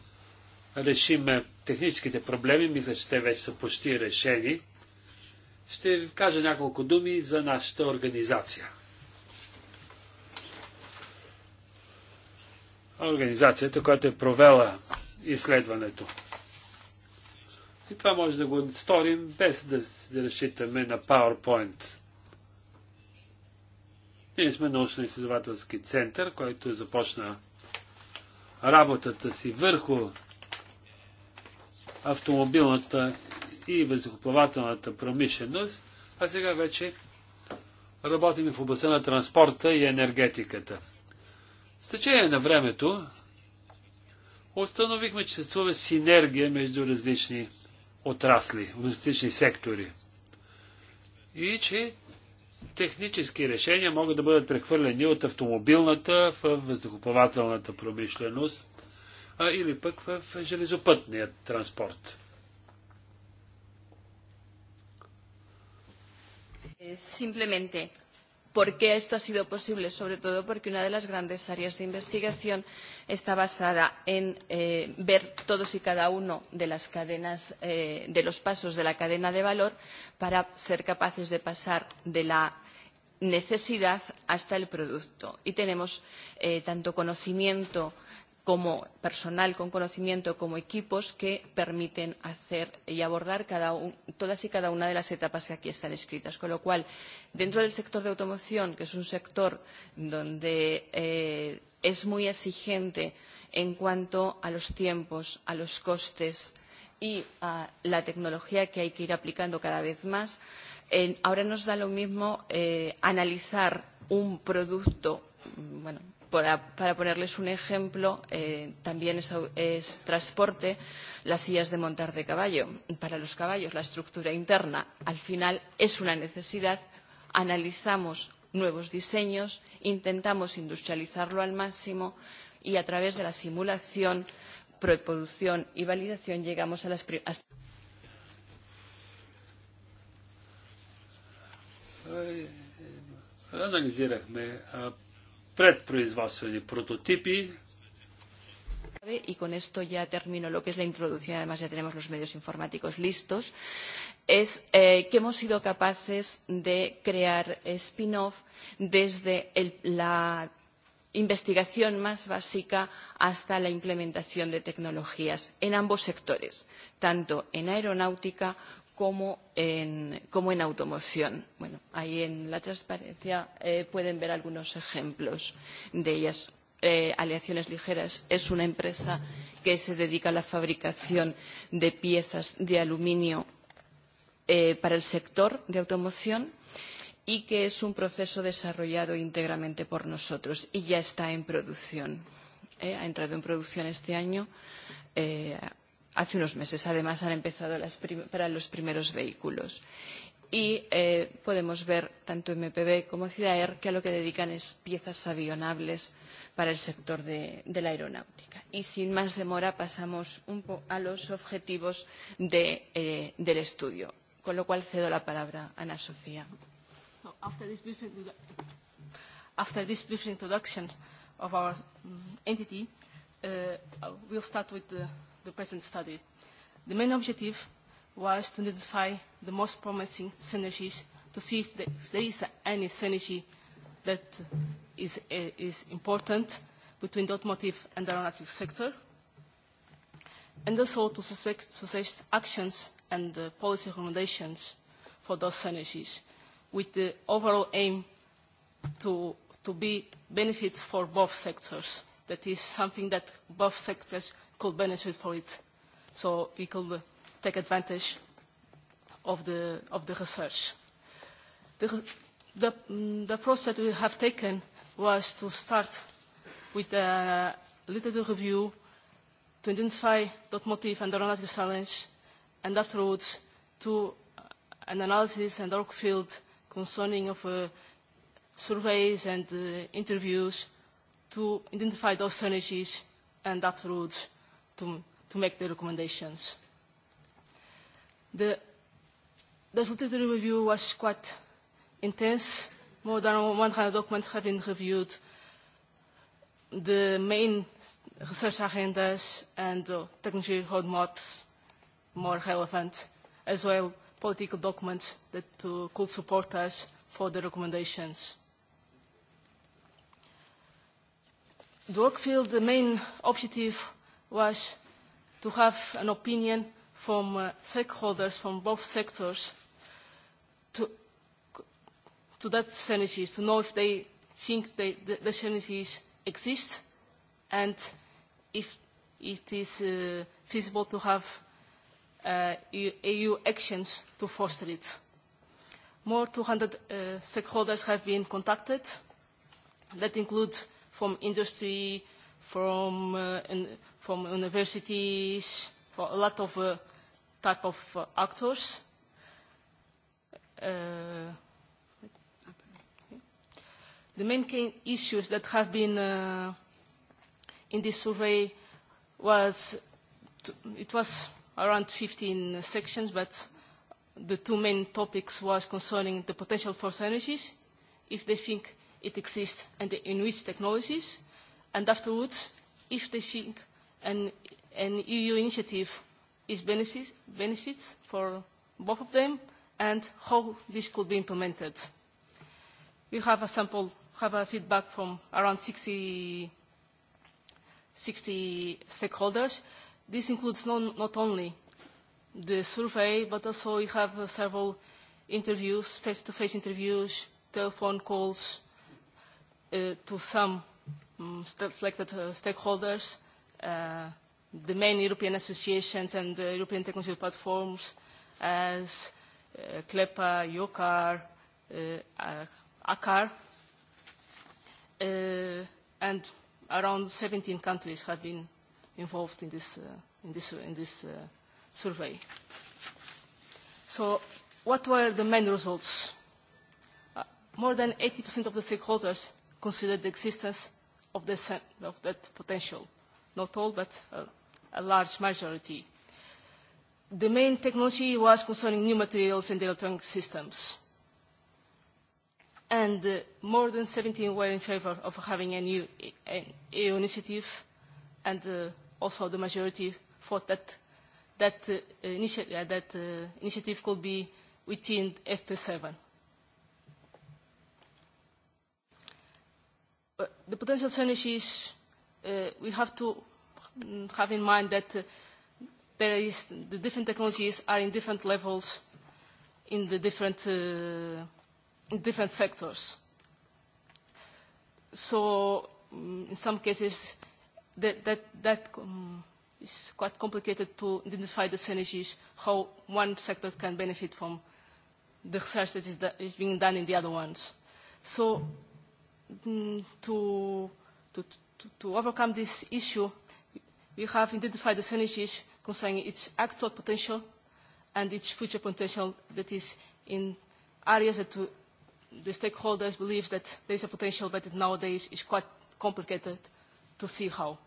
решиме техническите проблеми, мисля, че те вече са почти решени. Ще ви кажа няколко думи за нашата организация. организацията, която е провела изследването. И това може да го сторим без да, се разчитаме на PowerPoint. Ние сме научно-изследователски център, който започна работата си върху автомобилната и въздухоплавателната промишленост, а сега вече работим в областта на транспорта и енергетиката. С течение на времето установихме, че съществува синергия между различни отрасли, различни сектори. И че технически решения могат да бъдат прехвърлени от автомобилната в въздухоплавателната промишленост а, или пък в железопътния транспорт. Е, Simplemente por qué esto ha sido posible, sobre todo porque una de las grandes áreas de investigación está basada en eh, ver todos y cada uno de las cadenas, eh, de los pasos de la cadena de valor para ser capaces de pasar de la necesidad hasta el producto. Y tenemos eh, tanto conocimiento como personal con conocimiento, como equipos que permiten hacer y abordar cada un, todas y cada una de las etapas que aquí están escritas. Con lo cual, dentro del sector de automoción, que es un sector donde eh, es muy exigente en cuanto a los tiempos, a los costes y a la tecnología que hay que ir aplicando cada vez más, eh, ahora nos da lo mismo eh, analizar un producto, bueno, para, para ponerles un ejemplo, eh, también es, es transporte las sillas de montar de caballo. Para los caballos, la estructura interna, al final, es una necesidad. Analizamos nuevos diseños, intentamos industrializarlo al máximo y a través de la simulación, preproducción y validación llegamos a las Анализирахме предпроизводствени прототипи. Y con esto ya termino lo que es la introducción, además ya tenemos los medios informáticos listos, es eh, que hemos sido capaces de crear spin-off desde el, la investigación más básica hasta la implementación de tecnologías en ambos sectores, tanto en aeronáutica como en, como en automoción. Bueno, ahí en la transparencia eh, pueden ver algunos ejemplos de ellas. Eh, Aleaciones Ligeras es una empresa que se dedica a la fabricación de piezas de aluminio eh, para el sector de automoción y que es un proceso desarrollado íntegramente por nosotros y ya está en producción. Eh, ha entrado en producción este año. Eh, Hace unos meses, además, han empezado las para los primeros vehículos. Y eh, podemos ver, tanto MPB como CIDAER, que a lo que dedican es piezas avionables para el sector de, de la aeronáutica. Y sin más demora pasamos un po a los objetivos de, eh, del estudio, con lo cual cedo la palabra a Ana Sofía. after, this brief introduction of our entity, uh, we'll start with the the present study. The main objective was to identify the most promising synergies to see if there is any synergy that is, uh, is important between the automotive and the aeronautics sector, and also to suggest actions and uh, policy recommendations for those synergies, with the overall aim to, to be benefits for both sectors. That is something that both sectors could benefit for it. So we could take advantage of the, of the research. The, the, the process that we have taken was to start with a literature review to identify the motif and the analytical challenge, and afterwards to an analysis and work field concerning of uh, surveys and uh, interviews to identify those synergies and afterwards to, to make the recommendations. The legislative review was quite intense. More than 100 documents have been reviewed. The main research agendas and uh, technology roadmaps more relevant, as well political documents that uh, could support us for the recommendations. The work field, the main objective was to have an opinion from uh, stakeholders from both sectors to, to that synergies, to know if they think they, the, the synergies exist and if it is uh, feasible to have uh, EU actions to foster it. More 200 uh, stakeholders have been contacted. That includes from industry, from uh, from universities, for a lot of uh, type of uh, actors. Uh, the main key issues that have been uh, in this survey was, it was around 15 sections, but the two main topics was concerning the potential for synergies, if they think it exists and in which technologies, and afterwards, if they think an, an EU initiative, is benefits, benefits for both of them, and how this could be implemented. We have a sample, have a feedback from around 60, 60 stakeholders. This includes non, not only the survey, but also we have uh, several interviews, face-to-face -face interviews, telephone calls uh, to some um, selected uh, stakeholders uh, the main European associations and the European technical platforms as uh, CLEPA, UCAR, uh, ACAR, uh, and around 17 countries have been involved in this, uh, in this, in this uh, survey. So what were the main results? Uh, more than 80% of the stakeholders considered the existence of, the, of that potential not all, but a a large majority. The main technology was concerning new materials and electronic systems. And more than 17 were in favor of having a new EU initiative, and also the majority thought that that, uh, initi uh, that uh, initiative could be within FP7. the potential synergies, uh, we have to have in mind that there is, the different technologies are in different levels in the different, uh, in different sectors. So in some cases, that, that, that um, is quite complicated to identify the synergies, how one sector can benefit from the research that is, that is being done in the other ones. So mm, to, to, to, to overcome this issue, we have identified the synergies concerning its actual potential and its future potential that is in areas that the stakeholders believe that there is a potential, but nowadays it's quite complicated to see how.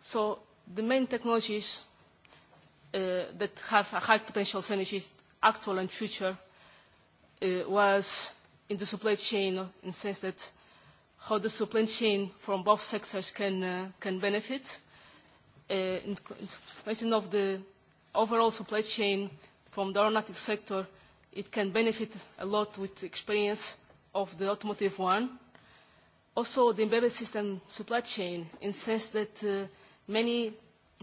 So the main technologies uh, that have a high potential synergies, actual and future, uh, was in the supply chain in the sense that how the supply chain from both sectors can, uh, can benefit uh, in terms of the overall supply chain from the aeronautic sector, it can benefit a lot with the experience of the automotive one. Also, the embedded system supply chain, in the sense that uh, many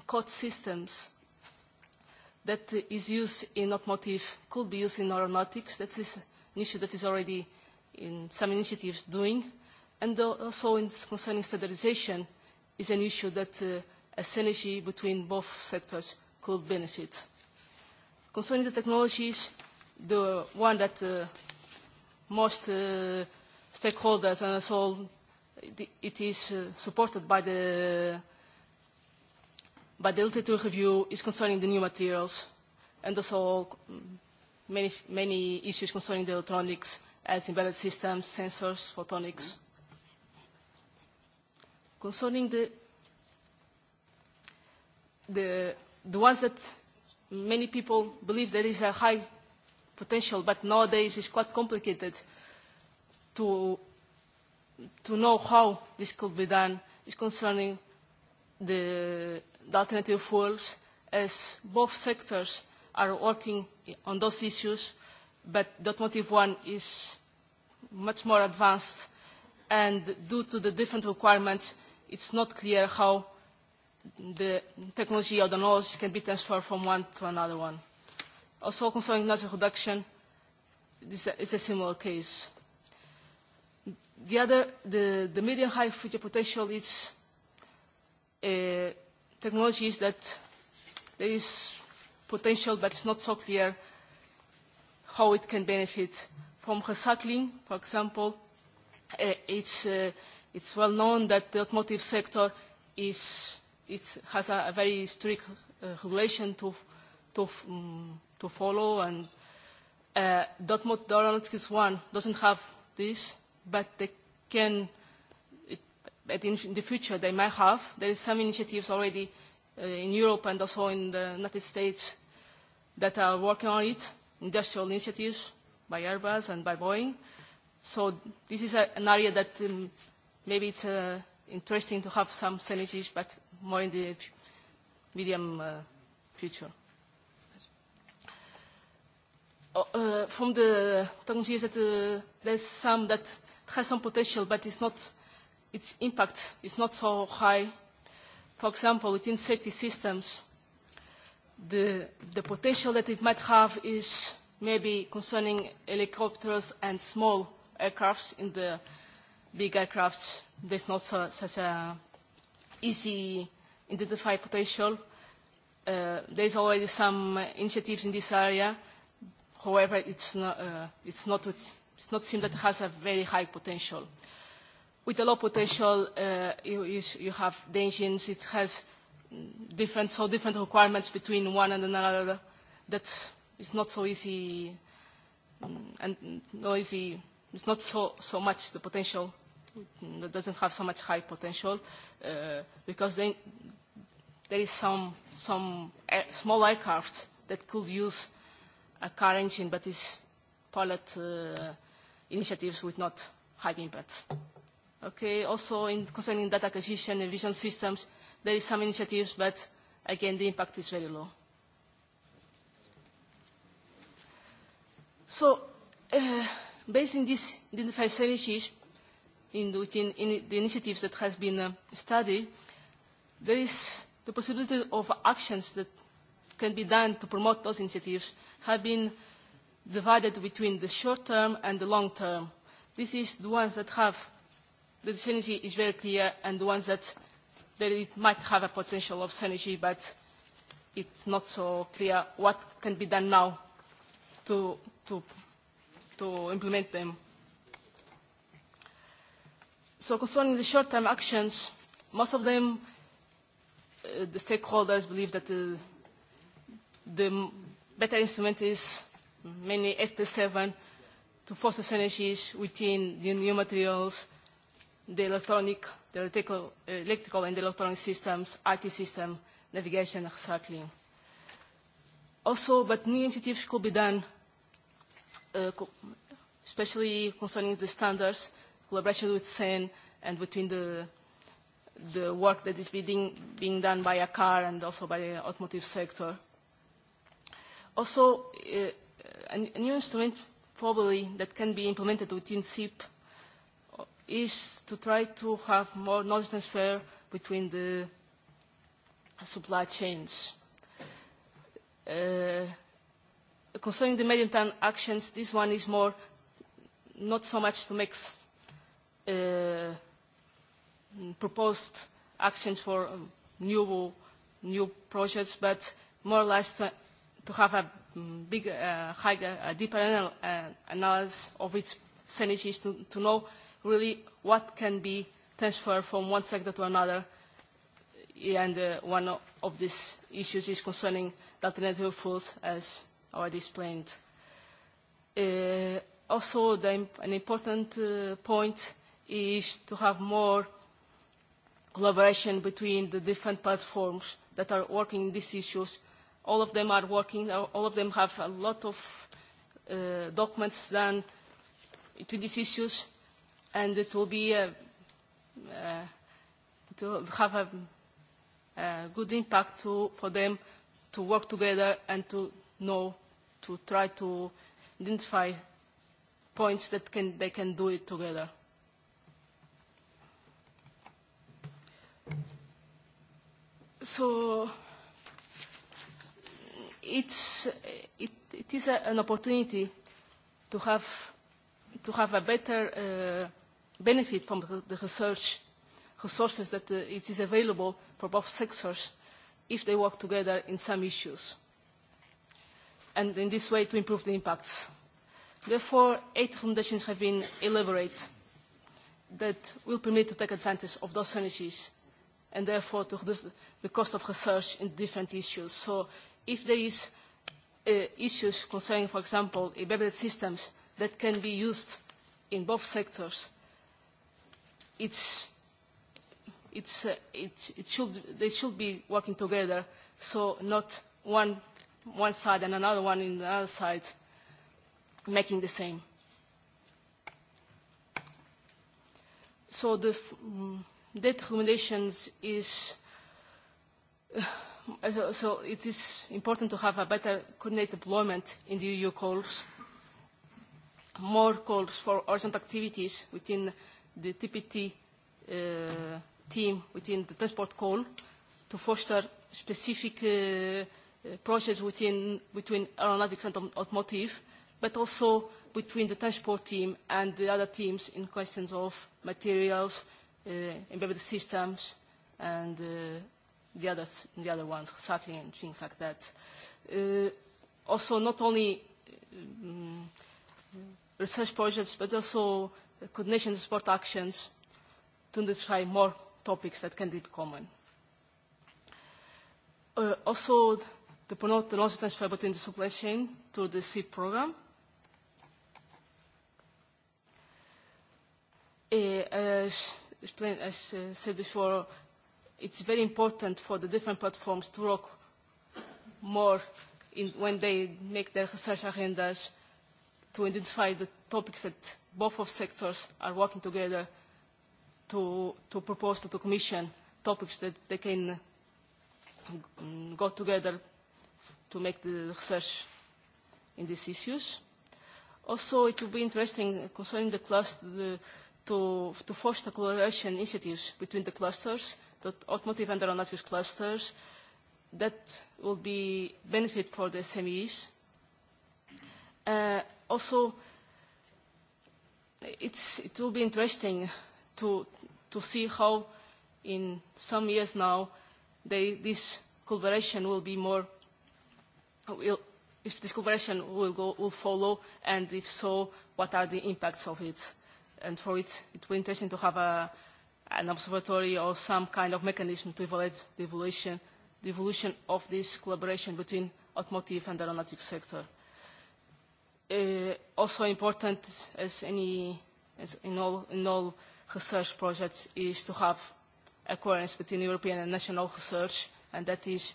code systems that is used in automotive could be used in aeronautics. That is an issue that is already in some initiatives doing and also in concerning standardization is an issue that uh, a synergy between both sectors could benefit. Concerning the technologies, the one that uh, most uh, stakeholders and also it is uh, supported by the by the literature review is concerning the new materials and also many, many issues concerning the electronics as embedded systems, sensors, photonics. Mm -hmm concerning the, the, the ones that many people believe there is a high potential, but nowadays it's quite complicated to, to know how this could be done, is concerning the, the alternative fuels, as both sectors are working on those issues, but the automotive one is much more advanced, and due to the different requirements, it's not clear how the technology or the knowledge can be transferred from one to another one. Also concerning noise reduction, this is a similar case. The other, the, the medium high future potential is uh, technologies that there is potential, but it's not so clear how it can benefit from recycling, for example. Uh, it's uh, It's well known that the automotive sector is, it has a, a very strict uh, regulation to, to, um, to follow, and uh, automotive Aeronautics one doesn't have this, but they can, it, but in, in the future they might have. There is some initiatives already uh, in Europe and also in the United States that are working on it, industrial initiatives by Airbus and by Boeing. So this is a, an area that um, maybe it's uh, interesting to have some synergies, but more in the medium uh, future. Uh, from the Tongs is that uh, there's some that has some potential, but it's not, its impact is not so high. For example, within safety systems, the, the potential that it might have is maybe concerning helicopters and small aircrafts in the big aircrafts, there's not so, such a easy identify potential. Uh, there's already some initiatives in this area. However, it's not, uh, it's not, it's not seen that it has a very high potential. With a low potential, uh, you, you have the engines. It has different, so different requirements between one and another that is not so easy and no easy. It's not so, so much the potential that doesn't have so much high potential uh, because then there is some, some air, small aircraft that could use a car engine, but is pilot uh, initiatives with not high impact. Okay, also in concerning data acquisition and vision systems, there is some initiatives, but again, the impact is very low. So, uh, based on these identified synergies, in the, within in the initiatives that has been uh, studied, there is the possibility of actions that can be done to promote those initiatives have been divided between the short term and the long term. This is the ones that have the synergy is very clear and the ones that, that it might have a potential of synergy, but it's not so clear what can be done now to, to, to implement them So concerning the short-term actions, most of them, uh, the stakeholders believe that the, the better instrument is mainly FP7 to foster synergies within the new materials, the electronic, the electrical, electrical and electronic systems, IT system, navigation, and recycling. Also, but new initiatives could be done, uh, especially concerning the standards, collaboration with SEN and between the, the work that is being, being done by a car and also by the automotive sector. Also, uh, a, a new instrument probably that can be implemented within SIP is to try to have more knowledge transfer between the supply chains. Uh, concerning the medium-term actions, this one is more not so much to make proposed actions for um, new, new projects, but more or less to, to have a big, uh, higher, a deeper anal uh, analysis of its synergies to, to know really what can be transferred from one sector to another. And uh, one of these issues is concerning the alternative fuels, as already explained. Uh, also, the, an important uh, point is to have more collaboration between the different platforms that are working on these issues. All of them are working, all of them have a lot of uh, documents done to these issues, and it will be a, uh, will have a, a good impact to, for them to work together and to know, to try to identify points that can, they can do it together. So it's, it, it is a, an opportunity to have, to have a better uh, benefit from the research resources that uh, it is available for both sectors if they work together in some issues and in this way to improve the impacts. Therefore, eight recommendations have been elaborated that will permit to take advantage of those synergies and therefore to reduce the cost of research in different issues. So if there is uh, issues concerning, for example, embedded systems that can be used in both sectors, it's, it's, uh, it, it should, they should be working together, so not one, one side and another one in the other side making the same. So the, Debt recommendations is so, so it is important to have a better coordinated deployment in the EU calls, more calls for urgent activities within the TPT uh, team within the transport call to foster specific uh, process within, between aeronautics and automotive, but also between the transport team and the other teams in questions of materials, uh, embedded systems, and uh, the, others, the other ones, recycling and things like that. Uh, also, not only um, research projects, but also coordination support actions to try more topics that can be common. Uh, also, to promote the knowledge transfer between the supply chain to the SIP program. Uh, as Explain as uh, said before, it's very important for the different platforms to work more in, when they make their research agendas to identify the topics that both of sectors are working together to, to propose to the Commission topics that they can go together to make the research in these issues. Also, it will be interesting concerning the cluster the, to, to foster collaboration initiatives between the clusters, the automotive and aeronautics clusters, that will be benefit for the SMEs. Uh, also, it's, it will be interesting to, to see how in some years now they, this collaboration will be more, will, if this collaboration will, go, will follow, and if so, what are the impacts of it and for it it would be interesting to have a, an observatory or some kind of mechanism to evaluate the evolution, the evolution of this collaboration between automotive and aeronautics sector. Uh, also important as any as in all in all research projects is to have a coherence between European and national research and that is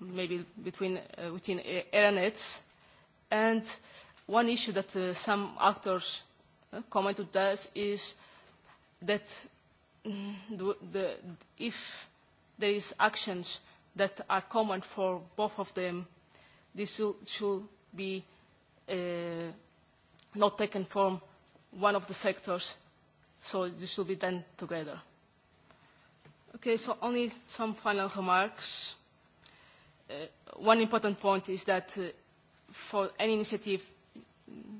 maybe between uh, within aeronets and one issue that uh, some actors comment to that is that the, the, if there is actions that are common for both of them, this should, should be uh, not taken from one of the sectors, so this should be done together. Okay, so only some final remarks. Uh, one important point is that uh, for any initiative,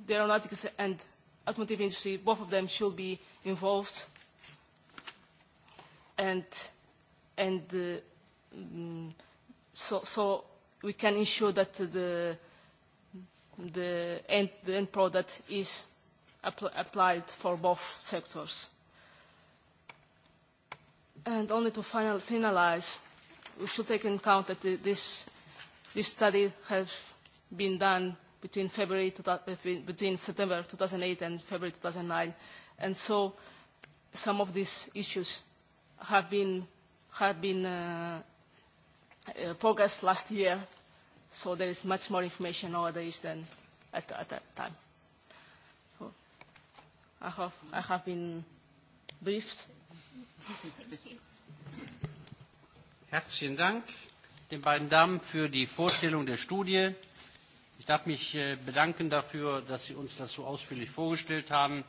the aeronautics and automotive industry, both of them should be involved. And, and uh, so, so we can ensure that the, the, end, the end product is apl applied for both sectors. And only to final, finalize, we should take into account that the, this, this study has been done between February between September 2008 and February 2009, and so some of these issues have been have been uh, uh, focused last year, so there is much more information nowadays than at, at that time. So I have I have been briefed. Herzlichen Dank den beiden Damen für die Vorstellung der Studie darf mich bedanken dafür, dass Sie uns das so ausführlich vorgestellt haben.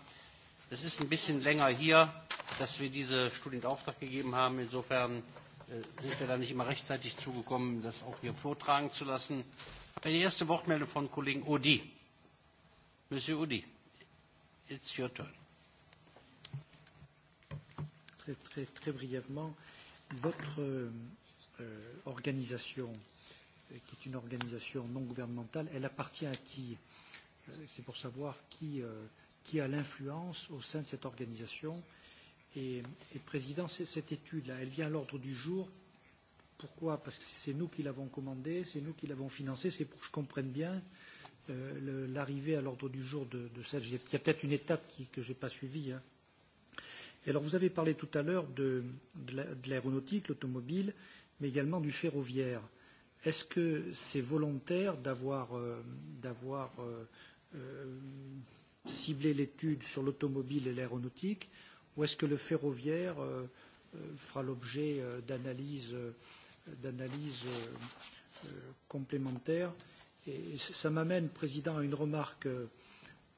Es ist ein bisschen länger hier, dass wir diese Studie in Auftrag gegeben haben. Insofern sind wir da nicht immer rechtzeitig zugekommen, das auch hier vortragen zu lassen. Eine erste Wortmeldung von Kollegen Odi. Monsieur Odi, it's your turn. Très, très, très brièvement, votre euh, organisation qui est une organisation non gouvernementale, elle appartient à qui C'est pour savoir qui, qui a l'influence au sein de cette organisation. Et, et Président, cette étude-là, elle vient à l'ordre du jour. Pourquoi Parce que c'est nous qui l'avons commandée, c'est nous qui l'avons financée, c'est pour que je comprenne bien euh, l'arrivée à l'ordre du jour de, de cette. Il y a peut-être une étape qui, que je n'ai pas suivie. Hein. Et alors, vous avez parlé tout à l'heure de, de l'aéronautique, l'automobile, mais également du ferroviaire. Euh, Est-ce que c'est volontaire d'avoir ciblé l'étude sur l'automobile et l'aéronautique ou est-ce que le ferroviaire fera l'objet d'analyses complémentaires Et ça m'amène, Président, à une remarque,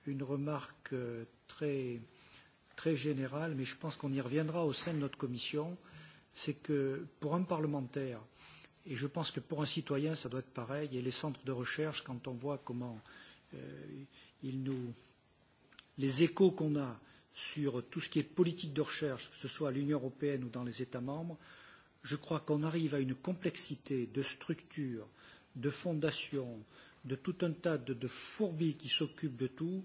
une remarque très, très générale, mais je pense qu'on y reviendra au sein de notre commission, c'est que pour un parlementaire, Et je pense que pour un citoyen, ça doit être pareil. Et les centres de recherche, quand on voit comment euh, ils nous, les échos qu'on a sur tout ce qui est politique de recherche, que ce soit à l'Union européenne ou dans les États membres, je crois qu'on arrive à une complexité de structures, de fondations, de tout un tas de, de fourbis qui s'occupent de tout.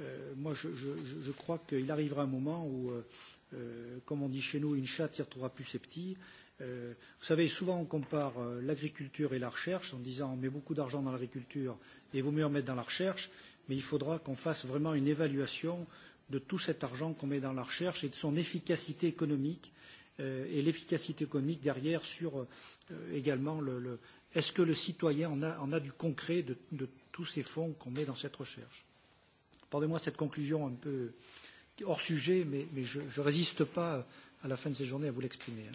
Euh, moi, je, je, je crois qu'il arrivera un moment où, euh, comme on dit chez nous, une chatte y retrouvera plus ses petits. Euh, Vous savez, souvent on compare l'agriculture et la recherche en disant on met beaucoup d'argent dans l'agriculture et il vaut mieux en mettre dans la recherche, mais il faudra qu'on fasse vraiment une évaluation de tout cet argent qu'on met dans la recherche et de son efficacité économique et l'efficacité économique derrière sur également le, le est-ce que le citoyen en a, en a du concret de, de tous ces fonds qu'on met dans cette recherche Pardonnez-moi cette conclusion un peu hors sujet, mais, mais je ne résiste pas à la fin de ces journées à vous l'exprimer. Hein.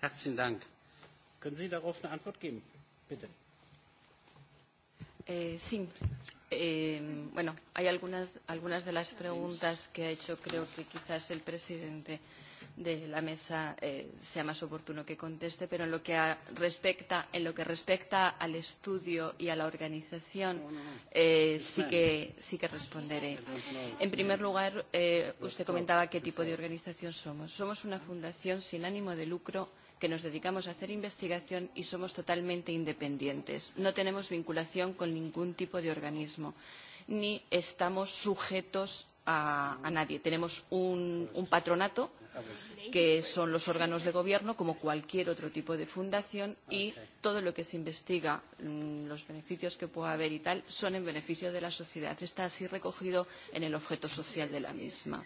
Herzlichen Dank. Können Sie darauf eine Antwort geben? Bitte. Eh, sí. Eh, bueno, hay algunas, algunas de las preguntas que ha hecho creo que quizás el presidente de la mesa eh, sea más oportuno que conteste, pero en lo que a, respecta, en lo que respecta al estudio y a la organización, eh, sí, que, sí que responderé. En primer lugar, eh, usted comentaba qué tipo de organización somos. Somos una fundación sin ánimo de lucro que nos dedicamos a hacer investigación y somos totalmente independientes. No tenemos vinculación con ningún tipo de organismo, ni estamos sujetos a, a nadie. Tenemos un, un patronato que son los órganos de gobierno, como cualquier otro tipo de fundación, y todo lo que se investiga, los beneficios que pueda haber y tal, son en beneficio de la sociedad. Está así recogido en el objeto social de la misma.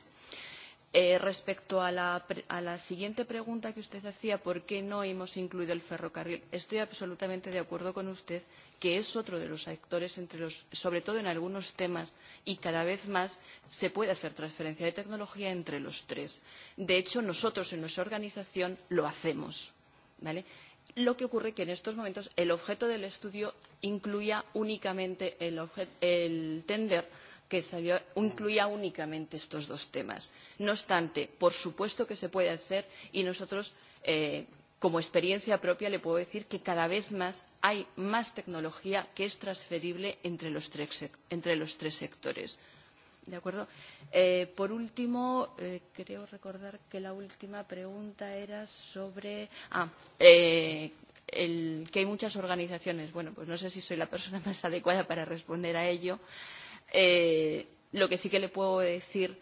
Eh, respecto a la, a la siguiente pregunta que usted hacía, ¿por qué no hemos incluido el ferrocarril? Estoy absolutamente de acuerdo con usted que es otro de los actores, entre los, sobre todo en algunos temas, y cada vez más se puede hacer transferencia de tecnología entre los tres. De hecho, nosotros en nuestra organización lo hacemos. ¿vale? Lo que ocurre es que en estos momentos el objeto del estudio incluía únicamente el, el tender que salió, incluía únicamente estos dos temas. No obstante, por supuesto que se puede hacer y nosotros eh, como experiencia propia le puedo decir que cada vez más hay más tecnología que es transferible entre los tres, entre los tres sectores. ¿De acuerdo? Eh, por último, eh, creo recordar que la última pregunta era sobre. Ah, eh, el, que hay muchas organizaciones. Bueno, pues no sé si soy la persona más adecuada para responder a ello. Eh, lo que sí que le puedo decir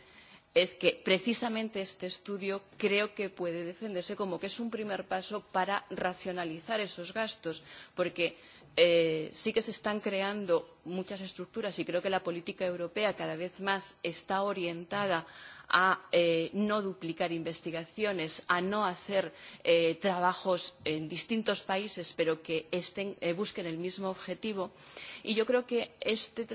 es que precisamente este estudio creo que puede defenderse como que es un primer paso para racionalizar esos gastos, porque sí que se están creando muchas estructuras y creo que la política europea cada vez más está orientada a no duplicar investigaciones, a no hacer trabajos en distintos países, pero que busquen el mismo objetivo. Y yo creo que este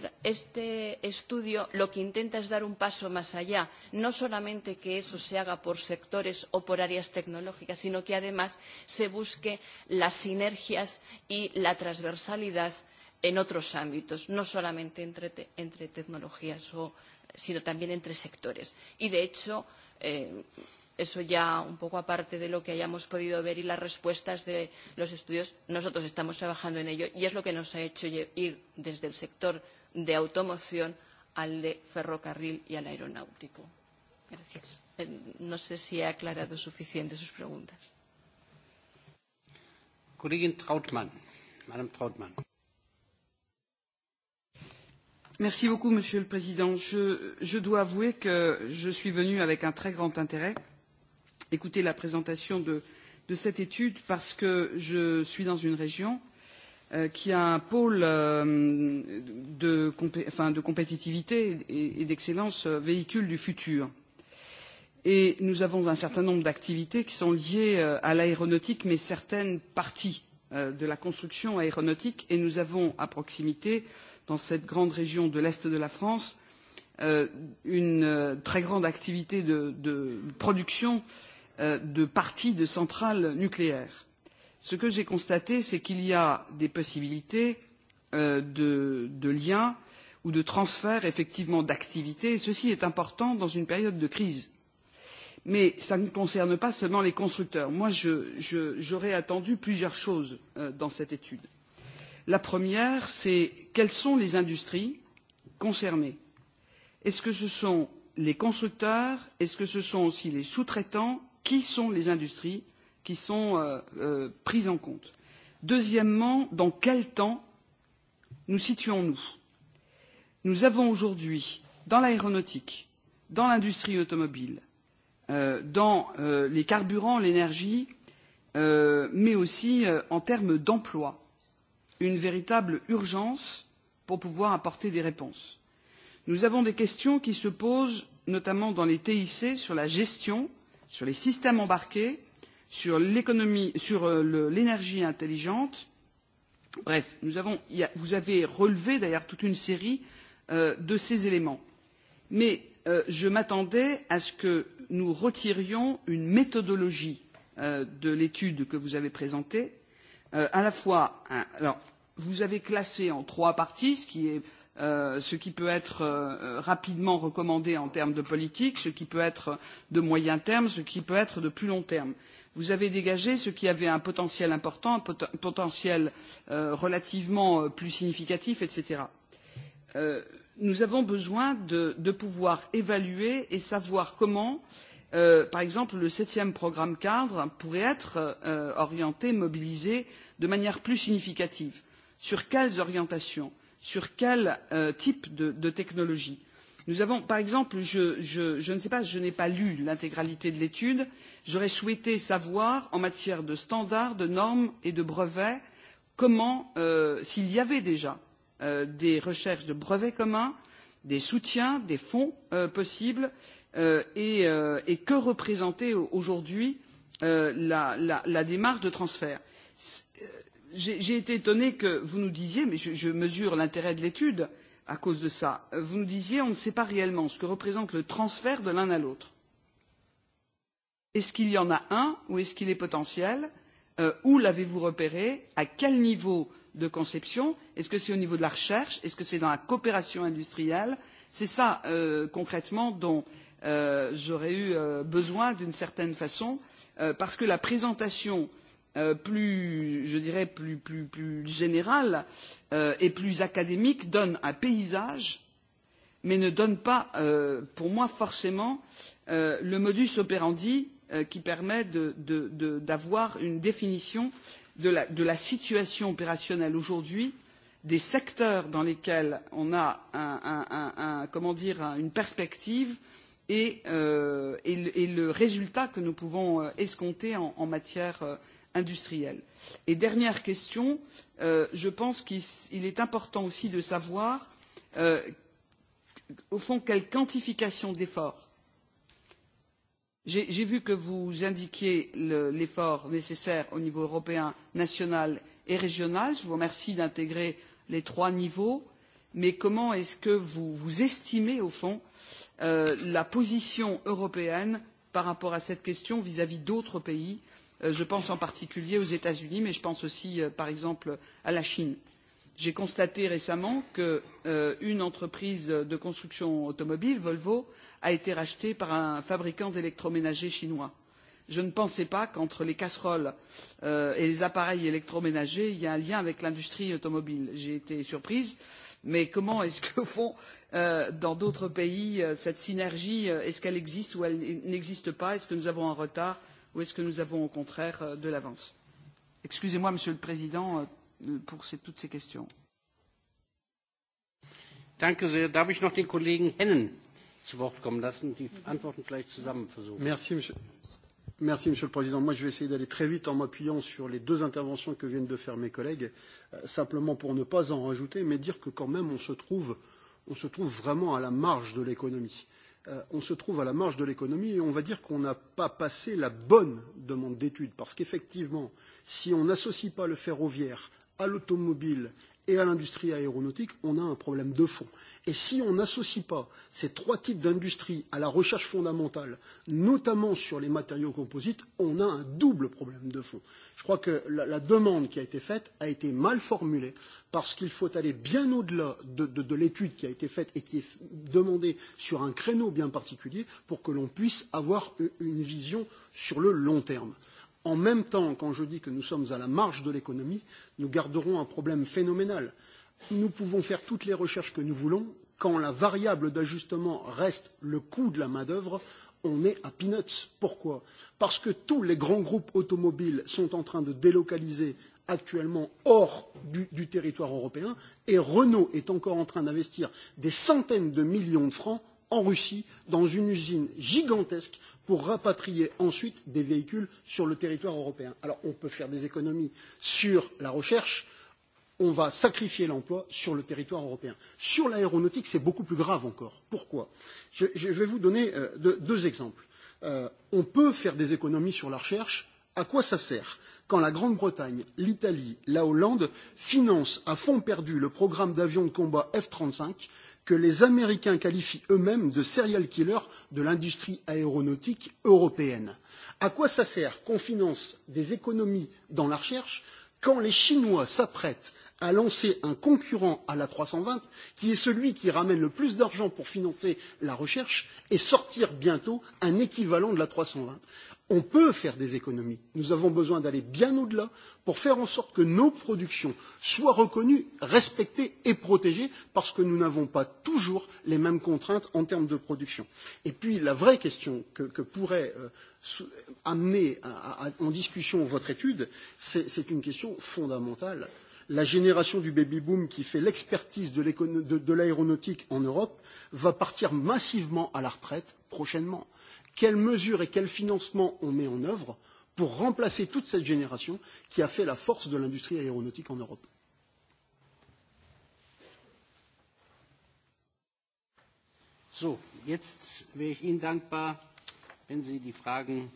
estudio lo que intenta es dar un paso más allá, no solamente que eso se haga por sectores o por áreas tecnológicas, sino que además se busque las sinergias y la transversalidad en otros ámbitos, no solamente entre, tecnologías o sino también entre sectores. Y, de hecho, eso ya un poco aparte de lo que hayamos podido ver y las respuestas de los estudios, nosotros estamos trabajando en ello y es lo que nos ha hecho ir desde el sector de automoción al de ferrocarril y al aeronáutico. Gracias. No sé si he aclarado suficiente sus preguntas. Kollegin Trautmann, Madame Trautmann. Merci beaucoup, Monsieur le Président. Je, dois avouer que je suis venue avec un très grand intérêt écouter la présentation de, cette étude parce que je suis dans une région qui a un pôle de, compétitivité et, d'excellence véhicule du futur. Et nous avons un certain nombre d'activités qui sont liées à l'aéronautique, mais certaines parties de la construction aéronautique, et nous avons à proximité dans cette grande région de l'Est de la France une très grande activité de, production de parties de centrales nucléaires. Ce que j'ai constaté, c'est qu'il y a des possibilités de, de liens ou de transfert effectivement d'activités. Ceci est important dans une période de crise. Mais cela ne concerne pas seulement les constructeurs. Moi, j'aurais attendu plusieurs choses dans cette étude La première, c'est quelles sont les industries concernées Est-ce que ce sont les constructeurs Est-ce que ce sont aussi les sous-traitants Qui sont les industries qui sont prises en compte Deuxièmement, dans quel temps nous situons-nous Nous avons aujourd'hui, dans l'aéronautique, dans l'industrie automobile, dans les carburants, l'énergie, mais aussi en termes d'emploi, une véritable urgence pour pouvoir apporter des réponses. Nous avons des questions qui se posent notamment dans les TIC sur la gestion, sur les systèmes embarqués, sur l'économie, sur l'énergie intelligente. Bref, nous avons, vous avez relevé d'ailleurs toute une série de ces éléments. Mais je m'attendais à ce que nous retirions une méthodologie de l'étude que vous avez présentée à la fois alors vous avez classé en trois parties ce qui est ce qui peut être rapidement recommandé en termes de politique, ce qui peut être de moyen terme, ce qui peut être de plus long terme. Vous avez dégagé ce qui avait un potentiel important, un potentiel relativement plus significatif, etc. nous avons besoin de, pouvoir évaluer et savoir comment, par exemple, le septième programme cadre pourrait être orienté, mobilisé de manière plus significative sur quelles orientations, sur quel type de, technologie. Nous avons, par exemple, je, ne sais pas, je n'ai pas lu l'intégralité de l'étude, j'aurais souhaité savoir en matière de standards, de normes et de brevets, comment, s'il y avait déjà des recherches de brevets communs, des soutiens, des fonds possibles, et, que représentait aujourd'hui la, démarche de transfert j'ai été étonnée que vous nous disiez mais je mesure l'intérêt de l'étude à cause de cela vous nous disiez on ne sait pas réellement ce que représente le transfert de l'un à l'autre. est ce qu'il y en a un ou est ce qu'il est potentiel? où l'avez vous repéré? à quel niveau de conception? est ce que c'est au niveau de la recherche? est ce que c'est dans la coopération industrielle? c'est cela concrètement dont j'aurais eu besoin d'une certaine façon parce que la présentation euh, plus je dirais plus plus euh, et plus académique donne un paysage mais ne donne pas pour moi forcément le modus operandi qui permet d'avoir une définition de la situation opérationnelle aujourd'hui des secteurs dans lesquels on a une perspective et le résultat que nous pouvons escompter en matière industrielle. Et dernière question, je pense qu'il est important aussi de savoir, au fond, quelle quantification d'efforts. J'ai vu que vous indiquiez l'effort nécessaire au niveau européen, national et régional. Je vous remercie d'intégrer les trois niveaux. Mais comment est-ce que vous, estimez, au fond, la position européenne par rapport à cette question vis-à-vis d'autres pays Je pense en particulier aux États-Unis, mais je pense aussi, par exemple, à la Chine. J'ai constaté récemment qu'une entreprise de construction automobile, Volvo, a été rachetée par un fabricant d'électroménagers chinois. Je ne pensais pas qu'entre les casseroles et les appareils électroménagers, il y ait un lien avec l'industrie automobile. J'ai été surprise, mais comment est-ce qu'au fond, dans d'autres pays, cette synergie, est-ce qu'elle existe ou elle n'existe pas Est-ce que nous avons un retard ou est-ce que nous avons au contraire de l'avance Excusez-moi, Monsieur le Président, pour toutes ces questions. Danke sehr. Darf ich noch den Kollegen Hennen zu Wort kommen lassen? Die Antworten vielleicht zusammen versuchen. Merci, Monsieur. Merci, Monsieur le Président. Moi, je vais essayer d'aller très vite en m'appuyant sur les deux interventions que viennent de faire mes collègues, simplement pour ne pas en rajouter, mais dire que quand même, on se trouve, on se trouve vraiment à la marge de l'économie on se trouve à la marge de l'économie et on va dire qu'on n'a pas passé la bonne demande d'études. Parce qu'effectivement, si on n'associe pas le ferroviaire à l'automobile et à l'industrie aéronautique, on a un problème de fond. Et si on n'associe pas ces trois types d'industries à la recherche fondamentale, notamment sur les matériaux composites, on a un double problème de fond. Je crois que la, la demande qui a été faite a été mal formulée parce qu'il faut aller bien au-delà de, de, de l'étude qui a été faite et qui est demandée sur un créneau bien particulier pour que l'on puisse avoir une vision sur le long terme. En même temps, quand je dis que nous sommes à la marge de l'économie, nous garderons un problème phénoménal. Nous pouvons faire toutes les recherches que nous voulons, quand la variable d'ajustement reste le coût de la main-d'œuvre, on est à peanuts. Pourquoi Parce que tous les grands groupes automobiles sont en train de délocaliser actuellement hors du, territoire européen et Renault est encore en train d'investir des centaines de millions de francs en Russie dans une usine gigantesque pour rapatrier ensuite des véhicules sur le territoire européen. Alors on peut faire des économies sur la recherche, on va sacrifier l'emploi sur le territoire européen. Sur l'aéronautique, c'est beaucoup plus grave encore. Pourquoi je, vais vous donner deux, exemples. on peut faire des économies sur la recherche. À quoi ça sert quand la Grande-Bretagne, l'Italie, la Hollande financent à fonds perdu le programme d'avions de combat F-35 que les Américains qualifient eux-mêmes de serial killer de l'industrie aéronautique européenne. À quoi ça sert qu'on finance des économies dans la recherche quand les Chinois s'apprêtent a lancé un concurrent à la trois cent vingt qui est celui qui ramène le plus d'argent pour financer la recherche et sortir bientôt un équivalent de la trois cent vingt. On peut faire des économies. Nous avons besoin d'aller bien au-delà pour faire en sorte que nos productions soient reconnues, respectées et protégées parce que nous n'avons pas toujours les mêmes contraintes en termes de production. Et puis la vraie question que, que pourrait euh, amener à, à, en discussion votre étude, c'est une question fondamentale. La génération du baby-boom qui fait l'expertise de l'aéronautique en Europe va partir massivement à la retraite prochainement. Quelles mesures et quels financements on met en œuvre pour remplacer toute cette génération qui a fait la force de l'industrie aéronautique en Europe So, jetzt wäre ich Ihnen dankbar, wenn Sie die Fragen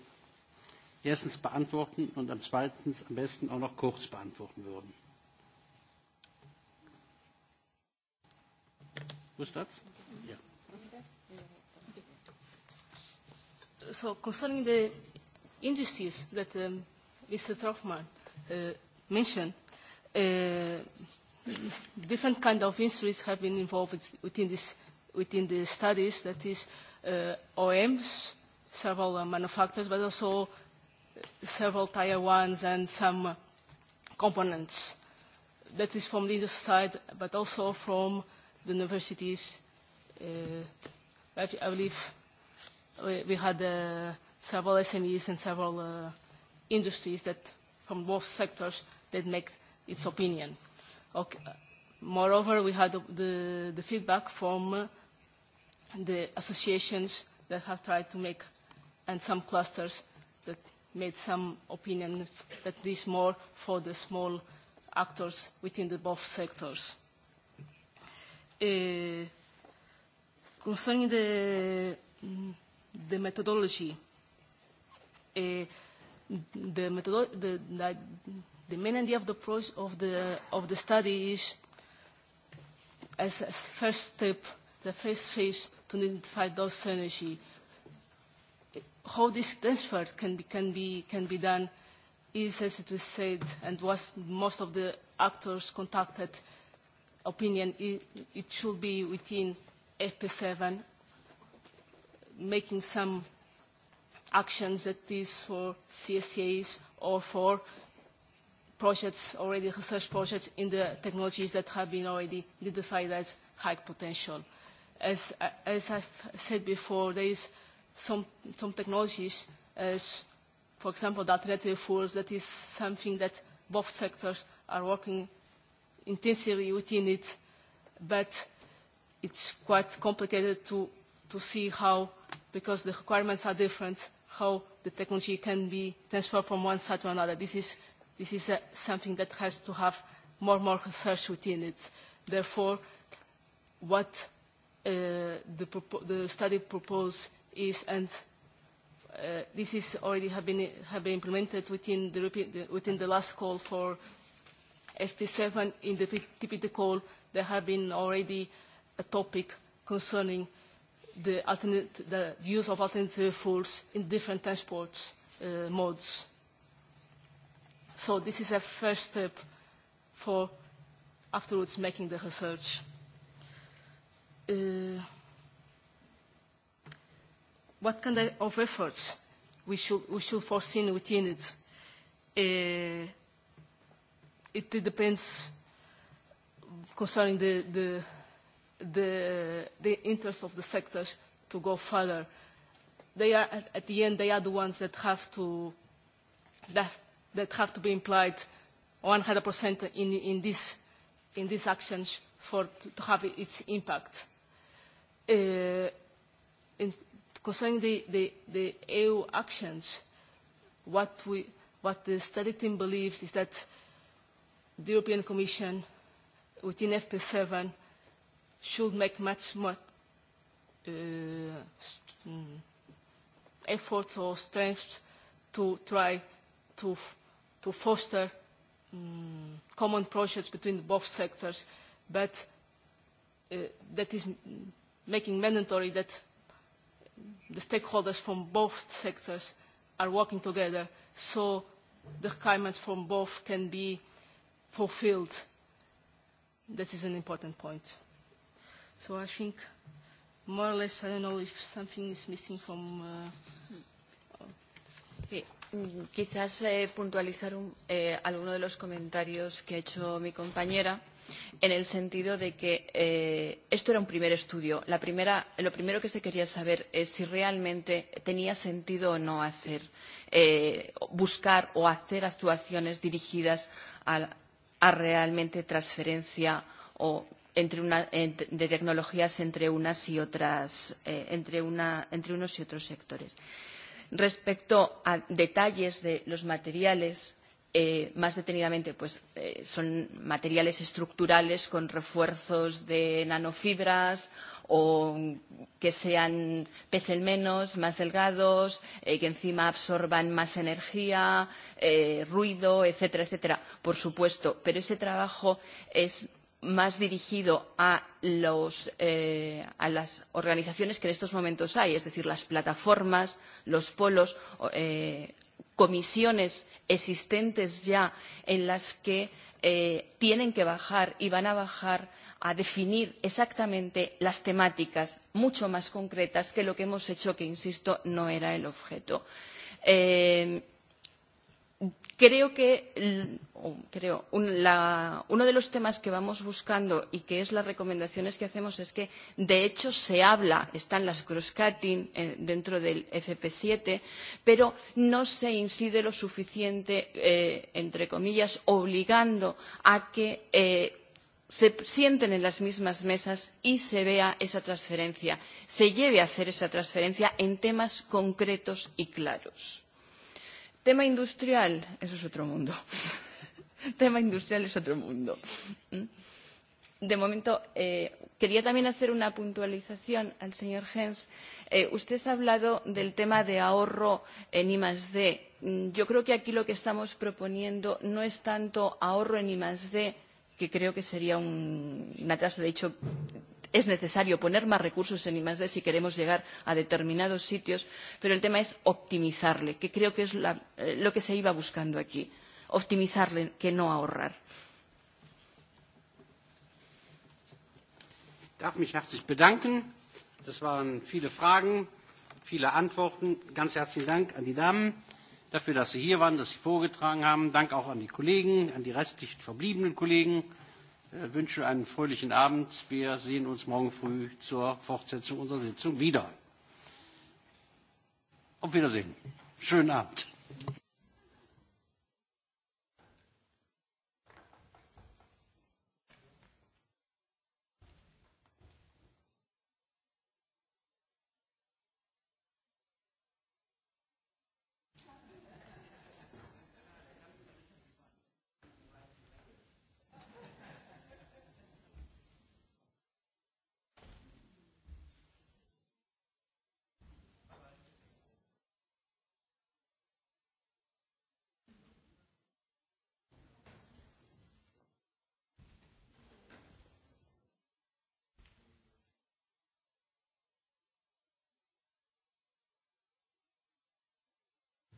erstens beantworten und am zweitens am besten auch noch kurz beantworten würden. Who starts? Yeah. So concerning the industries that um, Mr. Trofman uh, mentioned, uh, different kind of industries have been involved within, this, within the studies, that is uh, OMs, several uh, manufacturers, but also several tier ones and some components. That is from the industry side, but also from the universities. Uh, I, I believe we, we had uh, several SMEs and several uh, industries that from both sectors that make its opinion. Okay. Moreover, we had the, the feedback from the associations that have tried to make, and some clusters that made some opinion that this more for the small actors within the both sectors eh, concerning the, the methodology, eh, the, methodol the, the, the main idea of the, approach of the, of the study is as a first step, the first phase to identify those synergy. How this transfer can be, can be, can be done is, as it was said, and was most of the actors contacted opinion, it, it should be within FP7, making some actions that is for CSCAs or for projects, already research projects in the technologies that have been already identified as high potential. As, as I've said before, there is some, some technologies, as for example, the alternative fuels, that is something that both sectors are working intensely within it, but it's quite complicated to, to see how, because the requirements are different, how the technology can be transferred from one side to another. This is, this is a, something that has to have more and more research within it. Therefore, what uh, the, the study proposed is, and uh, this is already have been, have been implemented within the, within the last call for SP7 in the TPT call, there have been already a topic concerning the, the use of alternative fuels in different transport uh, modes. So this is a first step for afterwards making the research. Uh, what kind of efforts we should, we should foresee within it? Uh, it, depends concerning the, the, the, the interest of the sectors to go further. They are, at, at the end, they are the ones that have to, that, that have to be implied 100% in, in, this, in these actions for to, to have its impact. Uh, in, concerning the, the, the EU actions, what, we, what the study team believes is that uh, the European Commission within FP7 should make much more uh, efforts or strength to try to, to foster um, common projects between both sectors, but uh, that is making mandatory that the stakeholders from both sectors are working together so the requirements from both can be fulfilled. That is an important point. So I think more or less, I don't know if something is missing from... Uh, sí. Quizás eh, puntualizar un, eh, alguno de los comentarios que ha hecho mi compañera en el sentido de que eh, esto era un primer estudio. La primera, lo primero que se quería saber es si realmente tenía sentido o no hacer, eh, buscar o hacer actuaciones dirigidas a, a realmente transferencia o entre una, de tecnologías entre unas y otras, eh, entre, una, entre unos y otros sectores. Respecto a detalles de los materiales, eh, más detenidamente, pues eh, son materiales estructurales con refuerzos de nanofibras o que sean, pesen menos, más delgados, eh, que encima absorban más energía, eh, ruido, etcétera, etcétera, por supuesto. Pero ese trabajo es más dirigido a, los, eh, a las organizaciones que en estos momentos hay, es decir, las plataformas, los polos, eh, comisiones existentes ya en las que tienen que bajar y van a bajar a definir exactamente las temáticas mucho más concretas que lo que hemos hecho, que insisto, no era el objeto. Eh, Creo que creo, un, la, uno de los temas que vamos buscando y que es las recomendaciones que hacemos es que, de hecho, se habla, están las cross-cutting eh, dentro del FP7, pero no se incide lo suficiente, eh, entre comillas, obligando a que eh, se sienten en las mismas mesas y se vea esa transferencia, se lleve a hacer esa transferencia en temas concretos y claros. Tema industrial, eso es otro mundo. Tema industrial es otro mundo. De momento, eh, quería también hacer una puntualización al señor Hens. Eh, usted ha hablado del tema de ahorro en I más D. Yo creo que aquí lo que estamos proponiendo no es tanto ahorro en I más D, que creo que sería un, un atraso. De hecho, es necesario poner más recursos en I+D si queremos llegar a determinados sitios, pero el tema es optimizarle, que creo que es lo que se iba buscando aquí, optimizarle, que no ahorrar. Ich darf mich herzlich bedanken. Das waren viele Fragen, viele Antworten. Ganz herzlichen Dank an die Damen dafür, dass Sie hier waren, dass Sie vorgetragen haben. Dank auch an die Kollegen, an die restlichen verbliebenen Kollegen wünsche einen fröhlichen Abend. Wir sehen uns morgen früh zur Fortsetzung unserer Sitzung wieder. Auf Wiedersehen. Schönen Abend.